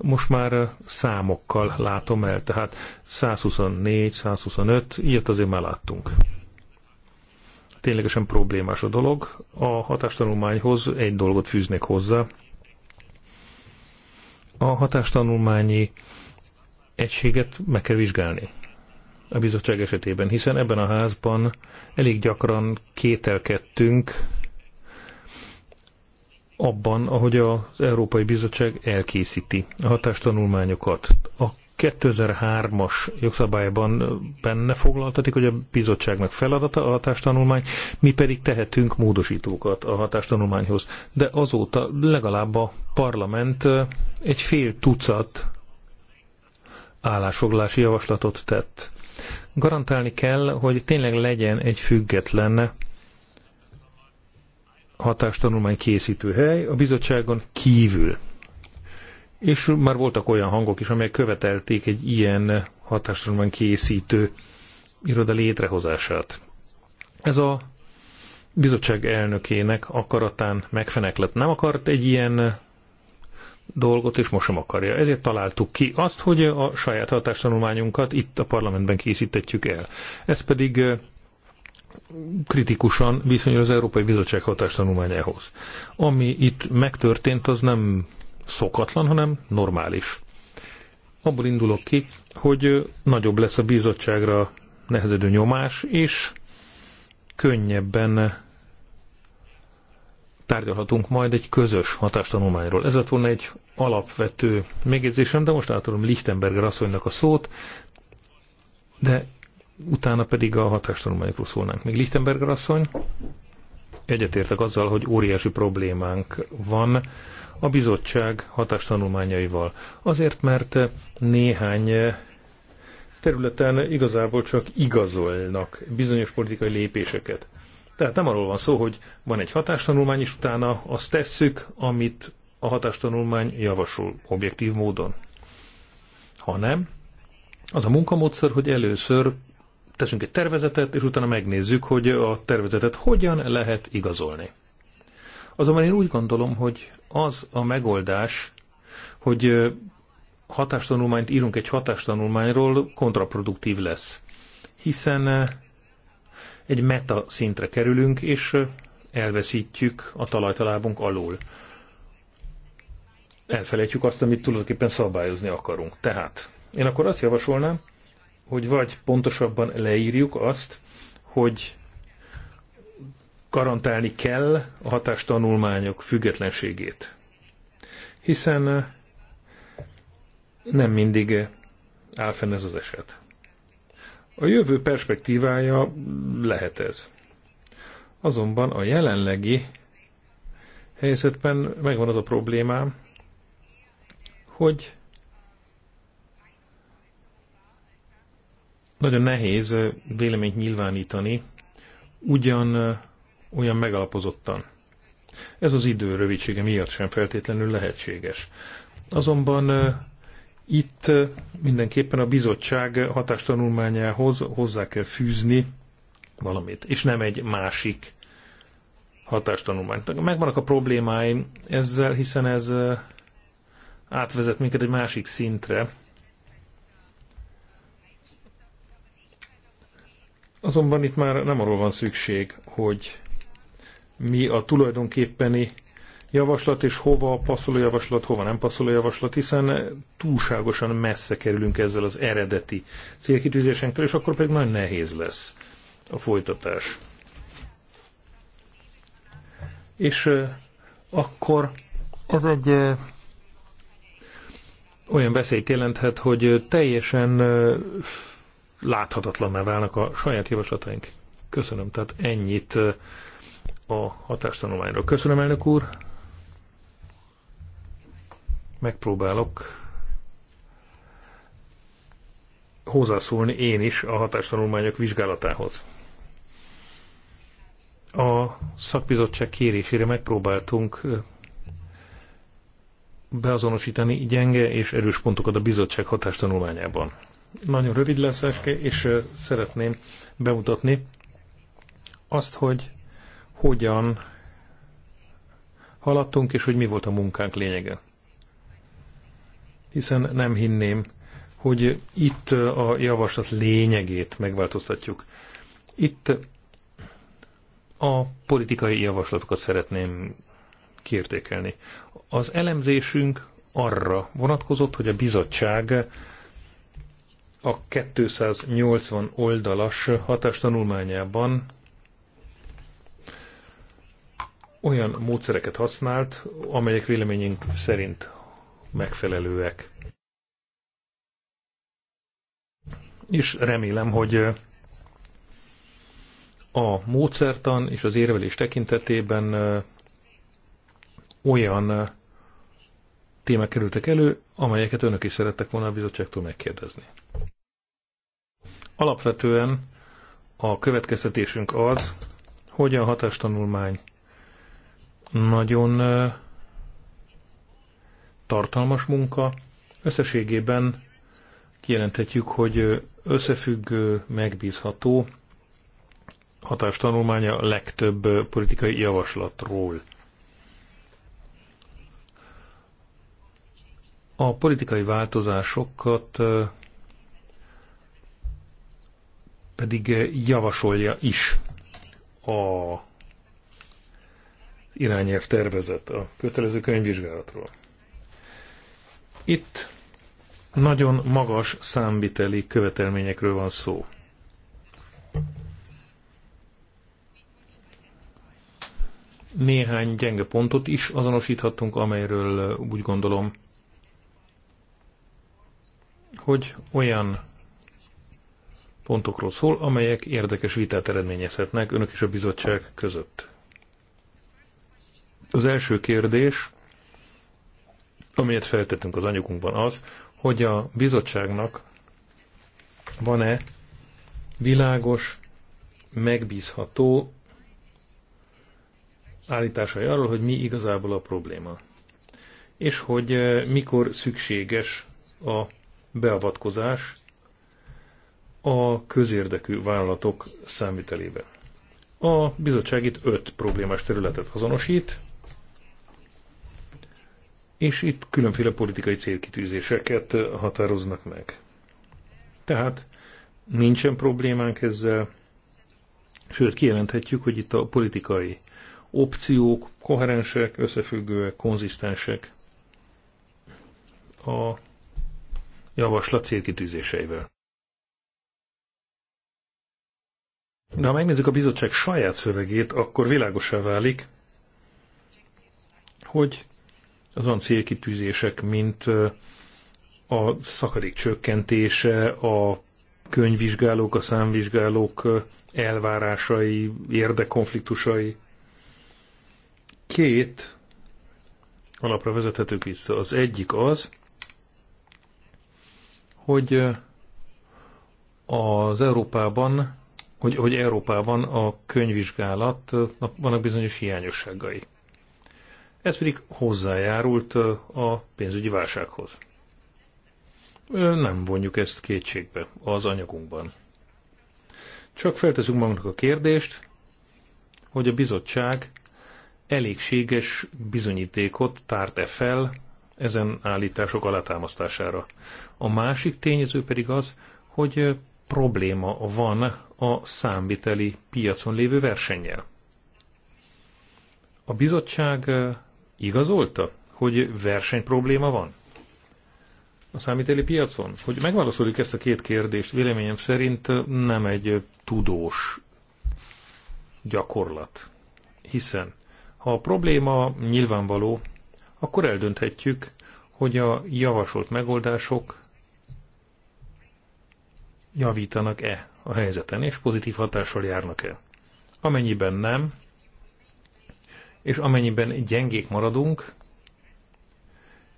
most már számokkal látom el, tehát 124, 125, ilyet azért már láttunk. Ténylegesen problémás a dolog. A hatástanulmányhoz egy dolgot fűznék hozzá. A hatástanulmányi egységet meg kell vizsgálni a bizottság esetében, hiszen ebben a házban elég gyakran kételkedtünk abban, ahogy az Európai Bizottság elkészíti a hatástanulmányokat. A 2003-as jogszabályban benne foglaltatik, hogy a bizottságnak feladata a hatástanulmány, mi pedig tehetünk módosítókat a hatástanulmányhoz. De azóta legalább a parlament egy fél tucat állásfoglalási javaslatot tett. Garantálni kell, hogy tényleg legyen egy független hatástanulmány készítő hely a bizottságon kívül. És már voltak olyan hangok is, amelyek követelték egy ilyen hatástanulmány készítő iroda létrehozását. Ez a bizottság elnökének akaratán megfeneklett. Nem akart egy ilyen dolgot, és most sem akarja. Ezért találtuk ki azt, hogy a saját hatástanulmányunkat itt a parlamentben készítetjük el. Ez pedig kritikusan viszonyul az Európai Bizottság hatástanulmányához. Ami itt megtörtént, az nem szokatlan, hanem normális. Abból indulok ki, hogy nagyobb lesz a bizottságra nehezedő nyomás, és könnyebben tárgyalhatunk majd egy közös hatástanulmányról. Ez lett volna egy alapvető megjegyzésem, de most átadom Lichtenberger asszonynak a szót, de utána pedig a hatástanulmányokról szólnánk. Még Lichtenberger asszony, egyetértek azzal, hogy óriási problémánk van a bizottság hatástanulmányaival. Azért, mert néhány területen igazából csak igazolnak bizonyos politikai lépéseket. Tehát nem arról van szó, hogy van egy hatástanulmány, és utána azt tesszük, amit a hatástanulmány javasol objektív módon. Hanem az a munkamódszer, hogy először teszünk egy tervezetet, és utána megnézzük, hogy a tervezetet hogyan lehet igazolni. Azonban én úgy gondolom, hogy az a megoldás, hogy hatástanulmányt írunk egy hatástanulmányról, kontraproduktív lesz. Hiszen egy meta szintre kerülünk, és elveszítjük a talajtalábunk alól. Elfelejtjük azt, amit tulajdonképpen szabályozni akarunk. Tehát én akkor azt javasolnám, hogy vagy pontosabban leírjuk azt, hogy garantálni kell a hatástanulmányok függetlenségét. Hiszen eh, nem mindig eh, áll fenn ez az eset. A jövő perspektívája lehet ez. Azonban a jelenlegi helyzetben megvan az a problémám, hogy nagyon nehéz véleményt nyilvánítani, ugyan olyan megalapozottan. Ez az idő rövidsége miatt sem feltétlenül lehetséges. Azonban itt mindenképpen a bizottság hatástanulmányához hozzá kell fűzni valamit, és nem egy másik hatástanulmányt. Megvannak a problémáim ezzel, hiszen ez átvezet minket egy másik szintre, Azonban itt már nem arról van szükség, hogy mi a tulajdonképpeni javaslat, és hova passzol a javaslat, hova nem passzol a javaslat, hiszen túlságosan messze kerülünk ezzel az eredeti célkitűzésenktől, és akkor pedig nagyon nehéz lesz a folytatás. És akkor ez egy olyan veszélyt jelenthet, hogy teljesen láthatatlanná válnak a saját javaslataink. Köszönöm, tehát ennyit a hatástanulmányról. Köszönöm, elnök úr. Megpróbálok hozzászólni én is a hatástanulmányok vizsgálatához. A szakbizottság kérésére megpróbáltunk beazonosítani gyenge és erős pontokat a bizottság hatástanulmányában. Nagyon rövid leszek, és szeretném bemutatni azt, hogy hogyan haladtunk, és hogy mi volt a munkánk lényege. Hiszen nem hinném, hogy itt a javaslat lényegét megváltoztatjuk. Itt a politikai javaslatokat szeretném kiértékelni. Az elemzésünk arra vonatkozott, hogy a bizottság a 280 oldalas hatástanulmányában olyan módszereket használt, amelyek véleményünk szerint megfelelőek. És remélem, hogy a módszertan és az érvelés tekintetében olyan témák kerültek elő, amelyeket önök is szerettek volna a bizottságtól megkérdezni. Alapvetően a következtetésünk az, hogy a hatástanulmány nagyon tartalmas munka. Összességében kijelenthetjük, hogy összefüggő, megbízható hatástanulmánya a legtöbb politikai javaslatról. A politikai változásokat pedig eh, javasolja is a irányelv tervezet a kötelező könyvvizsgálatról. Itt nagyon magas számviteli követelményekről van szó. Néhány gyenge pontot is azonosíthatunk, amelyről eh, úgy gondolom, hogy olyan pontokról szól, amelyek érdekes vitát eredményezhetnek önök és a bizottság között. Az első kérdés, amelyet feltettünk az anyagunkban az, hogy a bizottságnak van-e világos, megbízható állításai arról, hogy mi igazából a probléma. És hogy eh, mikor szükséges a beavatkozás, a közérdekű vállalatok számvitelében. A bizottság itt öt problémás területet azonosít, és itt különféle politikai célkitűzéseket határoznak meg. Tehát nincsen problémánk ezzel, sőt kijelenthetjük, hogy itt a politikai opciók koherensek, összefüggőek, konzisztensek a javaslat célkitűzéseivel. De ha megnézzük a bizottság saját szövegét, akkor világosá válik, hogy az olyan célkitűzések, mint a szakadék csökkentése, a könyvvizsgálók, a számvizsgálók elvárásai, érdekkonfliktusai. Két alapra vezethetők vissza. Az egyik az, hogy az Európában hogy, hogy Európában a könyvvizsgálatnak vannak bizonyos hiányosságai. Ez pedig hozzájárult a pénzügyi válsághoz. Nem vonjuk ezt kétségbe az anyagunkban. Csak felteszünk magunknak a kérdést, hogy a bizottság elégséges bizonyítékot tárt-e fel ezen állítások alátámasztására. A másik tényező pedig az, hogy probléma van a számviteli piacon lévő versennyel. A bizottság igazolta, hogy verseny probléma van a számíteli piacon? Hogy megválaszoljuk ezt a két kérdést, véleményem szerint nem egy tudós gyakorlat. Hiszen, ha a probléma nyilvánvaló, akkor eldönthetjük, hogy a javasolt megoldások javítanak-e a helyzeten, és pozitív hatással járnak-e. Amennyiben nem, és amennyiben gyengék maradunk,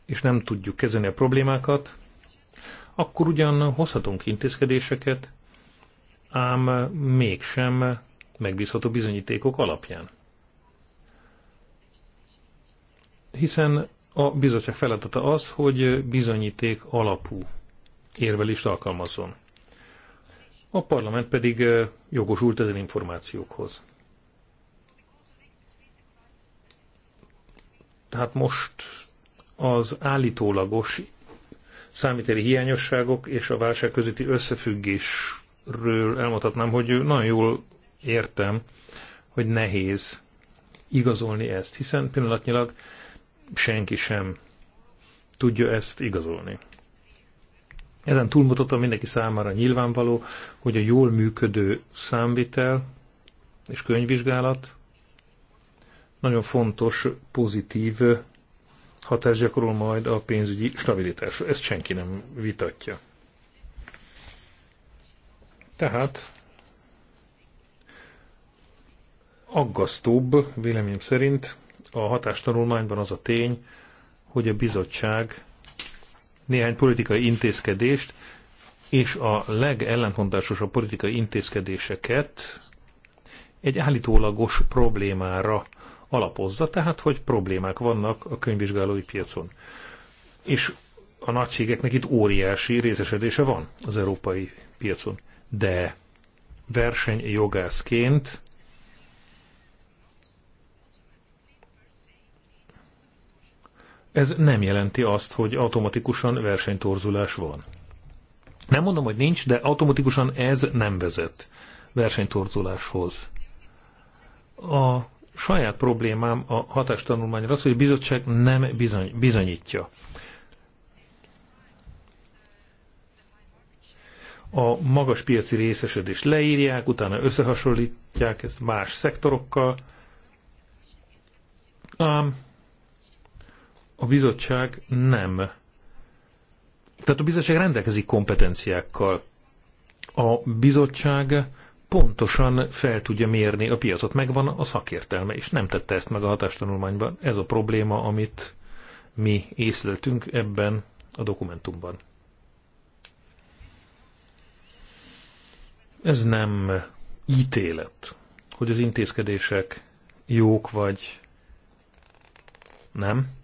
és nem tudjuk kezelni a problémákat, akkor ugyan hozhatunk intézkedéseket, ám mégsem megbízható bizonyítékok alapján. Hiszen a bizottság feladata az, hogy bizonyíték alapú érvelést alkalmazzon a parlament pedig jogosult ezen információkhoz. Tehát most az állítólagos számítéri hiányosságok és a válság közötti összefüggésről elmondhatnám, hogy nagyon jól értem, hogy nehéz igazolni ezt, hiszen pillanatnyilag senki sem tudja ezt igazolni. Ezen túlmutatom mindenki számára nyilvánvaló, hogy a jól működő számvitel és könyvvizsgálat nagyon fontos, pozitív hatás gyakorol majd a pénzügyi stabilitásra. Ezt senki nem vitatja. Tehát aggasztóbb, véleményem szerint, a hatástanulmányban az a tény, hogy a bizottság néhány politikai intézkedést, és a legellentmondásosabb politikai intézkedéseket egy állítólagos problémára alapozza, tehát hogy problémák vannak a könyvvizsgálói piacon. És a nagy cégeknek itt óriási részesedése van az európai piacon. De versenyjogászként ez nem jelenti azt, hogy automatikusan versenytorzulás van. Nem mondom, hogy nincs, de automatikusan ez nem vezet versenytorzuláshoz. A saját problémám a hatástanulmányra az, hogy a bizottság nem bizony, bizonyítja. A magas piaci részesedést leírják, utána összehasonlítják ezt más szektorokkal, ám a bizottság nem. Tehát a bizottság rendelkezik kompetenciákkal. A bizottság pontosan fel tudja mérni a piacot, megvan a szakértelme, és nem tette ezt meg a hatástanulmányban. Ez a probléma, amit mi észleltünk ebben a dokumentumban. Ez nem ítélet, hogy az intézkedések jók vagy nem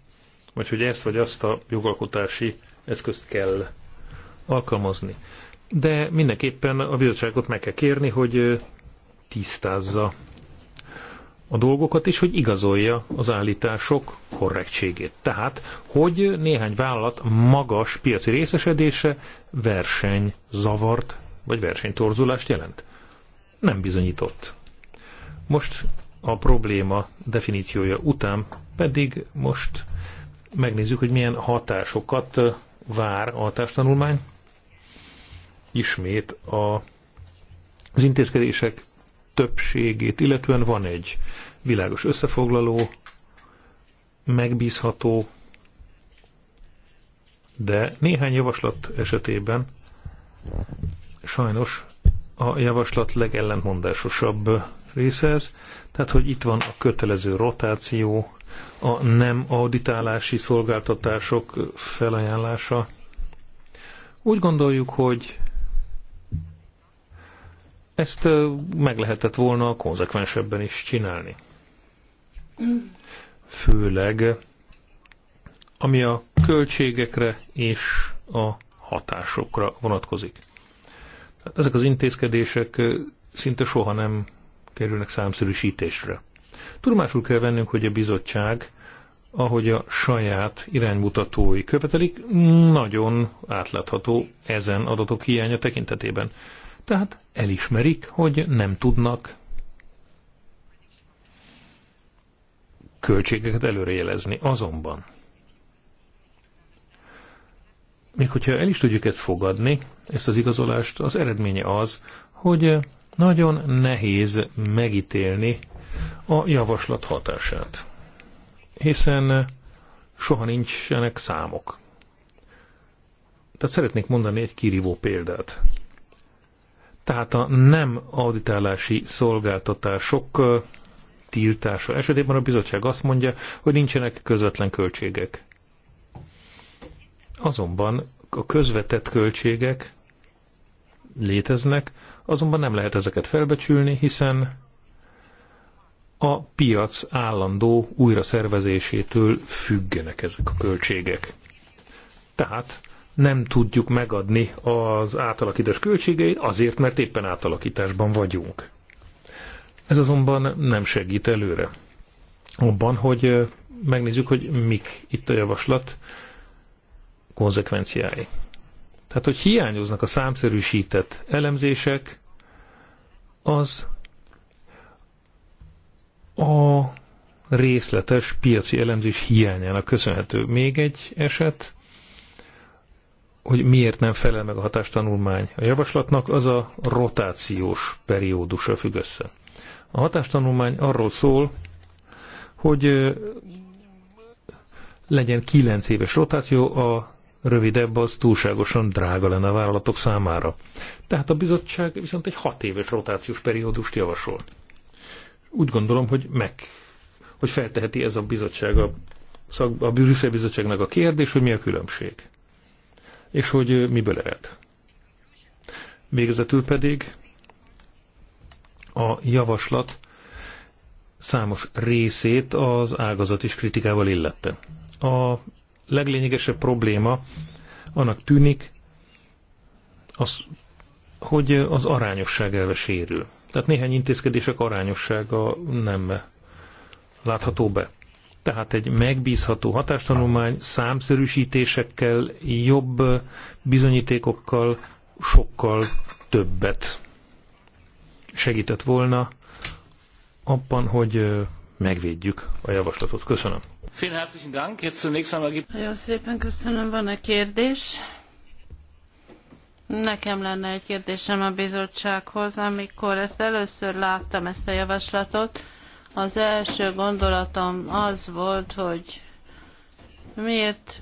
vagy hogy ezt vagy azt a jogalkotási eszközt kell alkalmazni. De mindenképpen a bizottságot meg kell kérni, hogy tisztázza a dolgokat, és hogy igazolja az állítások korrektségét. Tehát, hogy néhány vállalat magas piaci részesedése versenyzavart vagy versenytorzulást jelent. Nem bizonyított. Most a probléma definíciója után pedig most megnézzük, hogy milyen hatásokat vár a hatástanulmány. Ismét a, az intézkedések többségét, illetően van egy világos összefoglaló, megbízható, de néhány javaslat esetében sajnos a javaslat legellentmondásosabb része ez, tehát hogy itt van a kötelező rotáció, a nem auditálási szolgáltatások felajánlása. Úgy gondoljuk, hogy ezt meg lehetett volna konzekvensebben is csinálni. Főleg ami a költségekre és a hatásokra vonatkozik. Ezek az intézkedések szinte soha nem kerülnek számszerűsítésre. Tudomásul kell vennünk, hogy a bizottság, ahogy a saját iránymutatói követelik, nagyon átlátható ezen adatok hiánya tekintetében. Tehát elismerik, hogy nem tudnak költségeket előrejelezni. Azonban, még hogyha el is tudjuk ezt fogadni, ezt az igazolást, az eredménye az, hogy nagyon nehéz megítélni a javaslat hatását, hiszen soha nincsenek számok. Tehát szeretnék mondani egy kirívó példát. Tehát a nem auditálási szolgáltatások tiltása esetében a bizottság azt mondja, hogy nincsenek közvetlen költségek. Azonban a közvetett költségek léteznek, azonban nem lehet ezeket felbecsülni, hiszen a piac állandó újraszervezésétől függenek ezek a költségek. Tehát nem tudjuk megadni az átalakítás költségeit azért, mert éppen átalakításban vagyunk. Ez azonban nem segít előre. Abban, hogy megnézzük, hogy mik itt a javaslat konzekvenciái. Tehát, hogy hiányoznak a számszerűsített elemzések, az a részletes piaci elemzés hiányának köszönhető. Még egy eset, hogy miért nem felel meg a hatástanulmány. A javaslatnak az a rotációs periódusra függ össze. A hatástanulmány arról szól, hogy legyen 9 éves rotáció, a rövidebb az túlságosan drága lenne a vállalatok számára. Tehát a bizottság viszont egy 6 éves rotációs periódust javasol úgy gondolom, hogy meg, hogy felteheti ez a bizottság, a, szak, a Brüsszel bizottságnak a kérdés, hogy mi a különbség, és hogy miből ered. Végezetül pedig a javaslat számos részét az ágazat is kritikával illette. A leglényegesebb probléma annak tűnik, az, hogy az arányosság elve sérül. Tehát néhány intézkedések arányossága nem látható be. Tehát egy megbízható hatástanulmány számszerűsítésekkel, jobb bizonyítékokkal sokkal többet segített volna abban, hogy megvédjük a javaslatot. Köszönöm. Nagyon szépen köszönöm. van a kérdés? Nekem lenne egy kérdésem a bizottsághoz, amikor ezt először láttam, ezt a javaslatot, az első gondolatom az volt, hogy miért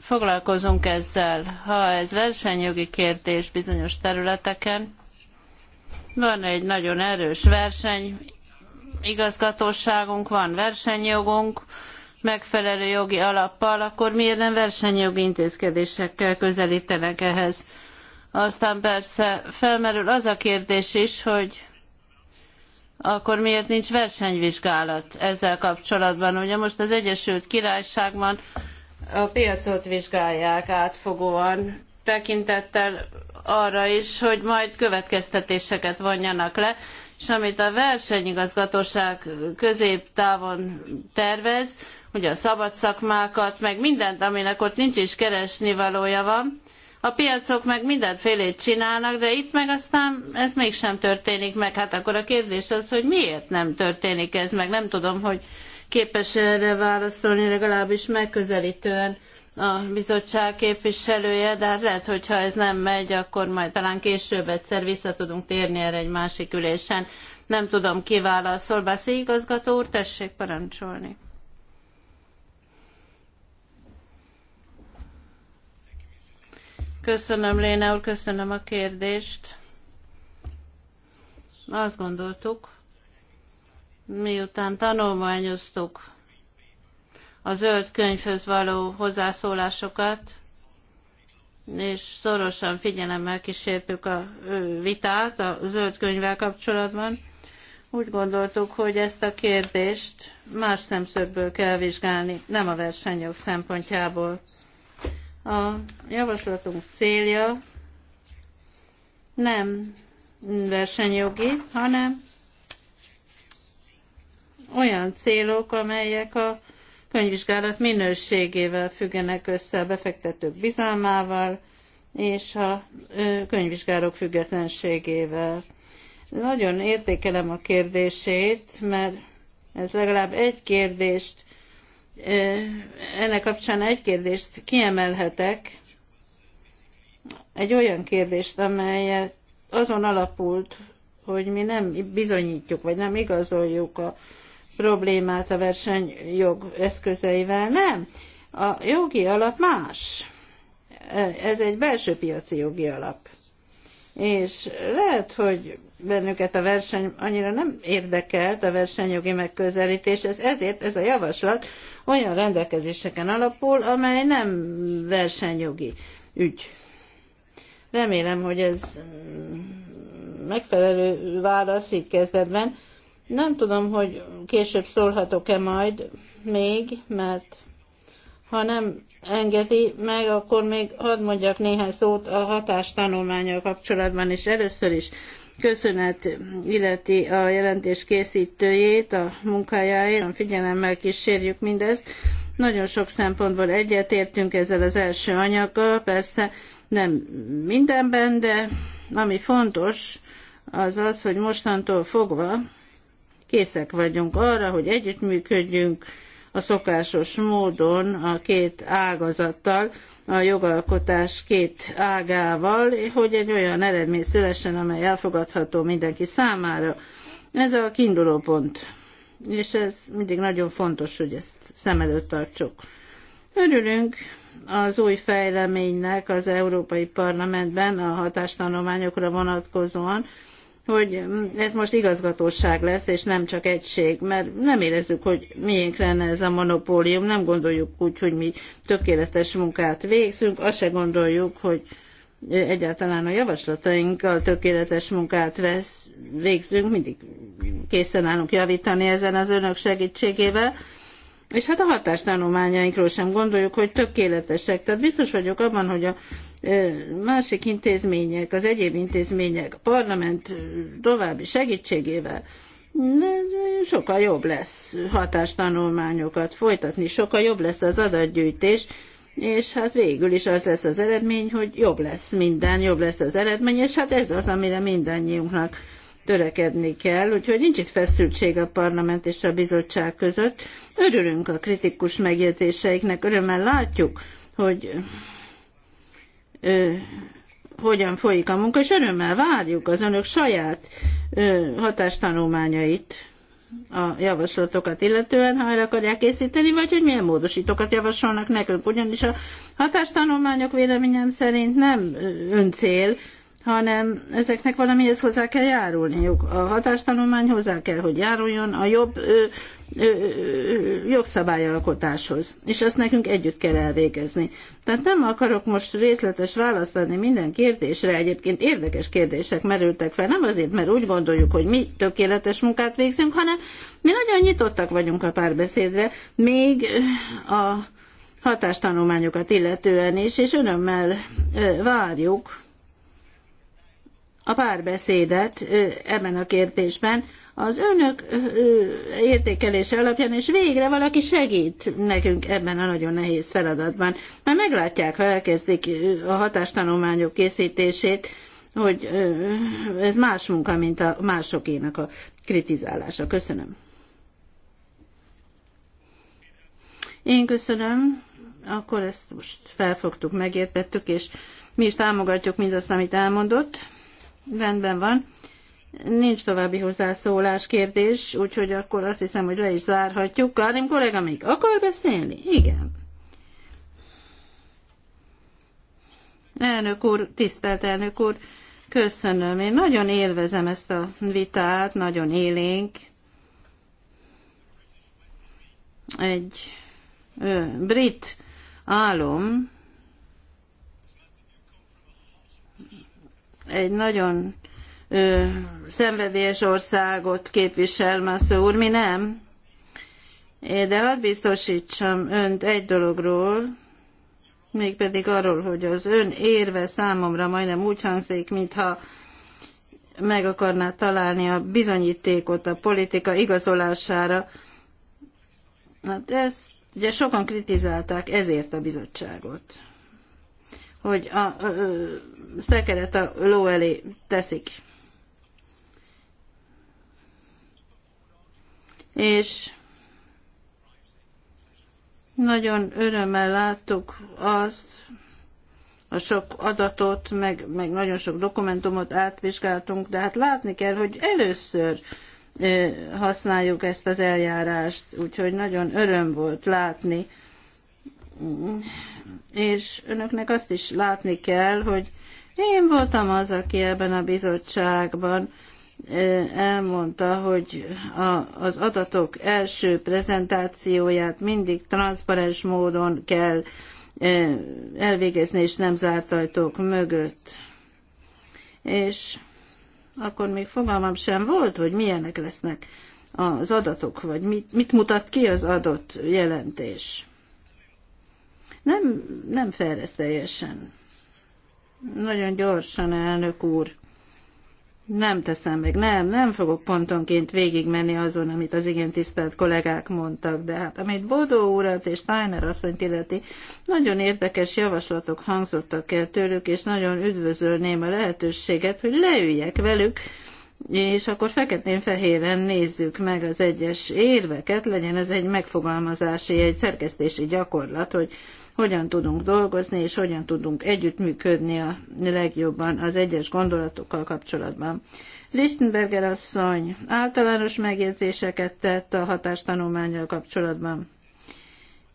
foglalkozunk ezzel, ha ez versenyjogi kérdés bizonyos területeken, van egy nagyon erős verseny, igazgatóságunk van, versenyjogunk, megfelelő jogi alappal, akkor miért nem versenyjogi intézkedésekkel közelítenek ehhez? Aztán persze felmerül az a kérdés is, hogy akkor miért nincs versenyvizsgálat ezzel kapcsolatban? Ugye most az Egyesült Királyságban a piacot vizsgálják átfogóan, tekintettel arra is, hogy majd következtetéseket vonjanak le, és amit a versenyigazgatóság középtávon tervez, ugye a szabad szakmákat, meg mindent, aminek ott nincs is keresnivalója van, a piacok meg mindenfélét csinálnak, de itt meg aztán ez mégsem történik meg. Hát akkor a kérdés az, hogy miért nem történik ez meg. Nem tudom, hogy képes erre válaszolni legalábbis megközelítően a bizottság képviselője, de hát lehet, hogyha ez nem megy, akkor majd talán később egyszer vissza tudunk térni erre egy másik ülésen. Nem tudom, ki válaszol. Bászi igazgató úr, tessék parancsolni. Köszönöm, Léna úr, köszönöm a kérdést. Azt gondoltuk, miután tanulmányoztuk a zöld könyvhöz való hozzászólásokat, és szorosan figyelemmel kísértük a vitát a zöld könyvvel kapcsolatban. Úgy gondoltuk, hogy ezt a kérdést más szemszögből kell vizsgálni, nem a versenyjog szempontjából. A javaslatunk célja nem versenyjogi, hanem olyan célok, amelyek a könyvvizsgálat minőségével függenek össze a befektetők bizalmával és a könyvvizsgálók függetlenségével. Nagyon értékelem a kérdését, mert ez legalább egy kérdést ennek kapcsán egy kérdést kiemelhetek, egy olyan kérdést, amely azon alapult, hogy mi nem bizonyítjuk, vagy nem igazoljuk a problémát a versenyjog eszközeivel. Nem, a jogi alap más. Ez egy belső piaci jogi alap. És lehet, hogy bennünket a verseny annyira nem érdekelt a versenyjogi megközelítés, ez ezért ez a javaslat olyan rendelkezéseken alapul, amely nem versenyjogi ügy. Remélem, hogy ez mm, megfelelő válasz így kezdetben. Nem tudom, hogy később szólhatok-e majd még, mert ha nem engedi meg, akkor még hadd mondjak néhány szót a hatástanulmányok kapcsolatban, és először is köszönet illeti a jelentés készítőjét a munkájáért, figyelemmel kísérjük mindezt. Nagyon sok szempontból egyetértünk ezzel az első anyaggal, persze nem mindenben, de ami fontos, az az, hogy mostantól fogva készek vagyunk arra, hogy együttműködjünk, a szokásos módon a két ágazattal, a jogalkotás két ágával, hogy egy olyan eredmény szülessen, amely elfogadható mindenki számára. Ez a kiinduló pont. És ez mindig nagyon fontos, hogy ezt szem előtt tartsuk. Örülünk az új fejleménynek az Európai Parlamentben a hatástanulmányokra vonatkozóan, hogy mm, ez most igazgatóság lesz, és nem csak egység, mert nem érezzük, hogy miénk lenne ez a monopólium, nem gondoljuk úgy, hogy mi tökéletes munkát végzünk, azt se gondoljuk, hogy egyáltalán a javaslatainkkal tökéletes munkát vesz, végzünk, mindig készen állunk javítani ezen az önök segítségével, és hát a hatástanulmányainkról sem gondoljuk, hogy tökéletesek. Tehát biztos vagyok abban, hogy a másik intézmények, az egyéb intézmények, a parlament további segítségével sokkal jobb lesz hatástanulmányokat folytatni, sokkal jobb lesz az adatgyűjtés, és hát végül is az lesz az eredmény, hogy jobb lesz minden, jobb lesz az eredmény, és hát ez az, amire mindannyiunknak törekedni kell, úgyhogy nincs itt feszültség a parlament és a bizottság között. Örülünk a kritikus megjegyzéseiknek, örömmel látjuk, hogy ö, hogyan folyik a munka, és örömmel várjuk az önök saját ö, hatástanulmányait a javaslatokat illetően, ha el akarják készíteni, vagy hogy milyen módosítókat javasolnak nekünk, ugyanis a hatástanulmányok véleményem szerint nem öncél, hanem ezeknek valamihez hozzá kell járulniuk. A hatástanulmány hozzá kell, hogy járuljon a jobb jogszabályalkotáshoz, és ezt nekünk együtt kell elvégezni. Tehát nem akarok most részletes választ adni minden kérdésre, egyébként érdekes kérdések merültek fel, nem azért, mert úgy gondoljuk, hogy mi tökéletes munkát végzünk, hanem mi nagyon nyitottak vagyunk a párbeszédre, még a hatástanulmányokat illetően is, és önömmel várjuk a párbeszédet ebben a kérdésben, az önök értékelése alapján, és végre valaki segít nekünk ebben a nagyon nehéz feladatban. Már meglátják, ha elkezdik a hatástanulmányok készítését, hogy ez más munka, mint a másokének a kritizálása. Köszönöm. Én köszönöm. Akkor ezt most felfogtuk, megértettük, és mi is támogatjuk mindazt, amit elmondott. Rendben van. Nincs további hozzászólás kérdés, úgyhogy akkor azt hiszem, hogy le is zárhatjuk. Karim kollega még akar beszélni? Igen. Elnök úr, tisztelt elnök úr, köszönöm. Én nagyon élvezem ezt a vitát, nagyon élénk. Egy ö, brit álom egy nagyon ö, szenvedélyes országot képvisel, Mászó úr, mi nem. De hadd biztosítsam önt egy dologról, mégpedig arról, hogy az ön érve számomra majdnem úgy hangzik, mintha meg akarná találni a bizonyítékot a politika igazolására. Hát ez, ugye sokan kritizálták ezért a bizottságot, hogy a, a, a szekeret a ló elé teszik. és nagyon örömmel láttuk azt, a sok adatot, meg, meg nagyon sok dokumentumot átvizsgáltunk, de hát látni kell, hogy először használjuk ezt az eljárást, úgyhogy nagyon öröm volt látni. És önöknek azt is látni kell, hogy én voltam az, aki ebben a bizottságban elmondta, hogy a, az adatok első prezentációját mindig transzparens módon kell elvégezni, és nem zárt ajtók mögött. És akkor még fogalmam sem volt, hogy milyenek lesznek az adatok, vagy mit, mit mutat ki az adott jelentés. Nem, nem teljesen. Nagyon gyorsan, elnök úr. Nem teszem meg, nem, nem fogok pontonként végigmenni azon, amit az igen tisztelt kollégák mondtak, de hát amit Bodó urat és Steiner asszonyt illeti, nagyon érdekes javaslatok hangzottak el tőlük, és nagyon üdvözölném a lehetőséget, hogy leüljek velük, és akkor feketén-fehéren nézzük meg az egyes érveket, legyen ez egy megfogalmazási, egy szerkesztési gyakorlat, hogy hogyan tudunk dolgozni, és hogyan tudunk együttműködni a legjobban az egyes gondolatokkal kapcsolatban. Lichtenberger asszony általános megjegyzéseket tett a hatástanulmányjal kapcsolatban.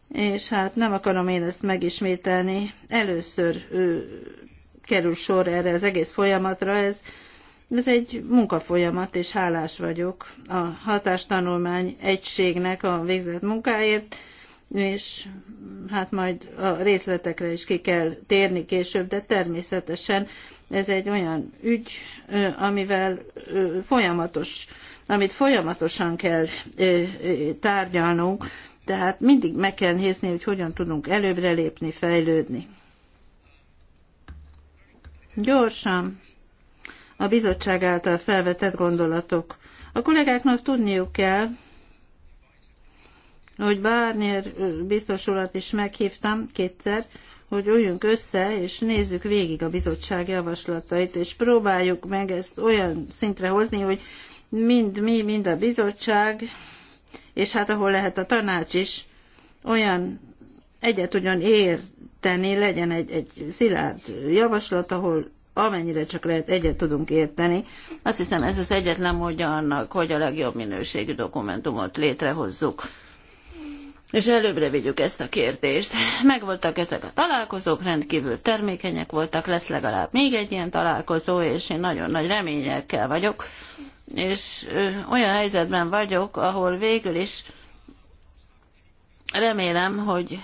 És hát nem akarom én ezt megismételni. Először ő, kerül sor erre az egész folyamatra. Ez, ez egy munkafolyamat, és hálás vagyok a hatástanulmány egységnek a végzett munkáért és hát majd a részletekre is ki kell térni később, de természetesen ez egy olyan ügy, amivel folyamatos, amit folyamatosan kell tárgyalnunk, tehát mindig meg kell nézni, hogy hogyan tudunk előbbre lépni, fejlődni. Gyorsan a bizottság által felvetett gondolatok. A kollégáknak tudniuk kell, hogy bármilyen biztosulat is meghívtam kétszer, hogy üljünk össze, és nézzük végig a bizottság javaslatait, és próbáljuk meg ezt olyan szintre hozni, hogy mind mi, mind a bizottság, és hát ahol lehet a tanács is, olyan egyet tudjon érteni, legyen egy, egy szilárd javaslat, ahol amennyire csak lehet egyet tudunk érteni. Azt hiszem ez az egyetlen módja annak, hogy a legjobb minőségű dokumentumot létrehozzuk és előbbre vigyük ezt a kérdést. Megvoltak ezek a találkozók, rendkívül termékenyek voltak, lesz legalább még egy ilyen találkozó, és én nagyon nagy reményekkel vagyok, és olyan helyzetben vagyok, ahol végül is remélem, hogy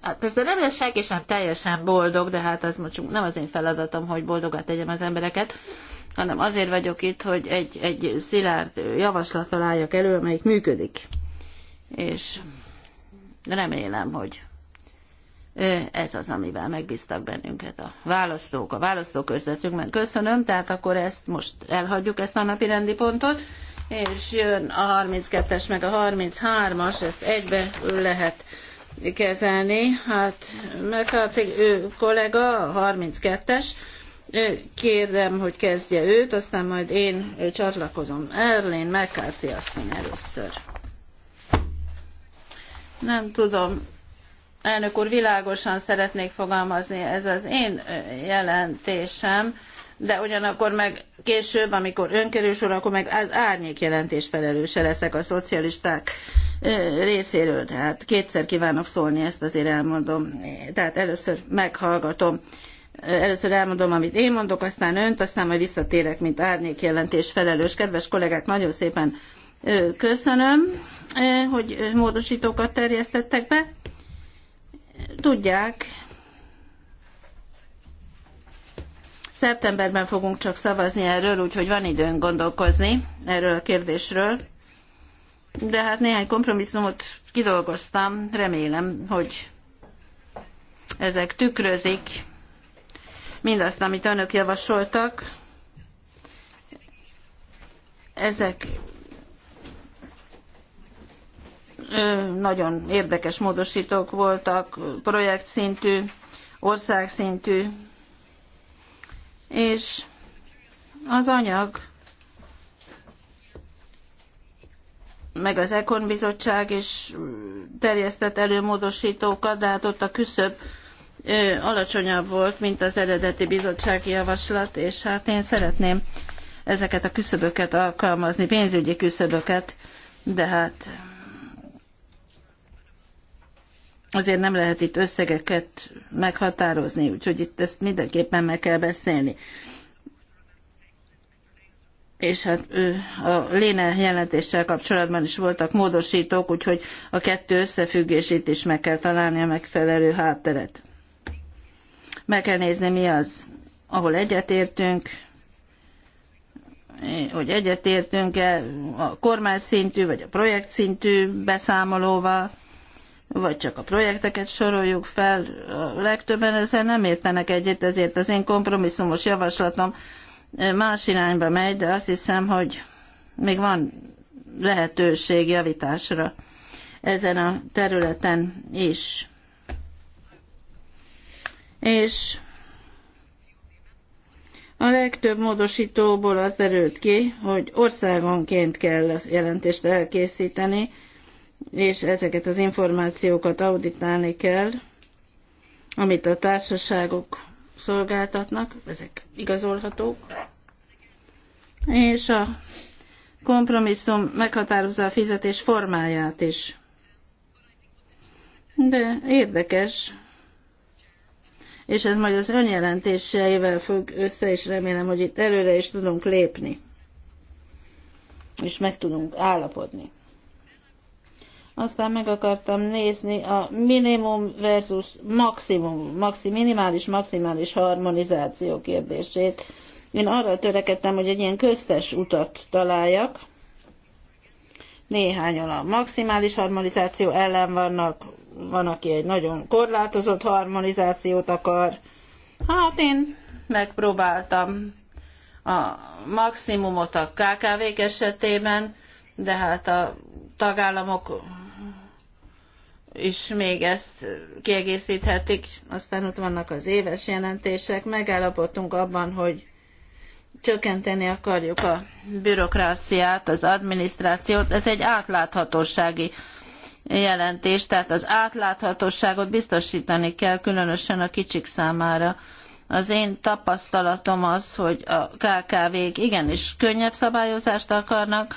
hát persze nem lesz senki sem teljesen boldog, de hát az most nem az én feladatom, hogy boldogat tegyem az embereket, hanem azért vagyok itt, hogy egy, egy szilárd javaslat találjak elő, amelyik működik. És Remélem, hogy ez az, amivel megbíztak bennünket a választók, a választókörzetünkben. Köszönöm, tehát akkor ezt most elhagyjuk, ezt a napi rendi pontot, és jön a 32-es meg a 33-as, ezt egybe lehet kezelni. Hát, mert a kollega, a 32-es, kérdem, hogy kezdje őt, aztán majd én csatlakozom. Erlén McCarthy asszony először. Nem tudom, elnök úr, világosan szeretnék fogalmazni, ez az én jelentésem, de ugyanakkor meg később, amikor önkerül sor, akkor meg az árnyék jelentés felelőse leszek a szocialisták részéről. Tehát kétszer kívánok szólni, ezt azért elmondom. Tehát először meghallgatom először elmondom, amit én mondok, aztán önt, aztán majd visszatérek, mint árnyék jelentés felelős. Kedves kollégák, nagyon szépen köszönöm hogy módosítókat terjesztettek be. Tudják, szeptemberben fogunk csak szavazni erről, úgyhogy van időnk gondolkozni erről a kérdésről. De hát néhány kompromisszumot kidolgoztam, remélem, hogy ezek tükrözik mindazt, amit önök javasoltak. Ezek nagyon érdekes módosítók voltak, projektszintű, országszintű, és az anyag meg az Ekon bizottság is terjesztett elő módosítókat, de hát ott a küszöb alacsonyabb volt, mint az eredeti bizottsági javaslat, és hát én szeretném ezeket a küszöböket alkalmazni, pénzügyi küszöböket, de hát azért nem lehet itt összegeket meghatározni, úgyhogy itt ezt mindenképpen meg kell beszélni. És hát a léne jelentéssel kapcsolatban is voltak módosítók, úgyhogy a kettő összefüggését is meg kell találni a megfelelő hátteret. Meg kell nézni, mi az, ahol egyetértünk, hogy egyetértünk-e a kormány szintű vagy a projekt szintű beszámolóval, vagy csak a projekteket soroljuk fel, a legtöbben ezzel nem értenek egyet, ezért az én kompromisszumos javaslatom más irányba megy, de azt hiszem, hogy még van lehetőség javításra ezen a területen is. És a legtöbb módosítóból az derült ki, hogy országonként kell jelentést elkészíteni, és ezeket az információkat auditálni kell, amit a társaságok szolgáltatnak, ezek igazolhatók, és a kompromisszum meghatározza a fizetés formáját is. De érdekes, és ez majd az önjelentéseivel függ össze, és remélem, hogy itt előre is tudunk lépni, és meg tudunk állapodni. Aztán meg akartam nézni a minimum versus maximum, maxi, minimális, maximális harmonizáció kérdését. Én arra törekedtem, hogy egy ilyen köztes utat találjak. Néhányan a maximális harmonizáció ellen vannak, van, aki egy nagyon korlátozott harmonizációt akar. Hát én megpróbáltam a maximumot a KKV-k esetében, de hát a tagállamok és még ezt kiegészíthetik. Aztán ott vannak az éves jelentések. Megállapodtunk abban, hogy csökkenteni akarjuk a bürokráciát, az adminisztrációt. Ez egy átláthatósági jelentés, tehát az átláthatóságot biztosítani kell, különösen a kicsik számára. Az én tapasztalatom az, hogy a KKV-k igenis könnyebb szabályozást akarnak,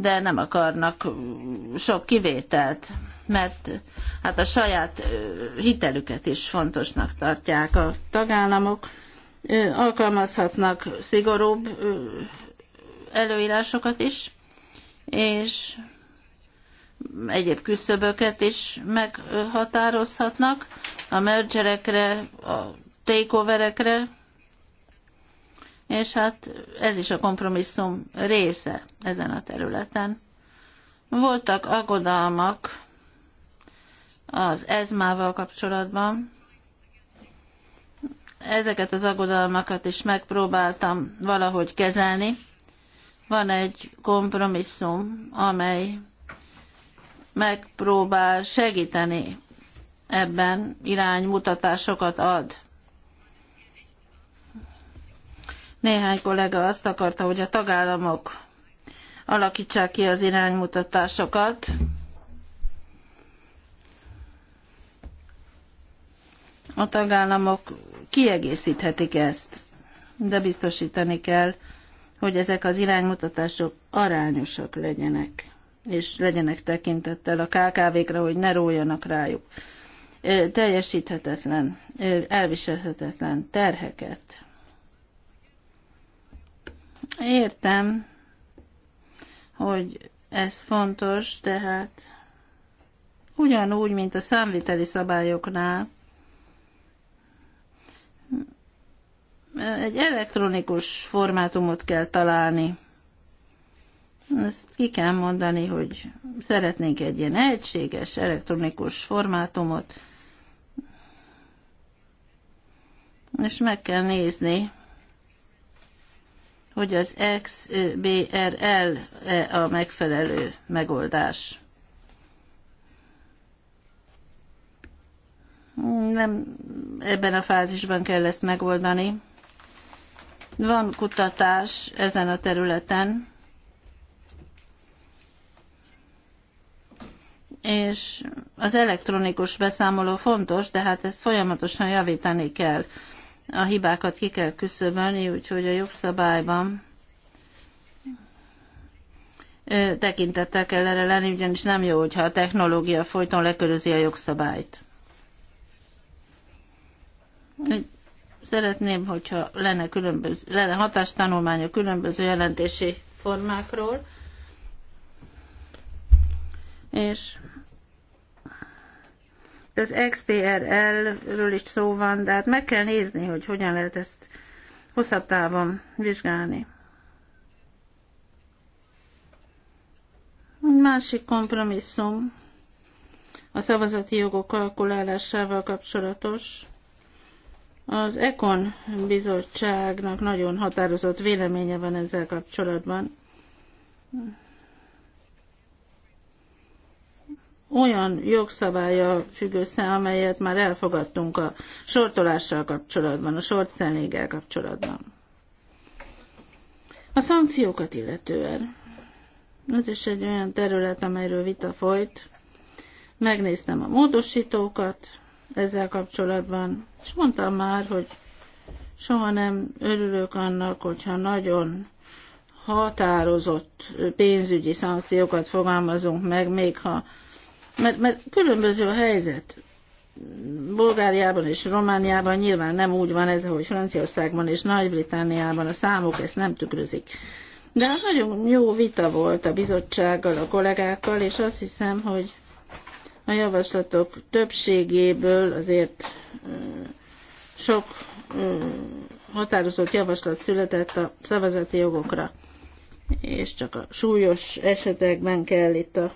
de nem akarnak sok kivételt, mert hát a saját hitelüket is fontosnak tartják a tagállamok, alkalmazhatnak szigorúbb előírásokat is, és egyéb küszöböket is meghatározhatnak a mergerekre, a takeoverekre, és hát ez is a kompromisszum része ezen a területen. Voltak aggodalmak az ezmával kapcsolatban. Ezeket az aggodalmakat is megpróbáltam valahogy kezelni. Van egy kompromisszum, amely megpróbál segíteni ebben, iránymutatásokat ad Néhány kollega azt akarta, hogy a tagállamok alakítsák ki az iránymutatásokat. A tagállamok kiegészíthetik ezt, de biztosítani kell, hogy ezek az iránymutatások arányosak legyenek, és legyenek tekintettel a KKV-kra, hogy ne rójanak rájuk teljesíthetetlen, elviselhetetlen terheket Értem, hogy ez fontos, tehát ugyanúgy, mint a számviteli szabályoknál, egy elektronikus formátumot kell találni. Ezt ki kell mondani, hogy szeretnénk egy ilyen egységes elektronikus formátumot, és meg kell nézni, hogy az XBRL -e eh, a megfelelő megoldás. Nem ebben a fázisban kell ezt megoldani. Van kutatás ezen a területen, és az elektronikus beszámoló fontos, de hát ezt folyamatosan javítani kell a hibákat ki kell küszöbölni, úgyhogy a jogszabályban tekintettel kell erre lenni, ugyanis nem jó, hogyha a technológia folyton lekörözi a jogszabályt. Szeretném, hogyha lenne, különböző, lenne hatástanulmány a különböző jelentési formákról, és az XPRL-ről is szó van, de hát meg kell nézni, hogy hogyan lehet ezt hosszabb távon vizsgálni. Egy másik kompromisszum a szavazati jogok kalkulálásával kapcsolatos. Az Ekon bizottságnak nagyon határozott véleménye van ezzel kapcsolatban. olyan jogszabálya függ össze, amelyet már elfogadtunk a sortolással kapcsolatban, a sortszelléggel kapcsolatban. A szankciókat illetően. Ez is egy olyan terület, amelyről vita folyt. Megnéztem a módosítókat ezzel kapcsolatban, és mondtam már, hogy soha nem örülök annak, hogyha nagyon határozott pénzügyi szankciókat fogalmazunk meg, még ha mert, mert különböző a helyzet. Bulgáriában és Romániában nyilván nem úgy van ez, ahogy Franciaországban és Nagy-Britániában a számok ezt nem tükrözik. De nagyon jó vita volt a bizottsággal, a kollégákkal, és azt hiszem, hogy a javaslatok többségéből azért sok határozott javaslat született a szavazati jogokra, és csak a súlyos esetekben kell itt a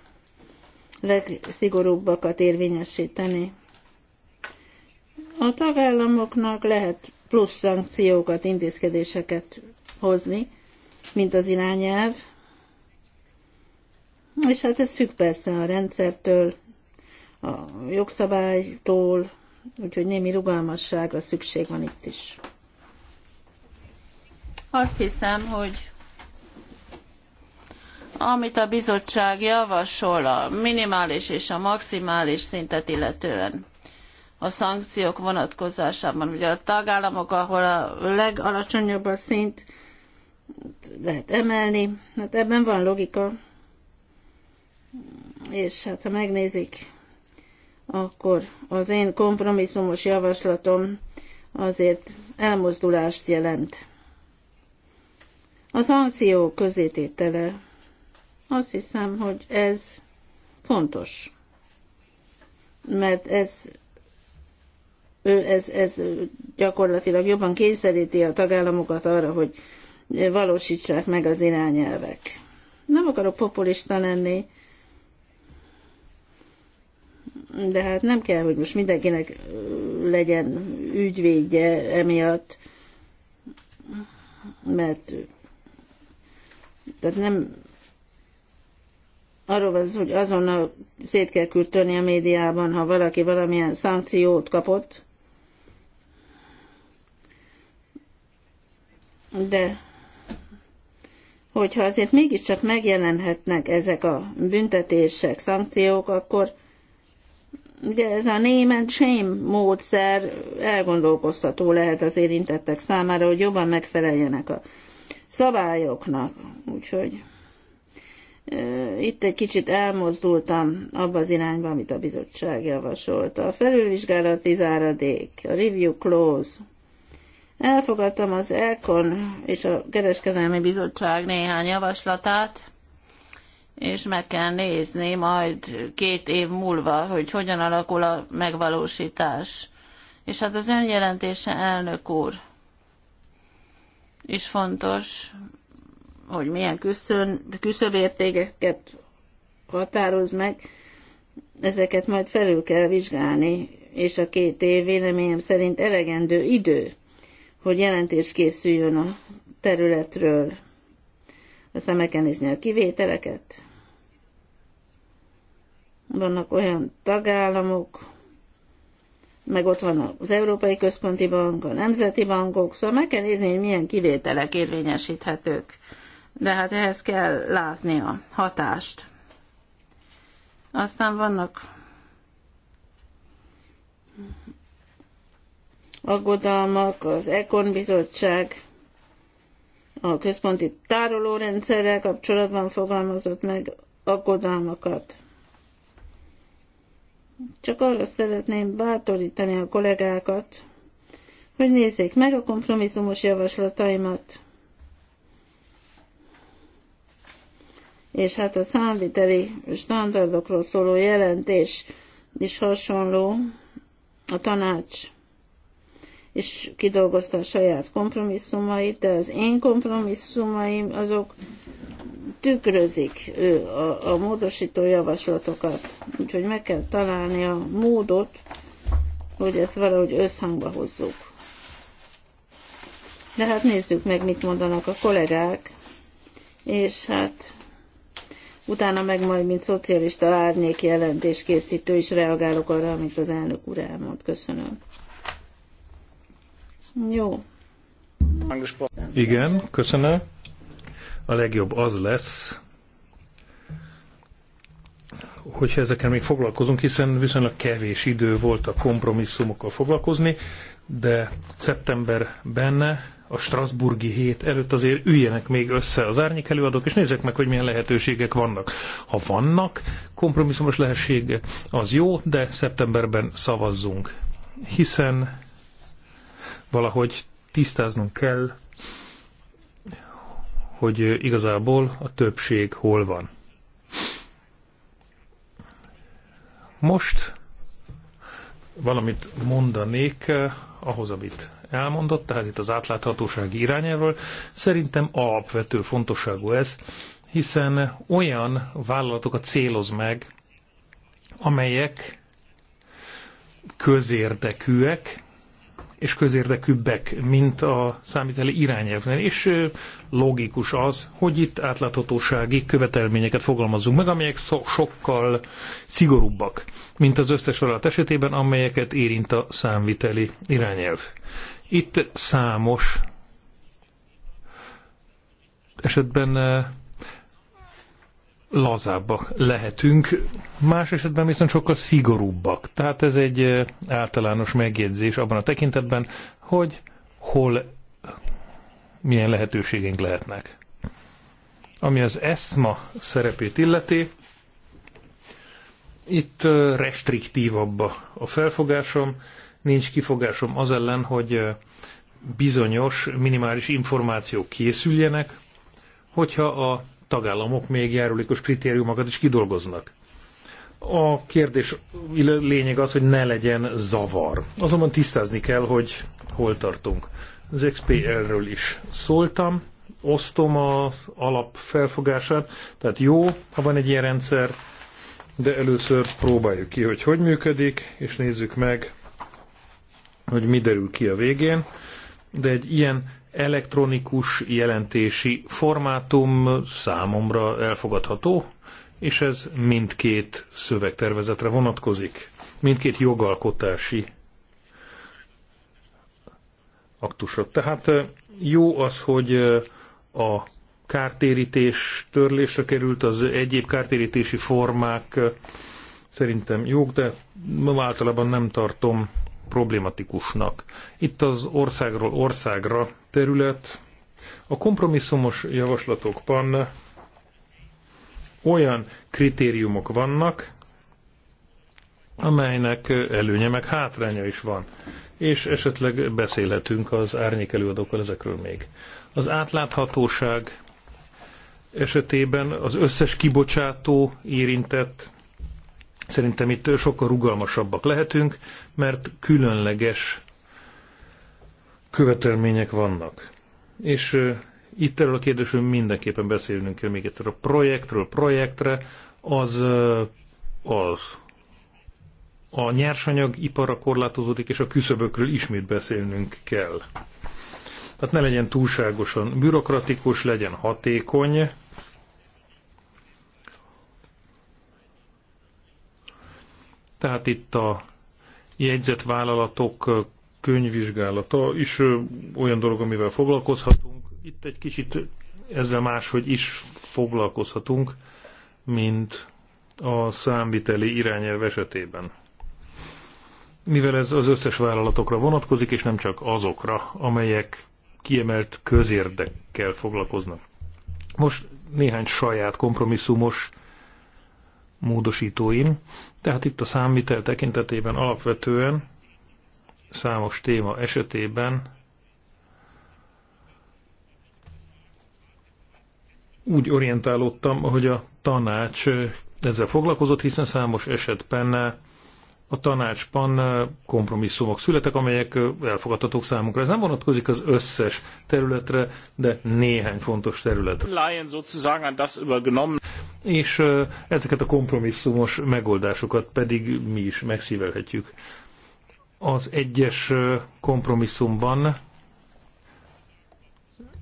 legszigorúbbakat érvényesíteni. A tagállamoknak lehet plusz szankciókat, intézkedéseket hozni, mint az irányelv, és hát ez függ persze a rendszertől, a jogszabálytól, úgyhogy némi rugalmasságra szükség van itt is. Azt hiszem, hogy amit a bizottság javasol a minimális és a maximális szintet illetően a szankciók vonatkozásában. Ugye a tagállamok, ahol a legalacsonyabb a szint lehet emelni, hát ebben van logika. És hát ha megnézik, akkor az én kompromisszumos javaslatom azért elmozdulást jelent. A szankciók közététele azt hiszem, hogy ez fontos, mert ez, ő, ez, ez gyakorlatilag jobban kényszeríti a tagállamokat arra, hogy valósítsák meg az irányelvek. Nem akarok populista lenni, de hát nem kell, hogy most mindenkinek legyen ügyvédje emiatt, mert tehát nem arról van hogy azonnal szét kell kürtölni a médiában, ha valaki valamilyen szankciót kapott, de hogyha azért mégiscsak megjelenhetnek ezek a büntetések, szankciók, akkor ugye ez a német shame módszer elgondolkoztató lehet az érintettek számára, hogy jobban megfeleljenek a szabályoknak. Úgyhogy itt egy kicsit elmozdultam abba az irányba, amit a bizottság javasolta. A felülvizsgálati záradék, a review clause. Elfogadtam az ECON és a Kereskedelmi Bizottság néhány javaslatát, és meg kell nézni majd két év múlva, hogy hogyan alakul a megvalósítás. És hát az önjelentése elnök úr is fontos, hogy milyen küszön, küszöbértékeket határoz meg, ezeket majd felül kell vizsgálni, és a két év véleményem szerint elegendő idő, hogy jelentés készüljön a területről. Aztán meg kell nézni a kivételeket. Vannak olyan tagállamok, meg ott van az Európai Központi Bank, a Nemzeti Bankok, szóval meg kell nézni, hogy milyen kivételek érvényesíthetők de hát ehhez kell látni a hatást. Aztán vannak aggodalmak, az Ekon bizottság a központi tárolórendszerrel kapcsolatban fogalmazott meg aggodalmakat. Csak arra szeretném bátorítani a kollégákat, hogy nézzék meg a kompromisszumos javaslataimat, és hát a számviteli standardokról szóló jelentés is hasonló, a tanács és kidolgozta a saját kompromisszumait, de az én kompromisszumaim azok tükrözik ő a, a módosító javaslatokat, úgyhogy meg kell találni a módot, hogy ezt valahogy összhangba hozzuk. De hát nézzük meg, mit mondanak a kollégák, és hát utána meg majd, mint szocialista árnyék jelentés készítő is reagálok arra, amit az elnök úr elmond. Köszönöm. Jó. Igen, köszönöm. A legjobb az lesz, hogyha ezeken még foglalkozunk, hiszen viszonylag kevés idő volt a kompromisszumokkal foglalkozni, de szeptember benne a Strasburgi hét előtt azért üljenek még össze az árnyék előadók, és nézzek meg, hogy milyen lehetőségek vannak. Ha vannak kompromisszumos lehetősége, az jó, de szeptemberben szavazzunk. Hiszen valahogy tisztáznunk kell, hogy igazából a többség hol van. Most valamit mondanék eh, ahhoz, amit elmondott, tehát itt az átláthatósági irányáról, szerintem alapvető fontosságú ez, hiszen olyan vállalatokat céloz meg, amelyek közérdekűek, és közérdekűbbek, mint a számíteli irányelvnél. És logikus az, hogy itt átláthatósági követelményeket fogalmazunk meg, amelyek so- sokkal szigorúbbak, mint az összes vállalat esetében, amelyeket érint a számviteli irányelv. Itt számos esetben eh, lazábbak lehetünk, más esetben viszont sokkal szigorúbbak. Tehát ez egy eh, általános megjegyzés abban a tekintetben, hogy hol milyen lehetőségeink lehetnek. Ami az ESMA szerepét illeti, itt eh, restriktívabb a felfogásom, nincs kifogásom az ellen, hogy bizonyos minimális információk készüljenek, hogyha a tagállamok még járulékos kritériumokat is kidolgoznak. A kérdés lényeg az, hogy ne legyen zavar. Azonban tisztázni kell, hogy hol tartunk. Az XPL-ről is szóltam, osztom az alap felfogását, tehát jó, ha van egy ilyen rendszer, de először próbáljuk ki, hogy hogy működik, és nézzük meg, hogy mi derül ki a végén, de egy ilyen elektronikus jelentési formátum számomra elfogadható, és ez mindkét szövegtervezetre vonatkozik, mindkét jogalkotási aktusra. Tehát jó az, hogy a kártérítés törlésre került, az egyéb kártérítési formák szerintem jók, de általában nem tartom problématikusnak. Itt az országról országra terület. A kompromisszumos javaslatokban olyan kritériumok vannak, amelynek előnye meg hátránya is van. És esetleg beszélhetünk az árnyék előadókkal ezekről még. Az átláthatóság esetében az összes kibocsátó érintett, Szerintem itt sokkal rugalmasabbak lehetünk, mert különleges követelmények vannak. És itt erről a kérdésről mindenképpen beszélnünk kell még egyszer. A projektről projektre az, az a nyersanyag iparra korlátozódik, és a küszöbökről ismét beszélnünk kell. Tehát ne legyen túlságosan bürokratikus, legyen hatékony, Tehát itt a jegyzetvállalatok könyvvizsgálata is olyan dolog, amivel foglalkozhatunk. Itt egy kicsit ezzel máshogy is foglalkozhatunk, mint a számviteli irányelv esetében. Mivel ez az összes vállalatokra vonatkozik, és nem csak azokra, amelyek kiemelt közérdekkel foglalkoznak. Most néhány saját kompromisszumos módosítóim. Tehát itt a számvitel tekintetében alapvetően számos téma esetében úgy orientálódtam, hogy a tanács ezzel foglalkozott, hiszen számos esetben a tanácsban kompromisszumok születek, amelyek elfogadhatók számunkra. Ez nem vonatkozik az összes területre, de néhány fontos területre. És ezeket a kompromisszumos megoldásokat pedig mi is megszívelhetjük. Az egyes kompromisszumban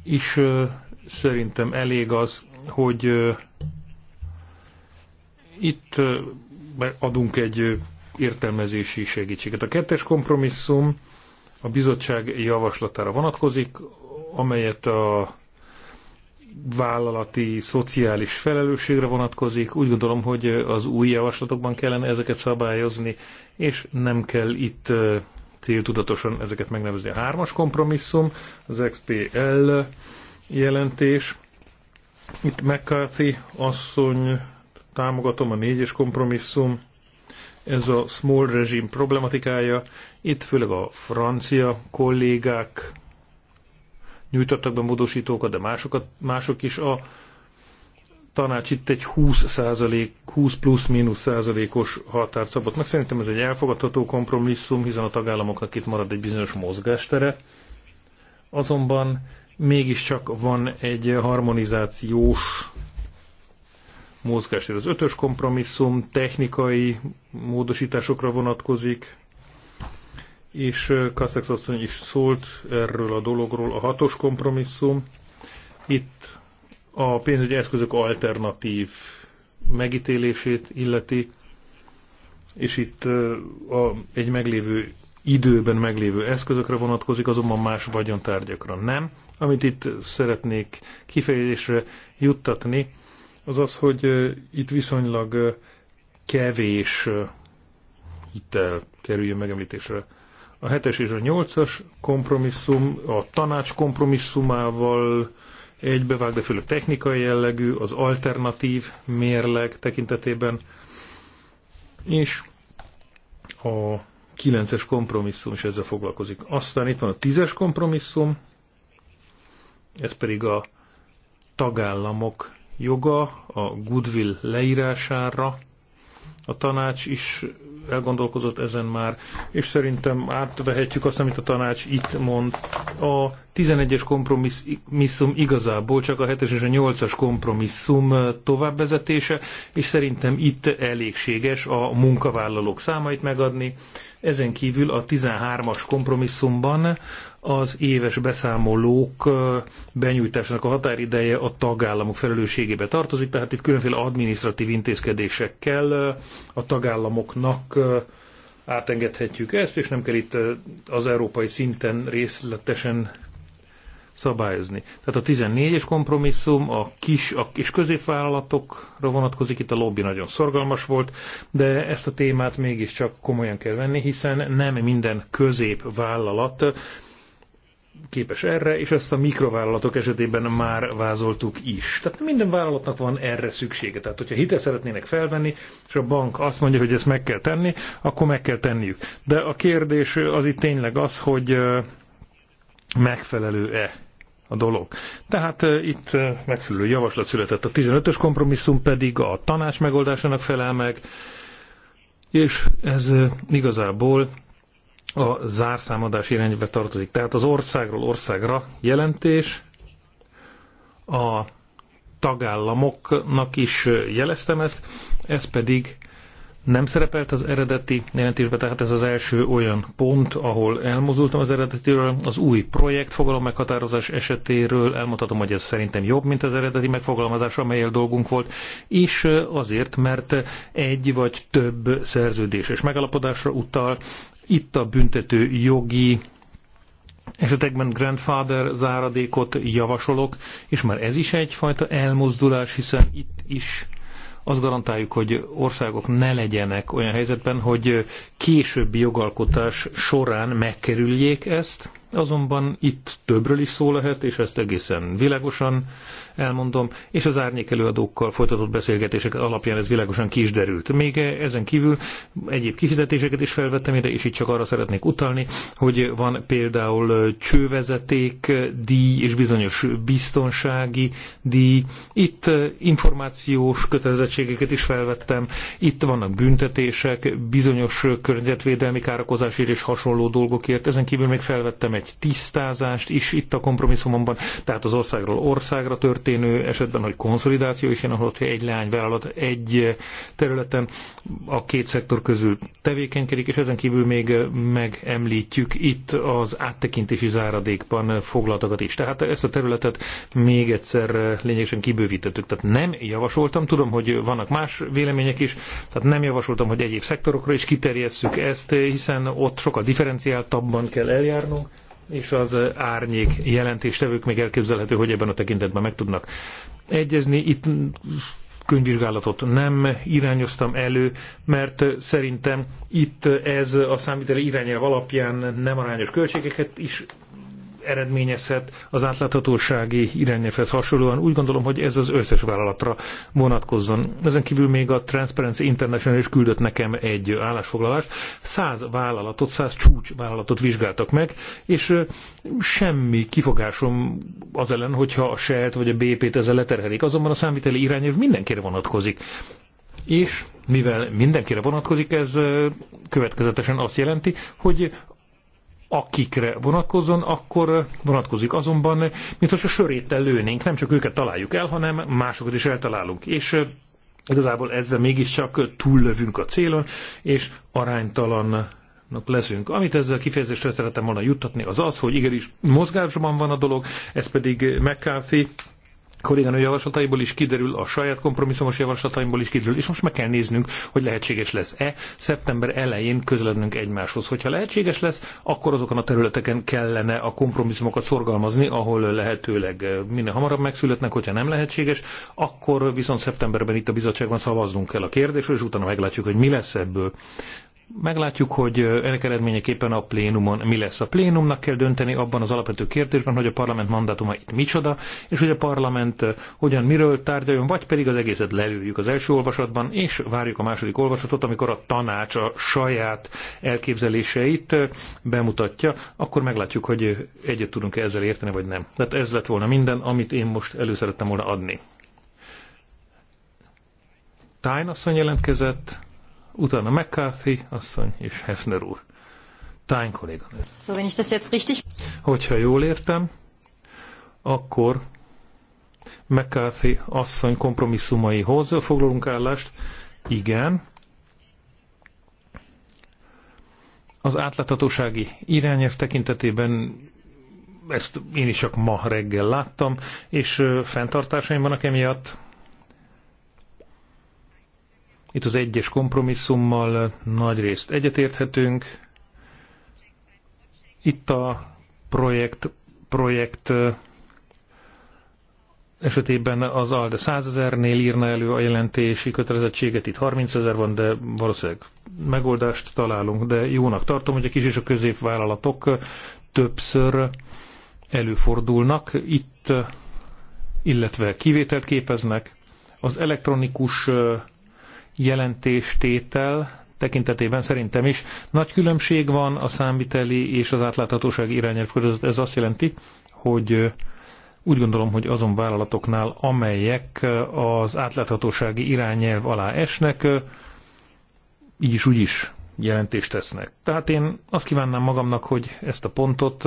is szerintem elég az, hogy itt adunk egy értelmezési segítséget. A kettes kompromisszum a bizottság javaslatára vonatkozik, amelyet a vállalati, szociális felelősségre vonatkozik. Úgy gondolom, hogy az új javaslatokban kellene ezeket szabályozni, és nem kell itt céltudatosan ezeket megnevezni. A hármas kompromisszum, az XPL jelentés. Itt McCarthy asszony támogatom a négyes kompromisszum ez a small rezsim problematikája. Itt főleg a francia kollégák nyújtottak be módosítókat, de másokat, mások is a tanács itt egy 20 százalék, 20 plusz-mínusz százalékos határt szabott meg. Szerintem ez egy elfogadható kompromisszum, hiszen a tagállamoknak itt marad egy bizonyos mozgástere. Azonban mégiscsak van egy harmonizációs mozgástér. Az ötös kompromisszum technikai módosításokra vonatkozik, és Kastex asszony is szólt erről a dologról, a hatos kompromisszum. Itt a pénzügyi eszközök alternatív megítélését illeti, és itt a, egy meglévő időben meglévő eszközökre vonatkozik, azonban más vagyontárgyakra nem. Amit itt szeretnék kifejezésre juttatni, az az, hogy itt viszonylag kevés hitel kerüljön megemlítésre. A 7-es és a 8-as kompromisszum a tanács kompromisszumával egybevág, de főleg technikai jellegű, az alternatív mérleg tekintetében, és a 9-es kompromisszum is ezzel foglalkozik. Aztán itt van a 10-es kompromisszum, ez pedig a tagállamok joga a goodwill leírására. A tanács is elgondolkozott ezen már, és szerintem átvehetjük azt, amit a tanács itt mond. A 11-es kompromisszum igazából csak a 7-es és a 8-as kompromisszum továbbvezetése, és szerintem itt elégséges a munkavállalók számait megadni, ezen kívül a 13-as kompromisszumban az éves beszámolók benyújtásának a határideje a tagállamok felelősségébe tartozik, tehát itt különféle adminisztratív intézkedésekkel a tagállamoknak átengedhetjük ezt, és nem kell itt az európai szinten részletesen szabályozni. Tehát a 14-es kompromisszum a kis a kis középvállalatokra vonatkozik, itt a lobby nagyon szorgalmas volt, de ezt a témát mégiscsak komolyan kell venni, hiszen nem minden középvállalat képes erre, és ezt a mikrovállalatok esetében már vázoltuk is. Tehát minden vállalatnak van erre szüksége. Tehát, hogyha hitel szeretnének felvenni, és a bank azt mondja, hogy ezt meg kell tenni, akkor meg kell tenniük. De a kérdés az itt tényleg az, hogy megfelelő-e a dolog. Tehát itt megfelelő javaslat született, a 15-ös kompromisszum pedig a tanács megoldásának felel meg, és ez igazából a zárszámadás irányba tartozik. Tehát az országról országra jelentés, a tagállamoknak is jeleztem ezt, ez pedig nem szerepelt az eredeti jelentésben, tehát ez az első olyan pont, ahol elmozdultam az eredetiről. Az új projekt fogalom meghatározás esetéről elmondhatom, hogy ez szerintem jobb, mint az eredeti megfogalmazás, amelyel dolgunk volt, és azért, mert egy vagy több szerződéses megalapodásra utal. Itt a büntető jogi esetekben grandfather záradékot javasolok, és már ez is egyfajta elmozdulás, hiszen itt is azt garantáljuk, hogy országok ne legyenek olyan helyzetben, hogy későbbi jogalkotás során megkerüljék ezt, azonban itt többről is szó lehet, és ezt egészen világosan elmondom, és az árnyék előadókkal folytatott beszélgetések alapján ez világosan ki is derült. Még e- ezen kívül egyéb kifizetéseket is felvettem ide, és itt csak arra szeretnék utalni, hogy van például csővezeték díj és bizonyos biztonsági díj. Itt információs kötelezettségeket is felvettem, itt vannak büntetések, bizonyos környezetvédelmi károkozásért és hasonló dolgokért. Ezen kívül még felvettem egy tisztázást is itt a kompromisszumomban, tehát az országról országra történő esetben, hogy konszolidáció is jön, ahol hogy egy leányvállalat egy területen a két szektor közül tevékenykedik, és ezen kívül még megemlítjük itt az áttekintési záradékban foglaltakat is. Tehát ezt a területet még egyszer lényegesen kibővítettük. Tehát nem javasoltam, tudom, hogy vannak más vélemények is, tehát nem javasoltam, hogy egyéb szektorokra is kiterjesszük ezt, hiszen ott sokkal differenciáltabban kell eljárnunk és az árnyék jelentéstevők még elképzelhető, hogy ebben a tekintetben meg tudnak egyezni. Itt könyvvizsgálatot nem irányoztam elő, mert szerintem itt ez a számviteli irányelv alapján nem arányos költségeket is eredményezhet az átláthatósági irányelvhez hasonlóan. Úgy gondolom, hogy ez az összes vállalatra vonatkozzon. Ezen kívül még a Transparency International is küldött nekem egy állásfoglalást. Száz vállalatot, száz csúcsvállalatot vizsgáltak meg, és semmi kifogásom az ellen, hogyha a SELT vagy a BP-t ezzel leterhelik. Azonban a számviteli irányelv mindenkire vonatkozik. És mivel mindenkire vonatkozik, ez következetesen azt jelenti, hogy akikre vonatkozzon, akkor vonatkozik azonban, mint a söréttel lőnénk, nem csak őket találjuk el, hanem másokat is eltalálunk. És igazából ezzel mégiscsak túllövünk a célon, és aránytalan leszünk. Amit ezzel kifejezéssel szeretem volna juttatni, az az, hogy igenis mozgásban van a dolog, ez pedig McCarthy kolléganő javaslataiból is kiderül, a saját kompromisszumos javaslataimból is kiderül, és most meg kell néznünk, hogy lehetséges lesz-e szeptember elején közelednünk egymáshoz. Hogyha lehetséges lesz, akkor azokon a területeken kellene a kompromisszumokat szorgalmazni, ahol lehetőleg eh, minél hamarabb megszületnek, hogyha nem lehetséges, akkor viszont szeptemberben itt a bizottságban szavaznunk kell a kérdésről, és utána meglátjuk, hogy mi lesz ebből. Meglátjuk, hogy ennek eredményeképpen a plénumon mi lesz. A plénumnak kell dönteni abban az alapvető kérdésben, hogy a parlament mandátuma itt micsoda, és hogy a parlament hogyan, miről tárgyaljon, vagy pedig az egészet lelőjük az első olvasatban, és várjuk a második olvasatot, amikor a tanács a saját elképzeléseit bemutatja, akkor meglátjuk, hogy egyet tudunk -e ezzel érteni, vagy nem. Tehát ez lett volna minden, amit én most előszerettem volna adni. Tájnasszony jelentkezett, utána McCarthy asszony és Hefner úr. Tány kolléganő. So, wenn ich das jetzt richtig... Hogyha jól értem, akkor McCarthy asszony kompromisszumaihoz foglalunk állást. Igen. Az átláthatósági irányelv tekintetében ezt én is csak ma reggel láttam, és fenntartásaim vannak emiatt, itt az egyes kompromisszummal nagy részt egyetérthetünk. Itt a projekt, projekt esetében az ALDE 100 ezernél írna elő a jelentési kötelezettséget, itt 30 ezer van, de valószínűleg megoldást találunk, de jónak tartom, hogy a kis és a középvállalatok többször előfordulnak, itt illetve kivételt képeznek. Az elektronikus jelentéstétel tekintetében szerintem is nagy különbség van a számviteli és az átláthatóság irányelv között. Ez azt jelenti, hogy úgy gondolom, hogy azon vállalatoknál, amelyek az átláthatósági irányelv alá esnek, így is úgy is jelentést tesznek. Tehát én azt kívánnám magamnak, hogy ezt a pontot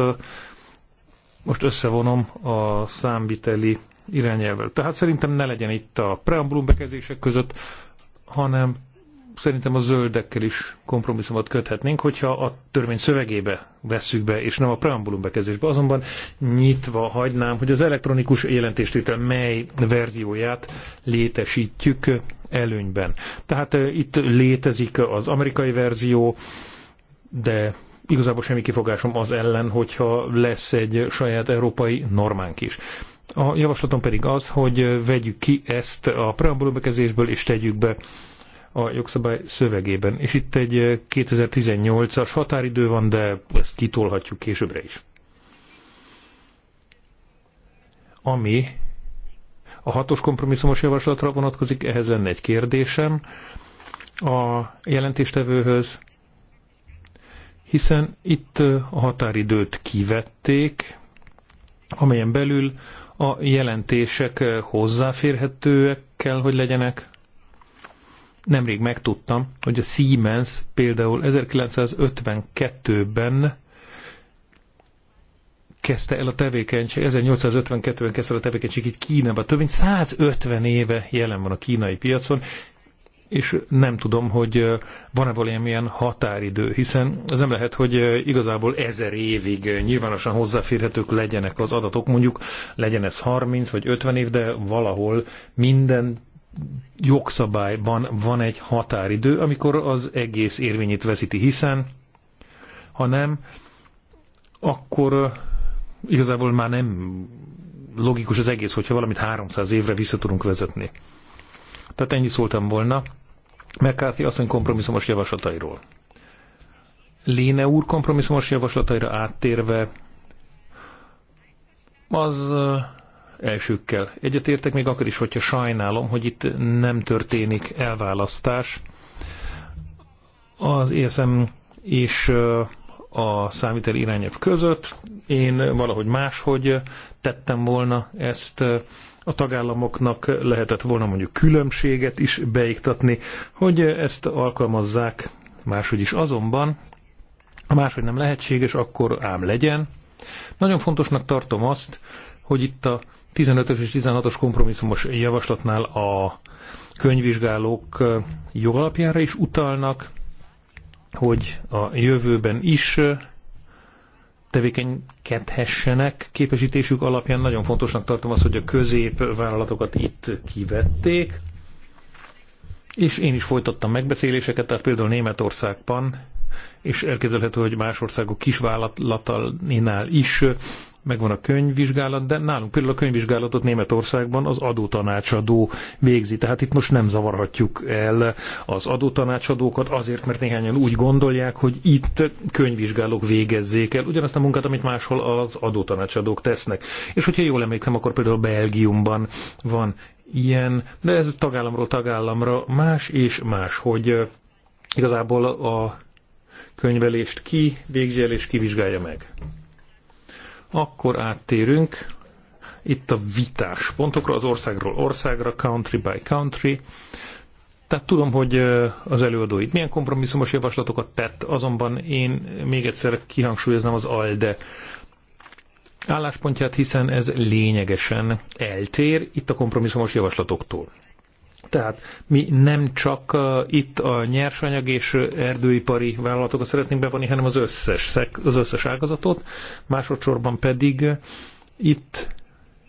most összevonom a számviteli irányelvvel. Tehát szerintem ne legyen itt a preambulum bekezések között, hanem szerintem a zöldekkel is kompromisszumot köthetnénk, hogyha a törvény szövegébe vesszük be, és nem a preambulum bekezdésbe. Azonban nyitva hagynám, hogy az elektronikus jelentéstétel mely verzióját létesítjük előnyben. Tehát eh, itt létezik az amerikai verzió, de igazából semmi kifogásom az ellen, hogyha lesz egy saját európai normánk is. A javaslatom pedig az, hogy vegyük ki ezt a bekezésből, és tegyük be a jogszabály szövegében. És itt egy 2018-as határidő van, de ezt kitolhatjuk későbbre is. Ami a hatos kompromisszumos javaslatra vonatkozik, ehhez lenne egy kérdésem a jelentéstevőhöz, hiszen itt a határidőt kivették, amelyen belül a jelentések eh, hozzáférhetőek kell, hogy legyenek. Nemrég megtudtam, hogy a Siemens például 1952-ben kezdte el a tevékenység, 1852-ben kezdte el a tevékenység itt Kínában. Több mint 150 éve jelen van a kínai piacon, és nem tudom, hogy van-e valamilyen határidő, hiszen ez nem lehet, hogy igazából ezer évig nyilvánosan hozzáférhetők legyenek az adatok, mondjuk legyen ez 30 vagy 50 év, de valahol minden jogszabályban van egy határidő, amikor az egész érvényét veszíti, hiszen ha nem, akkor igazából már nem logikus az egész, hogyha valamit 300 évre vissza tudunk vezetni. Tehát ennyi szóltam volna. McCarthy asszony kompromisszumos javaslatairól. Léne úr kompromisszumos javaslataira áttérve az elsőkkel egyetértek, még akkor is, hogyha sajnálom, hogy itt nem történik elválasztás. Az ESM és a számítel irányelv között. Én valahogy máshogy tettem volna ezt, a tagállamoknak lehetett volna mondjuk különbséget is beiktatni, hogy ezt alkalmazzák máshogy is. Azonban, ha máshogy nem lehetséges, akkor ám legyen. Nagyon fontosnak tartom azt, hogy itt a 15-ös és 16-os kompromisszumos javaslatnál a könyvvizsgálók jogalapjára is utalnak, hogy a jövőben is tevékenykedhessenek képesítésük alapján. Nagyon fontosnak tartom azt, hogy a középvállalatokat itt kivették, és én is folytattam megbeszéléseket, tehát például Németországban, és elképzelhető, hogy más országok kisvállalatainál is megvan a könyvvizsgálat, de nálunk például a könyvvizsgálatot Németországban az adótanácsadó végzi. Tehát itt most nem zavarhatjuk el az adótanácsadókat azért, mert néhányan úgy gondolják, hogy itt könyvvizsgálók végezzék el ugyanazt a munkát, amit máshol az adótanácsadók tesznek. És hogyha jól emlékszem, akkor például Belgiumban van ilyen, de ez tagállamról tagállamra más és más, hogy igazából a könyvelést ki végzi el és kivizsgálja meg. Akkor áttérünk itt a vitás pontokra, az országról országra, country by country. Tehát tudom, hogy az előadó itt milyen kompromisszumos javaslatokat tett, azonban én még egyszer kihangsúlyoznám az ALDE álláspontját, hiszen ez lényegesen eltér itt a kompromisszumos javaslatoktól. Tehát mi nem csak uh, itt a nyersanyag és erdőipari vállalatokat szeretnénk bevonni, hanem az összes, az összes ágazatot, másodszorban pedig uh, itt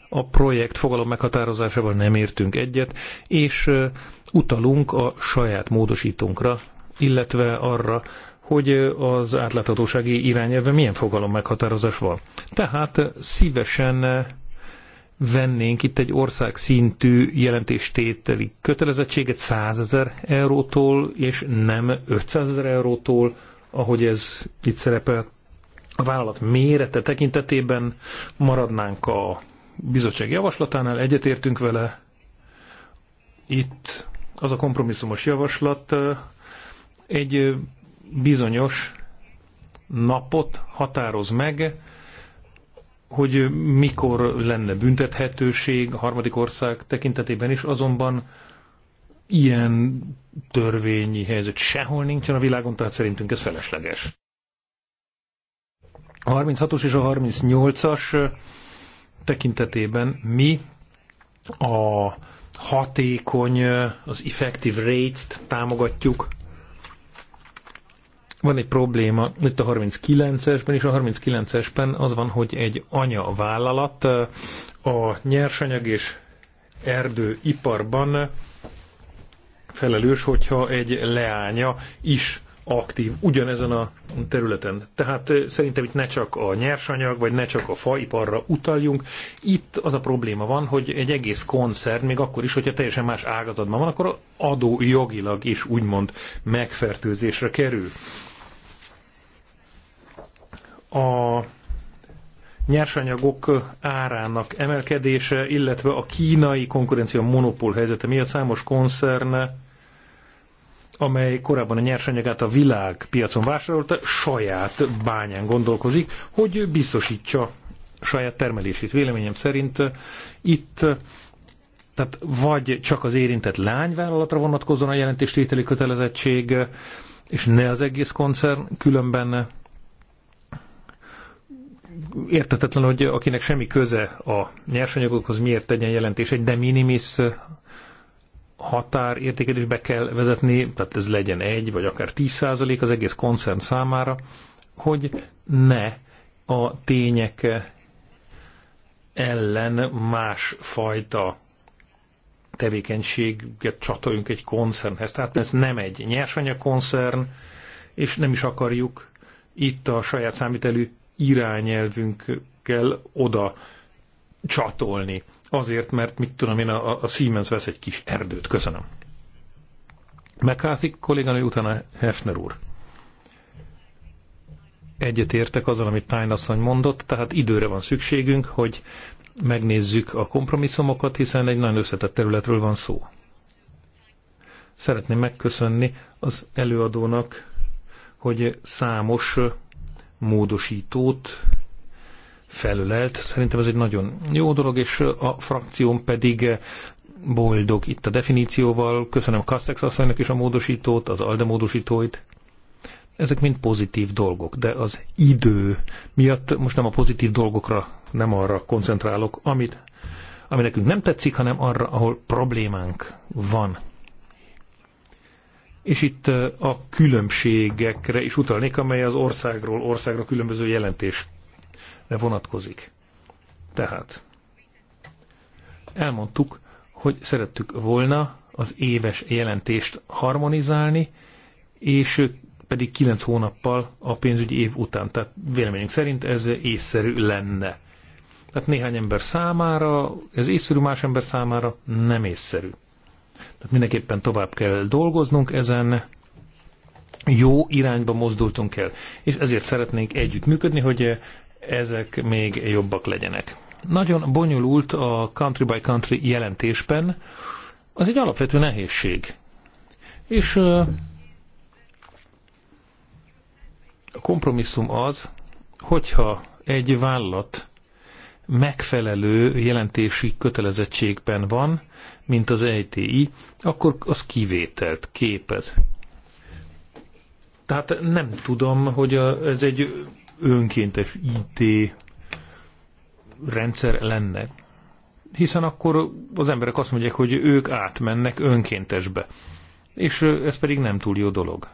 a projekt fogalom meghatározásával nem értünk egyet, és uh, utalunk a saját módosítónkra, illetve arra, hogy az átláthatósági irányelve milyen fogalom meghatározás van. Tehát szívesen vennénk itt egy ország szintű jelentéstételi kötelezettséget 100 ezer eurótól, és nem 500 ezer eurótól, ahogy ez itt szerepel. A vállalat mérete tekintetében maradnánk a bizottság javaslatánál, egyetértünk vele. Itt az a kompromisszumos javaslat egy bizonyos napot határoz meg, hogy mikor lenne büntethetőség a harmadik ország tekintetében is, azonban ilyen törvényi helyzet sehol nincsen a világon, tehát szerintünk ez felesleges. A 36-os és a 38-as tekintetében mi a hatékony, az effective rates-t támogatjuk, van egy probléma, itt a 39-esben, és a 39-esben az van, hogy egy anya vállalat a nyersanyag és erdőiparban felelős, hogyha egy leánya is aktív ugyanezen a területen. Tehát szerintem itt ne csak a nyersanyag, vagy ne csak a faiparra utaljunk. Itt az a probléma van, hogy egy egész koncern, még akkor is, hogyha teljesen más ágazatban van, akkor adó jogilag is úgymond megfertőzésre kerül a nyersanyagok árának emelkedése, illetve a kínai konkurencia monopól helyzete miatt számos koncern, amely korábban a nyersanyagát a világ piacon vásárolta, saját bányán gondolkozik, hogy biztosítsa saját termelését. Véleményem szerint itt tehát vagy csak az érintett lányvállalatra vonatkozóan a jelentéstételi kötelezettség, és ne az egész koncern, különben értetetlen, hogy akinek semmi köze a nyersanyagokhoz, miért tegyen jelentés egy de minimis határértéket is be kell vezetni, tehát ez legyen egy, vagy akár 10% az egész koncern számára, hogy ne a tények ellen más fajta tevékenységet csatoljunk egy koncernhez. Tehát ez nem egy nyersanyagkoncern, és nem is akarjuk itt a saját számítelő irányelvünkkel oda csatolni. Azért, mert mit tudom én, a, a Siemens vesz egy kis erdőt. Köszönöm. McCarthy kolléganő, utána Hefner úr. Egyetértek azzal, amit Tyne asszony mondott, tehát időre van szükségünk, hogy megnézzük a kompromisszumokat, hiszen egy nagyon összetett területről van szó. Szeretném megköszönni az előadónak, hogy számos módosítót felölelt. Szerintem ez egy nagyon jó dolog, és a frakcióm pedig boldog itt a definícióval. Köszönöm Kasszex asszonynak is a módosítót, az ALDE módosítóit. Ezek mind pozitív dolgok, de az idő miatt most nem a pozitív dolgokra, nem arra koncentrálok, amit, ami nekünk nem tetszik, hanem arra, ahol problémánk van. És itt a különbségekre is utalnék, amely az országról országra különböző jelentésre vonatkozik. Tehát elmondtuk, hogy szerettük volna az éves jelentést harmonizálni, és pedig 9 hónappal a pénzügyi év után. Tehát véleményünk szerint ez észszerű lenne. Tehát néhány ember számára, ez észszerű, más ember számára nem észszerű. Tehát mindenképpen tovább kell dolgoznunk ezen, jó irányba mozdultunk el, és ezért szeretnénk együttműködni, hogy ezek még jobbak legyenek. Nagyon bonyolult a country by country jelentésben, az egy alapvető nehézség. És a kompromisszum az, hogyha egy vállalat megfelelő jelentési kötelezettségben van, mint az ETI, akkor az kivételt képez. Tehát nem tudom, hogy a, ez egy önkéntes IT rendszer lenne. Hiszen akkor az emberek azt mondják, hogy ők átmennek önkéntesbe. És ez pedig nem túl jó dolog.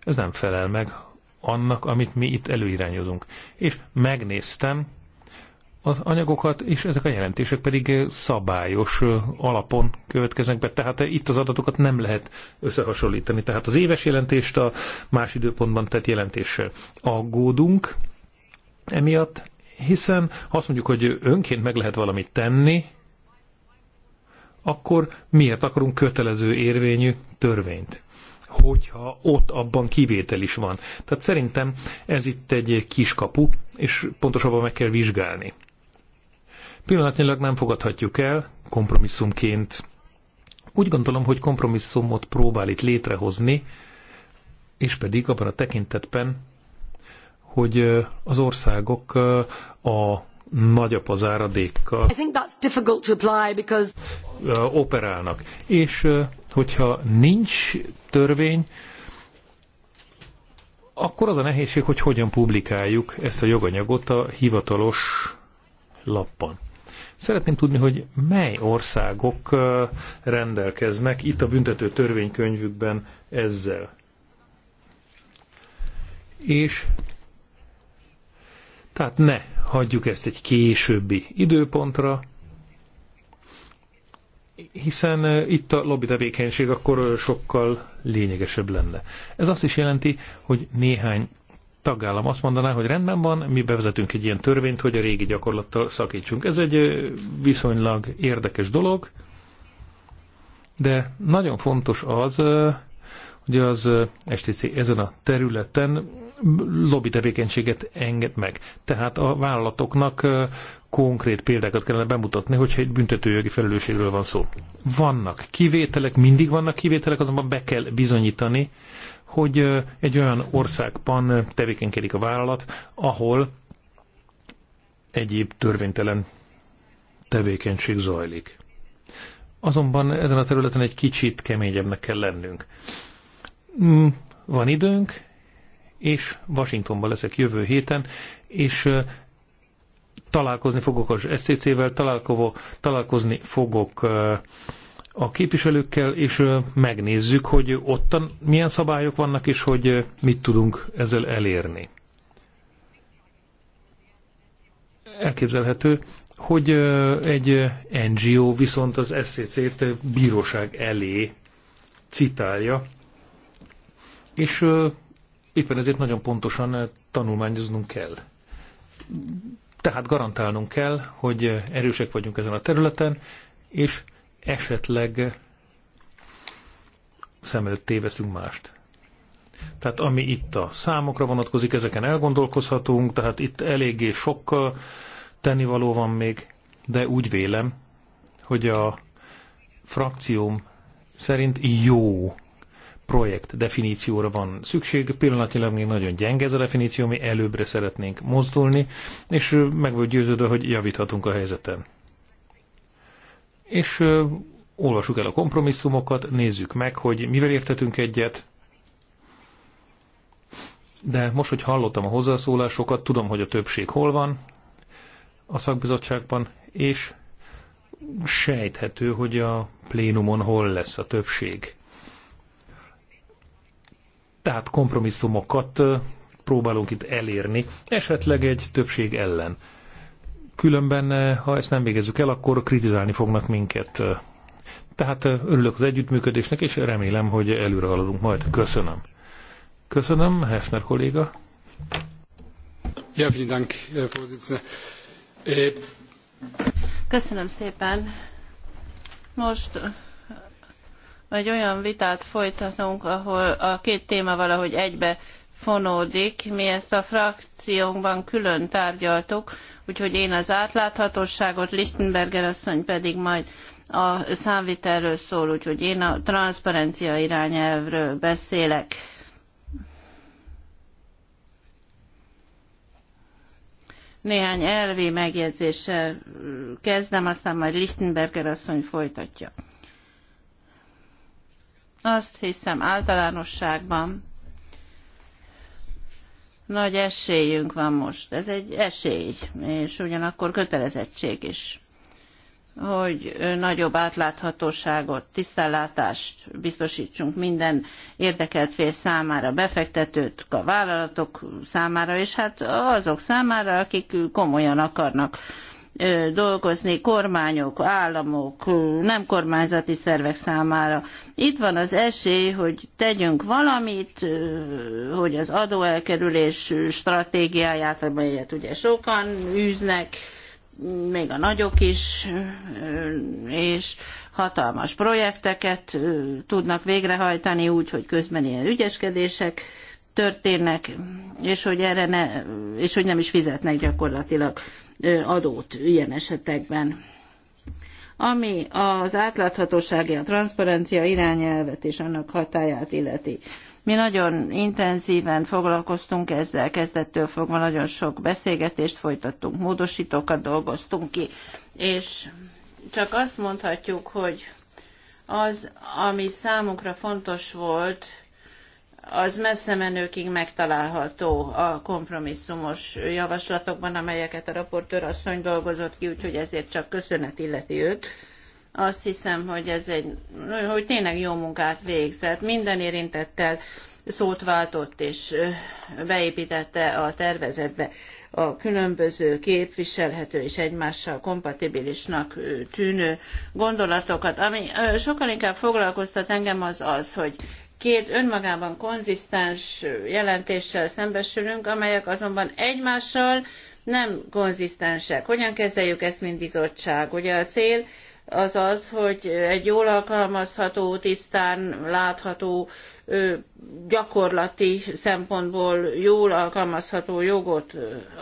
Ez nem felel meg annak, amit mi itt előirányozunk. És megnéztem az anyagokat, és ezek a jelentések pedig eh, szabályos eh, alapon következnek be, tehát eh, itt az adatokat nem lehet összehasonlítani. Tehát az éves jelentést a más időpontban tett jelentéssel aggódunk emiatt, hiszen ha azt mondjuk, hogy önként meg lehet valamit tenni, akkor miért akarunk kötelező érvényű törvényt? hogyha ott abban kivétel is van. Tehát szerintem ez itt egy kiskapu, és pontosabban meg kell vizsgálni. Pillanatnyilag nem fogadhatjuk el kompromisszumként. Úgy gondolom, hogy kompromisszumot próbál itt létrehozni, és pedig abban a tekintetben, hogy az országok a nagyobb az áradékkal. I think that's difficult to apply because... operálnak. És hogyha nincs törvény, akkor az a nehézség, hogy hogyan publikáljuk ezt a joganyagot a hivatalos lappan. Szeretném tudni, hogy mely országok rendelkeznek itt a büntető törvénykönyvükben ezzel. És tehát ne hagyjuk ezt egy későbbi időpontra, hiszen itt a lobby tevékenység akkor sokkal lényegesebb lenne. Ez azt is jelenti, hogy néhány tagállam azt mondaná, hogy rendben van, mi bevezetünk egy ilyen törvényt, hogy a régi gyakorlattal szakítsunk. Ez egy viszonylag érdekes dolog, de nagyon fontos az, hogy az STC ezen a területen lobby tevékenységet enged meg. Tehát a vállalatoknak konkrét példákat kellene bemutatni, hogyha egy büntetőjogi felelősségről van szó. Vannak kivételek, mindig vannak kivételek, azonban be kell bizonyítani, hogy egy olyan országban tevékenykedik a vállalat, ahol egyéb törvénytelen tevékenység zajlik. Azonban ezen a területen egy kicsit keményebbnek kell lennünk. Hmm, van időnk, és Washingtonban leszek jövő héten, és találkozni fogok az SCC-vel, találkozni fogok a képviselőkkel, és megnézzük, hogy ottan milyen szabályok vannak, és hogy mit tudunk ezzel elérni. Elképzelhető, hogy egy NGO viszont az SCC-t bíróság elé citálja, és éppen ezért nagyon pontosan tanulmányoznunk kell. Tehát garantálnunk kell, hogy erősek vagyunk ezen a területen, és esetleg szem előtt téveszünk mást. Tehát ami itt a számokra vonatkozik, ezeken elgondolkozhatunk, tehát itt eléggé sok tennivaló van még, de úgy vélem, hogy a frakcióm szerint jó projekt definícióra van szükség. Pillanatilag még nagyon gyenge ez a definíció, mi előbbre szeretnénk mozdulni, és meg vagy győződve, hogy javíthatunk a helyzeten és olvassuk el a kompromisszumokat, nézzük meg, hogy mivel értetünk egyet, de most, hogy hallottam a hozzászólásokat, tudom, hogy a többség hol van a szakbizottságban, és sejthető, hogy a plénumon hol lesz a többség. Tehát kompromisszumokat próbálunk itt elérni, esetleg egy többség ellen. Különben, eh, ha ezt nem végezzük el, akkor kritizálni fognak minket. Eh, tehát eh, örülök az együttműködésnek, és remélem, hogy előre haladunk majd. Köszönöm. Köszönöm, Hefner kolléga. Ja, vielen Dank, Herr Vorsitzender. Köszönöm szépen. Most egy olyan vitát folytatunk, ahol a két téma valahogy egybe fonódik. Mi ezt a frakciónkban külön tárgyaltuk, úgyhogy én az átláthatóságot, Lichtenberger asszony pedig majd a számvitelről szól, úgyhogy én a transzparencia irányelvről beszélek. Néhány elvi megjegyzéssel kezdem, aztán majd Lichtenberger asszony folytatja. Azt hiszem általánosságban nagy esélyünk van most. Ez egy esély, és ugyanakkor kötelezettség is, hogy nagyobb átláthatóságot, tisztellátást biztosítsunk minden érdekelt fél számára, befektetőt, a vállalatok számára, és hát azok számára, akik komolyan akarnak dolgozni kormányok, államok, nem kormányzati szervek számára. Itt van az esély, hogy tegyünk valamit, hogy az adóelkerülés stratégiáját, amelyet ugye sokan űznek, még a nagyok is, és hatalmas projekteket tudnak végrehajtani úgy, hogy közben ilyen ügyeskedések történnek, és hogy erre ne, és hogy nem is fizetnek gyakorlatilag adót ilyen esetekben. Ami az átláthatósági, a transzparencia irányelvet és annak hatáját illeti. Mi nagyon intenzíven foglalkoztunk ezzel, kezdettől fogva nagyon sok beszélgetést folytattunk, módosítókat dolgoztunk ki, és csak azt mondhatjuk, hogy az, ami számunkra fontos volt, az messze menőkig megtalálható a kompromisszumos javaslatokban, amelyeket a raportőr asszony dolgozott ki, úgyhogy ezért csak köszönet illeti őt. Azt hiszem, hogy ez egy, hogy tényleg jó munkát végzett. Minden érintettel szót váltott és beépítette a tervezetbe a különböző képviselhető és egymással kompatibilisnak tűnő gondolatokat. Ami sokkal inkább foglalkoztat engem az az, hogy két önmagában konzisztens jelentéssel szembesülünk, amelyek azonban egymással nem konzisztensek. Hogyan kezeljük ezt, mint bizottság? Ugye a cél az az, hogy egy jól alkalmazható, tisztán látható, gyakorlati szempontból jól alkalmazható jogot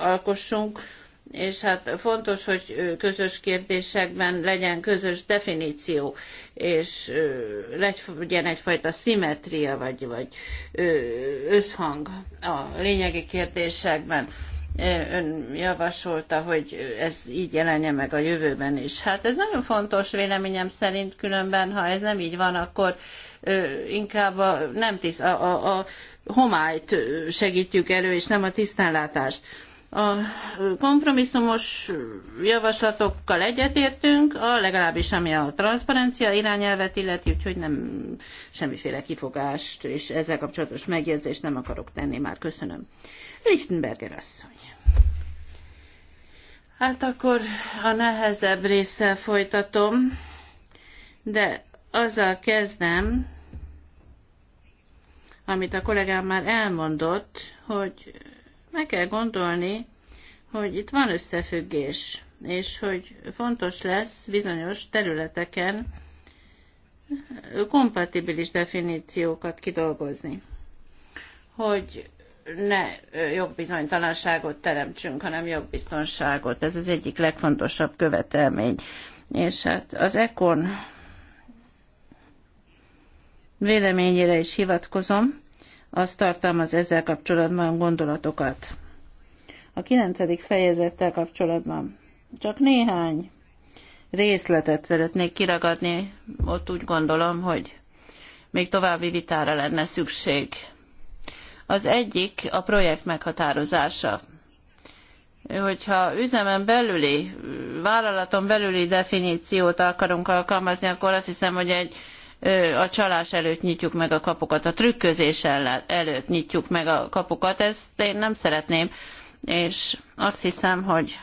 alkossunk, és hát fontos, hogy közös kérdésekben legyen közös definíció és legyen egyfajta szimetria, vagy, vagy összhang a lényegi kérdésekben. Ön javasolta, hogy ez így jelenje meg a jövőben is. Hát ez nagyon fontos véleményem szerint, különben, ha ez nem így van, akkor inkább a, nem tiszt, a, a, a homályt segítjük elő, és nem a tisztánlátást. A kompromisszumos javaslatokkal egyetértünk, a legalábbis ami a transzparencia irányelvet illeti, úgyhogy nem semmiféle kifogást és ezzel kapcsolatos megjegyzést nem akarok tenni már. Köszönöm. Lichtenberger asszony. Hát akkor a nehezebb résszel folytatom, de azzal kezdem, amit a kollégám már elmondott, hogy meg kell gondolni, hogy itt van összefüggés, és hogy fontos lesz bizonyos területeken kompatibilis definíciókat kidolgozni, hogy ne jogbizonytalanságot teremtsünk, hanem jogbiztonságot. Ez az egyik legfontosabb követelmény. És hát az ECON véleményére is hivatkozom, az tartalmaz ezzel kapcsolatban gondolatokat. A kilencedik fejezettel kapcsolatban csak néhány részletet szeretnék kiragadni, ott úgy gondolom, hogy még további vitára lenne szükség. Az egyik a projekt meghatározása. Hogyha üzemen belüli, vállalaton belüli definíciót akarunk alkalmazni, akkor azt hiszem, hogy egy a csalás előtt nyitjuk meg a kapukat, a trükközés előtt nyitjuk meg a kapukat. Ezt én nem szeretném, és azt hiszem, hogy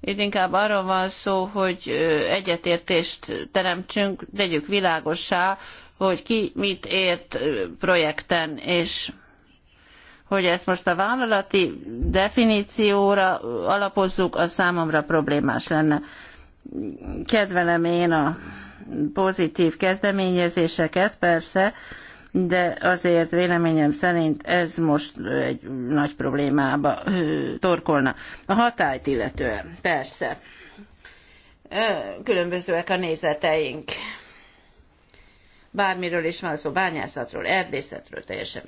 itt inkább arról van szó, hogy egyetértést teremtsünk, tegyük világossá, hogy ki mit ért projekten, és hogy ezt most a vállalati definícióra alapozzuk, az számomra problémás lenne. Kedvelem én a pozitív kezdeményezéseket, persze, de azért véleményem szerint ez most egy nagy problémába torkolna. A hatályt illetően, persze. Különbözőek a nézeteink. Bármiről is van szó, bányászatról, erdészetről, teljesen.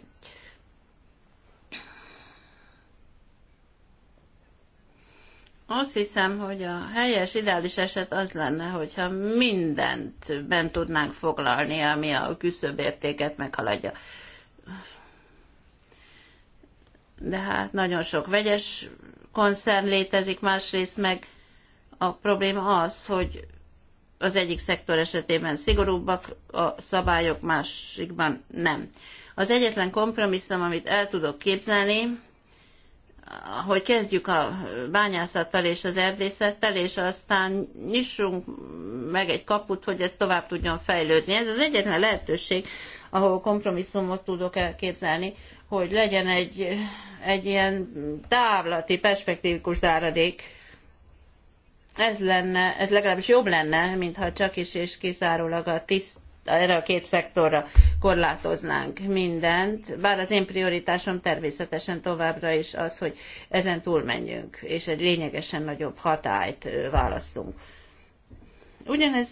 Azt hiszem, hogy a helyes, ideális eset az lenne, hogyha mindent bent tudnánk foglalni, ami a küszöbértéket meghaladja. De hát nagyon sok vegyes koncern létezik, másrészt meg a probléma az, hogy az egyik szektor esetében szigorúbbak a szabályok, másikban nem. Az egyetlen kompromisszum, amit el tudok képzelni, hogy kezdjük a bányászattal és az erdészettel, és aztán nyissunk meg egy kaput, hogy ez tovább tudjon fejlődni. Ez az egyetlen lehetőség, ahol kompromisszumot tudok elképzelni, hogy legyen egy, egy ilyen távlati, perspektívikus záradék. Ez lenne, ez legalábbis jobb lenne, mintha csak is és kizárólag a tiszt erre a két szektorra korlátoznánk mindent, bár az én prioritásom természetesen továbbra is az, hogy ezen túlmenjünk, és egy lényegesen nagyobb hatályt válasszunk. Ugyanez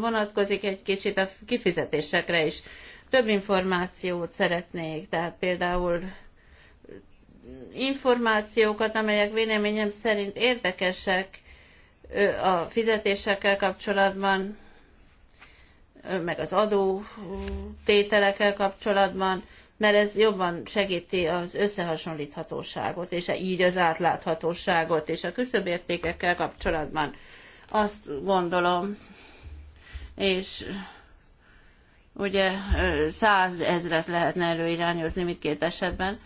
vonatkozik egy kicsit a kifizetésekre is. Több információt szeretnék, tehát például információkat, amelyek véleményem szerint érdekesek a fizetésekkel kapcsolatban, meg az adó tételekkel kapcsolatban, mert ez jobban segíti az összehasonlíthatóságot, és így az átláthatóságot, és a küszöbértékekkel kapcsolatban azt gondolom, és ugye száz ezret lehetne előirányozni mindkét esetben,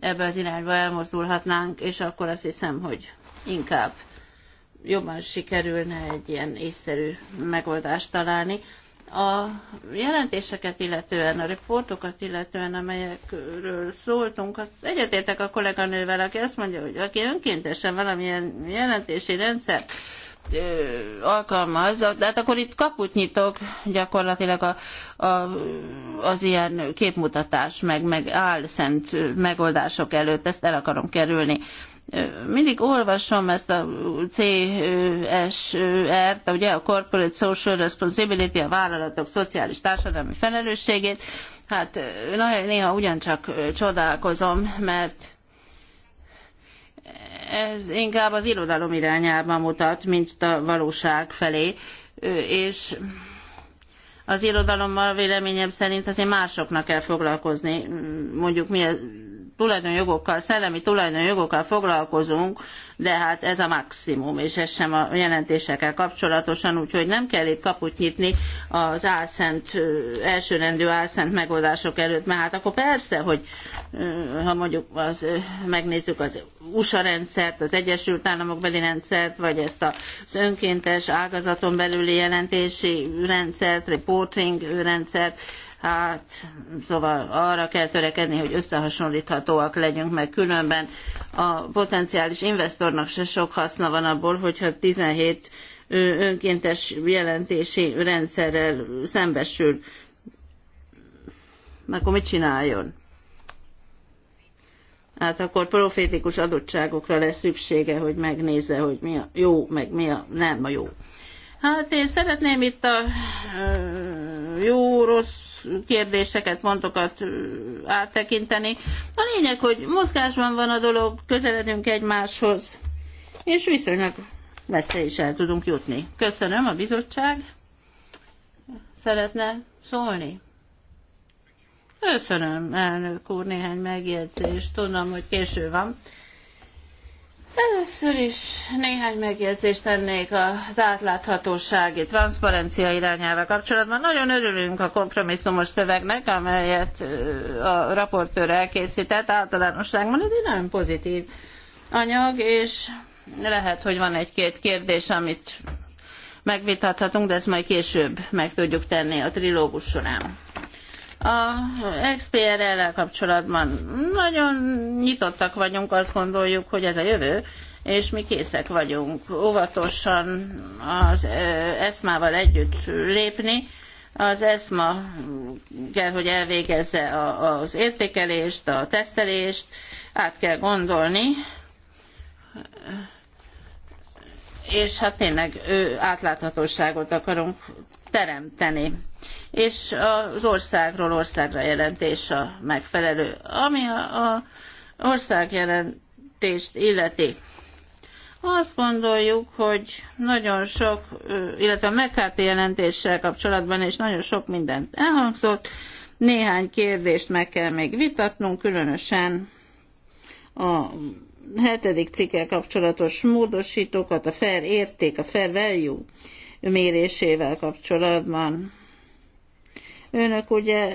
ebbe az irányba elmozdulhatnánk, és akkor azt hiszem, hogy inkább jobban sikerülne egy ilyen észszerű megoldást találni. A jelentéseket illetően, a riportokat illetően, amelyekről szóltunk, azt egyetértek a kolléganővel, aki azt mondja, hogy aki önkéntesen valamilyen jelentési rendszer alkalmaz, de hát akkor itt kaput nyitok gyakorlatilag a, a, az ilyen képmutatás, meg, meg álszent megoldások előtt, ezt el akarom kerülni mindig olvasom ezt a CSR-t, ugye a Corporate Social Responsibility, a vállalatok szociális társadalmi felelősségét. Hát néha ugyancsak csodálkozom, mert ez inkább az irodalom irányába mutat, mint a valóság felé, és az irodalommal véleményem szerint azért másoknak kell foglalkozni. Mondjuk mi tulajdonjogokkal, szellemi tulajdonjogokkal foglalkozunk, de hát ez a maximum, és ez sem a jelentésekkel kapcsolatosan, úgyhogy nem kell itt kaput nyitni az álszent, elsőrendű álszent megoldások előtt, mert hát akkor persze, hogy ha mondjuk az, megnézzük az USA rendszert, az Egyesült Államok beli rendszert, vagy ezt az önkéntes ágazaton belüli jelentési rendszert, reporting rendszert, Hát, szóval arra kell törekedni, hogy összehasonlíthatóak legyünk, mert különben a potenciális investornak se sok haszna van abból, hogyha 17 önkéntes jelentési rendszerrel szembesül. Akkor mit csináljon? Hát akkor profétikus adottságokra lesz szüksége, hogy megnézze, hogy mi a jó, meg mi a nem a jó. Hát én szeretném itt a jó-rossz kérdéseket, pontokat áttekinteni. A lényeg, hogy mozgásban van a dolog, közeledünk egymáshoz, és viszonylag messze is el tudunk jutni. Köszönöm, a bizottság szeretne szólni. Köszönöm, elnök úr, néhány megjegyzést. Tudom, hogy késő van. Először is néhány megjegyzést tennék az átláthatósági transzparencia irányával kapcsolatban. Nagyon örülünk a kompromisszumos szövegnek, amelyet a raportőr elkészített általánosságban. Ez egy nagyon pozitív anyag, és lehet, hogy van egy-két kérdés, amit megvitathatunk, de ezt majd később meg tudjuk tenni a trilógus során. A XPRL-el kapcsolatban nagyon nyitottak vagyunk, azt gondoljuk, hogy ez a jövő, és mi készek vagyunk óvatosan az ESMA-val együtt lépni. Az ESMA kell, hogy elvégezze az értékelést, a tesztelést, át kell gondolni, és hát tényleg ő átláthatóságot akarunk teremteni. És az országról országra jelentés a megfelelő. Ami a, országjelentést illeti, azt gondoljuk, hogy nagyon sok, illetve a McCarthy jelentéssel kapcsolatban is nagyon sok mindent elhangzott. Néhány kérdést meg kell még vitatnunk, különösen a hetedik cikkel kapcsolatos módosítókat, a fair érték, a fair value mérésével kapcsolatban. Önök ugye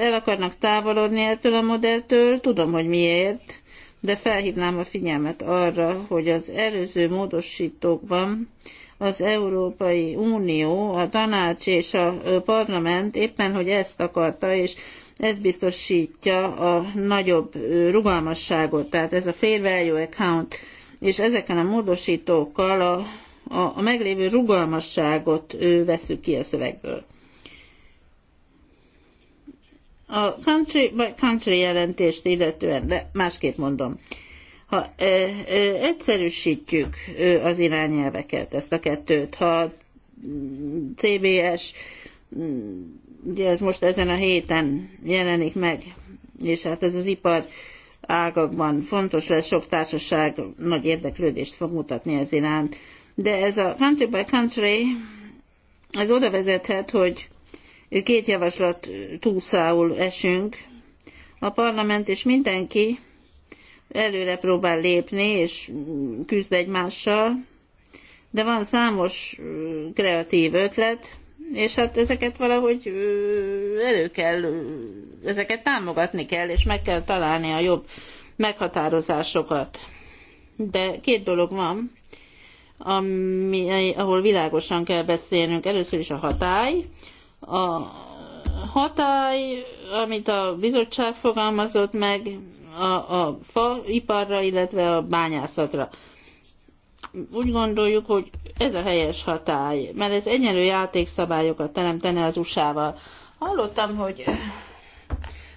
el akarnak távolodni ettől a modelltől, tudom, hogy miért, de felhívnám a figyelmet arra, hogy az előző módosítókban az Európai Unió, a tanács és a parlament éppen, hogy ezt akarta, és ez biztosítja a nagyobb rugalmasságot, tehát ez a fair value account, és ezeken a módosítókkal a a meglévő rugalmasságot veszük ki a szövegből. A country by country jelentést illetően, de másképp mondom, ha e, e, egyszerűsítjük az irányelveket, ezt a kettőt, ha CBS, mm, ugye ez most ezen a héten jelenik meg, és hát ez az ipar ágakban fontos lesz, sok társaság nagy érdeklődést fog mutatni ez iránt, de ez a country by country, ez oda vezethet, hogy két javaslat túlszául esünk. A parlament és mindenki előre próbál lépni, és küzd egymással, de van számos kreatív ötlet, és hát ezeket valahogy elő kell, ezeket támogatni kell, és meg kell találni a jobb meghatározásokat. De két dolog van ami, ahol világosan kell beszélnünk. Először is a hatály. A hatály, amit a bizottság fogalmazott meg a, a faiparra, illetve a bányászatra. Úgy gondoljuk, hogy ez a helyes hatály, mert ez egyenlő játékszabályokat teremtene az USA-val. Hallottam, hogy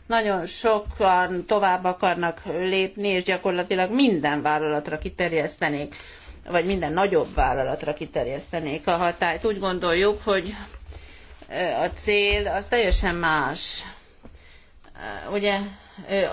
nagyon sokan tovább akarnak lépni, és gyakorlatilag minden vállalatra kiterjesztenék vagy minden nagyobb vállalatra kiterjesztenék a hatályt. Úgy gondoljuk, hogy a cél az teljesen más. Ugye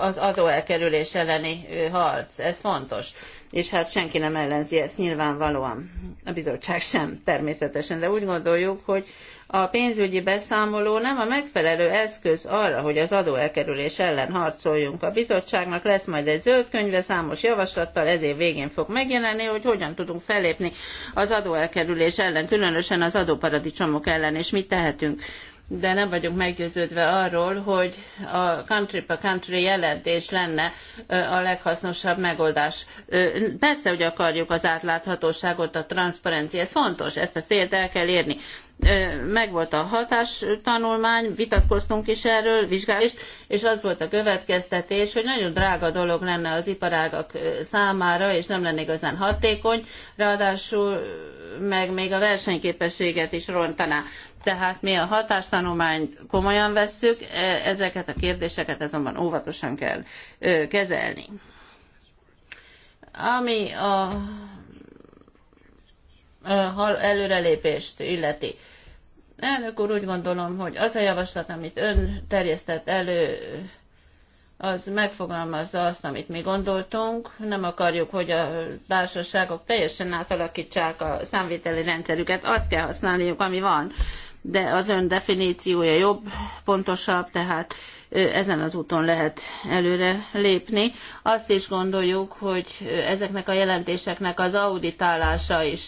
az adóelkerülés elleni harc. Ez fontos. És hát senki nem ellenzi ezt nyilvánvalóan. A bizottság sem természetesen, de úgy gondoljuk, hogy a pénzügyi beszámoló nem a megfelelő eszköz arra, hogy az adóelkerülés ellen harcoljunk. A bizottságnak lesz majd egy zöld könyve számos javaslattal, ez év végén fog megjelenni, hogy hogyan tudunk fellépni az adóelkerülés ellen, különösen az adóparadicsomok ellen, és mit tehetünk de nem vagyok meggyőződve arról, hogy a country per country jelentés lenne a leghasznosabb megoldás. Persze, hogy akarjuk az átláthatóságot, a transzparencia, ez fontos, ezt a célt el kell érni. Megvolt a hatástanulmány, vitatkoztunk is erről, vizsgálást, és az volt a következtetés, hogy nagyon drága dolog lenne az iparágak számára, és nem lenne igazán hatékony, ráadásul meg még a versenyképességet is rontaná. Tehát mi a hatástanulmányt komolyan vesszük, e, ezeket a kérdéseket azonban óvatosan kell kezelni. Ami a előrelépést illeti. Elnök úr, úgy gondolom, hogy az a javaslat, amit ön terjesztett elő, az megfogalmazza azt, amit mi gondoltunk. Nem akarjuk, hogy a társaságok teljesen átalakítsák a számviteli rendszerüket. Azt kell használniuk, ami van. De az ön definíciója jobb, pontosabb, tehát ezen az úton lehet előre lépni. Azt is gondoljuk, hogy ezeknek a jelentéseknek az auditálása is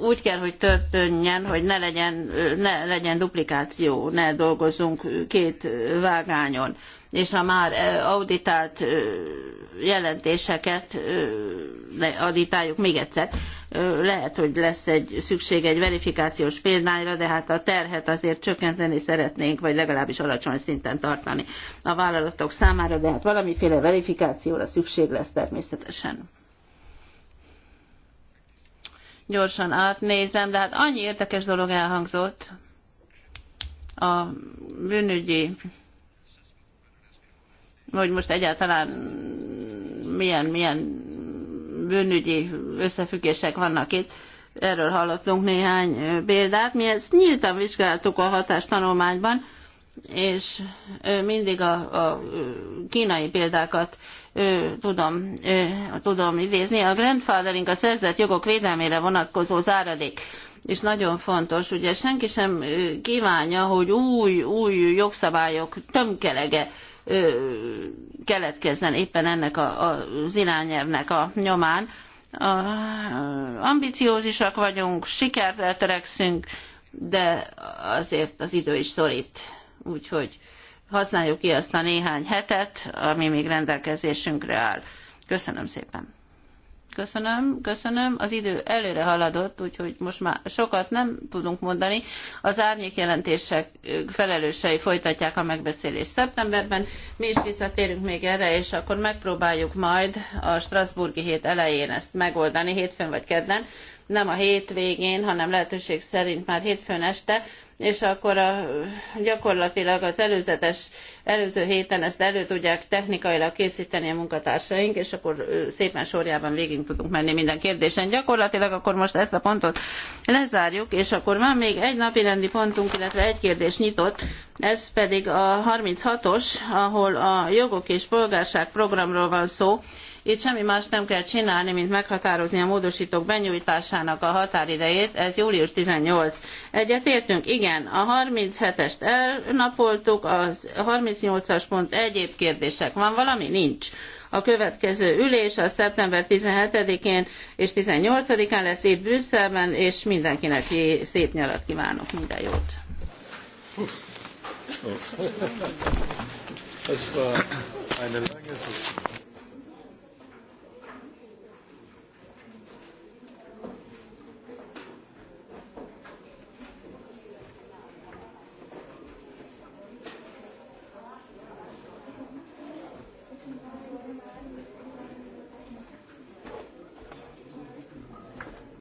úgy kell, hogy történjen, hogy ne legyen, ne legyen duplikáció, ne dolgozzunk két vágányon és a már auditált jelentéseket auditáljuk még egyszer. Lehet, hogy lesz egy szükség egy verifikációs példányra, de hát a terhet azért csökkenteni szeretnénk, vagy legalábbis alacsony szinten tartani a vállalatok számára, de hát valamiféle verifikációra szükség lesz természetesen gyorsan átnézem, de hát annyi érdekes dolog elhangzott a bűnügyi hogy most egyáltalán milyen, milyen bűnügyi összefüggések vannak itt. Erről hallottunk néhány példát. Mi ezt nyíltan vizsgáltuk a hatástanulmányban, és mindig a, a kínai példákat tudom, tudom idézni. A grandfathering a szerzett jogok védelmére vonatkozó záradék és nagyon fontos, ugye senki sem kívánja, hogy új, új jogszabályok tömkelege keletkezzen éppen ennek a, a, az irányelvnek a nyomán. A, ambiciózisak vagyunk, sikerre törekszünk, de azért az idő is szorít. Úgyhogy használjuk ki azt a néhány hetet, ami még rendelkezésünkre áll. Köszönöm szépen! Köszönöm, köszönöm. Az idő előre haladott, úgyhogy most már sokat nem tudunk mondani. Az árnyék jelentések felelősei folytatják a megbeszélést szeptemberben. Mi is visszatérünk még erre, és akkor megpróbáljuk majd a Strasburgi hét elején ezt megoldani, hétfőn vagy kedden, nem a hétvégén, hanem lehetőség szerint már hétfőn este, és akkor a, gyakorlatilag az előzetes, előző héten ezt elő tudják technikailag készíteni a munkatársaink, és akkor szépen sorjában végig tudunk menni minden kérdésen. Gyakorlatilag akkor most ezt a pontot lezárjuk, és akkor van még egy napi rendi pontunk, illetve egy kérdés nyitott, ez pedig a 36-os, ahol a jogok és polgárság programról van szó, itt semmi más nem kell csinálni, mint meghatározni a módosítók benyújtásának a határidejét, ez július 18. Egyetértünk? Igen, a 37-est elnapoltuk, az 38-as pont egyéb kérdések. Van valami? Nincs. A következő ülés a szeptember 17-én és 18-án lesz itt Brüsszelben, és mindenkinek szép nyarat kívánok, minden jót. Das war eine lange Sitzung.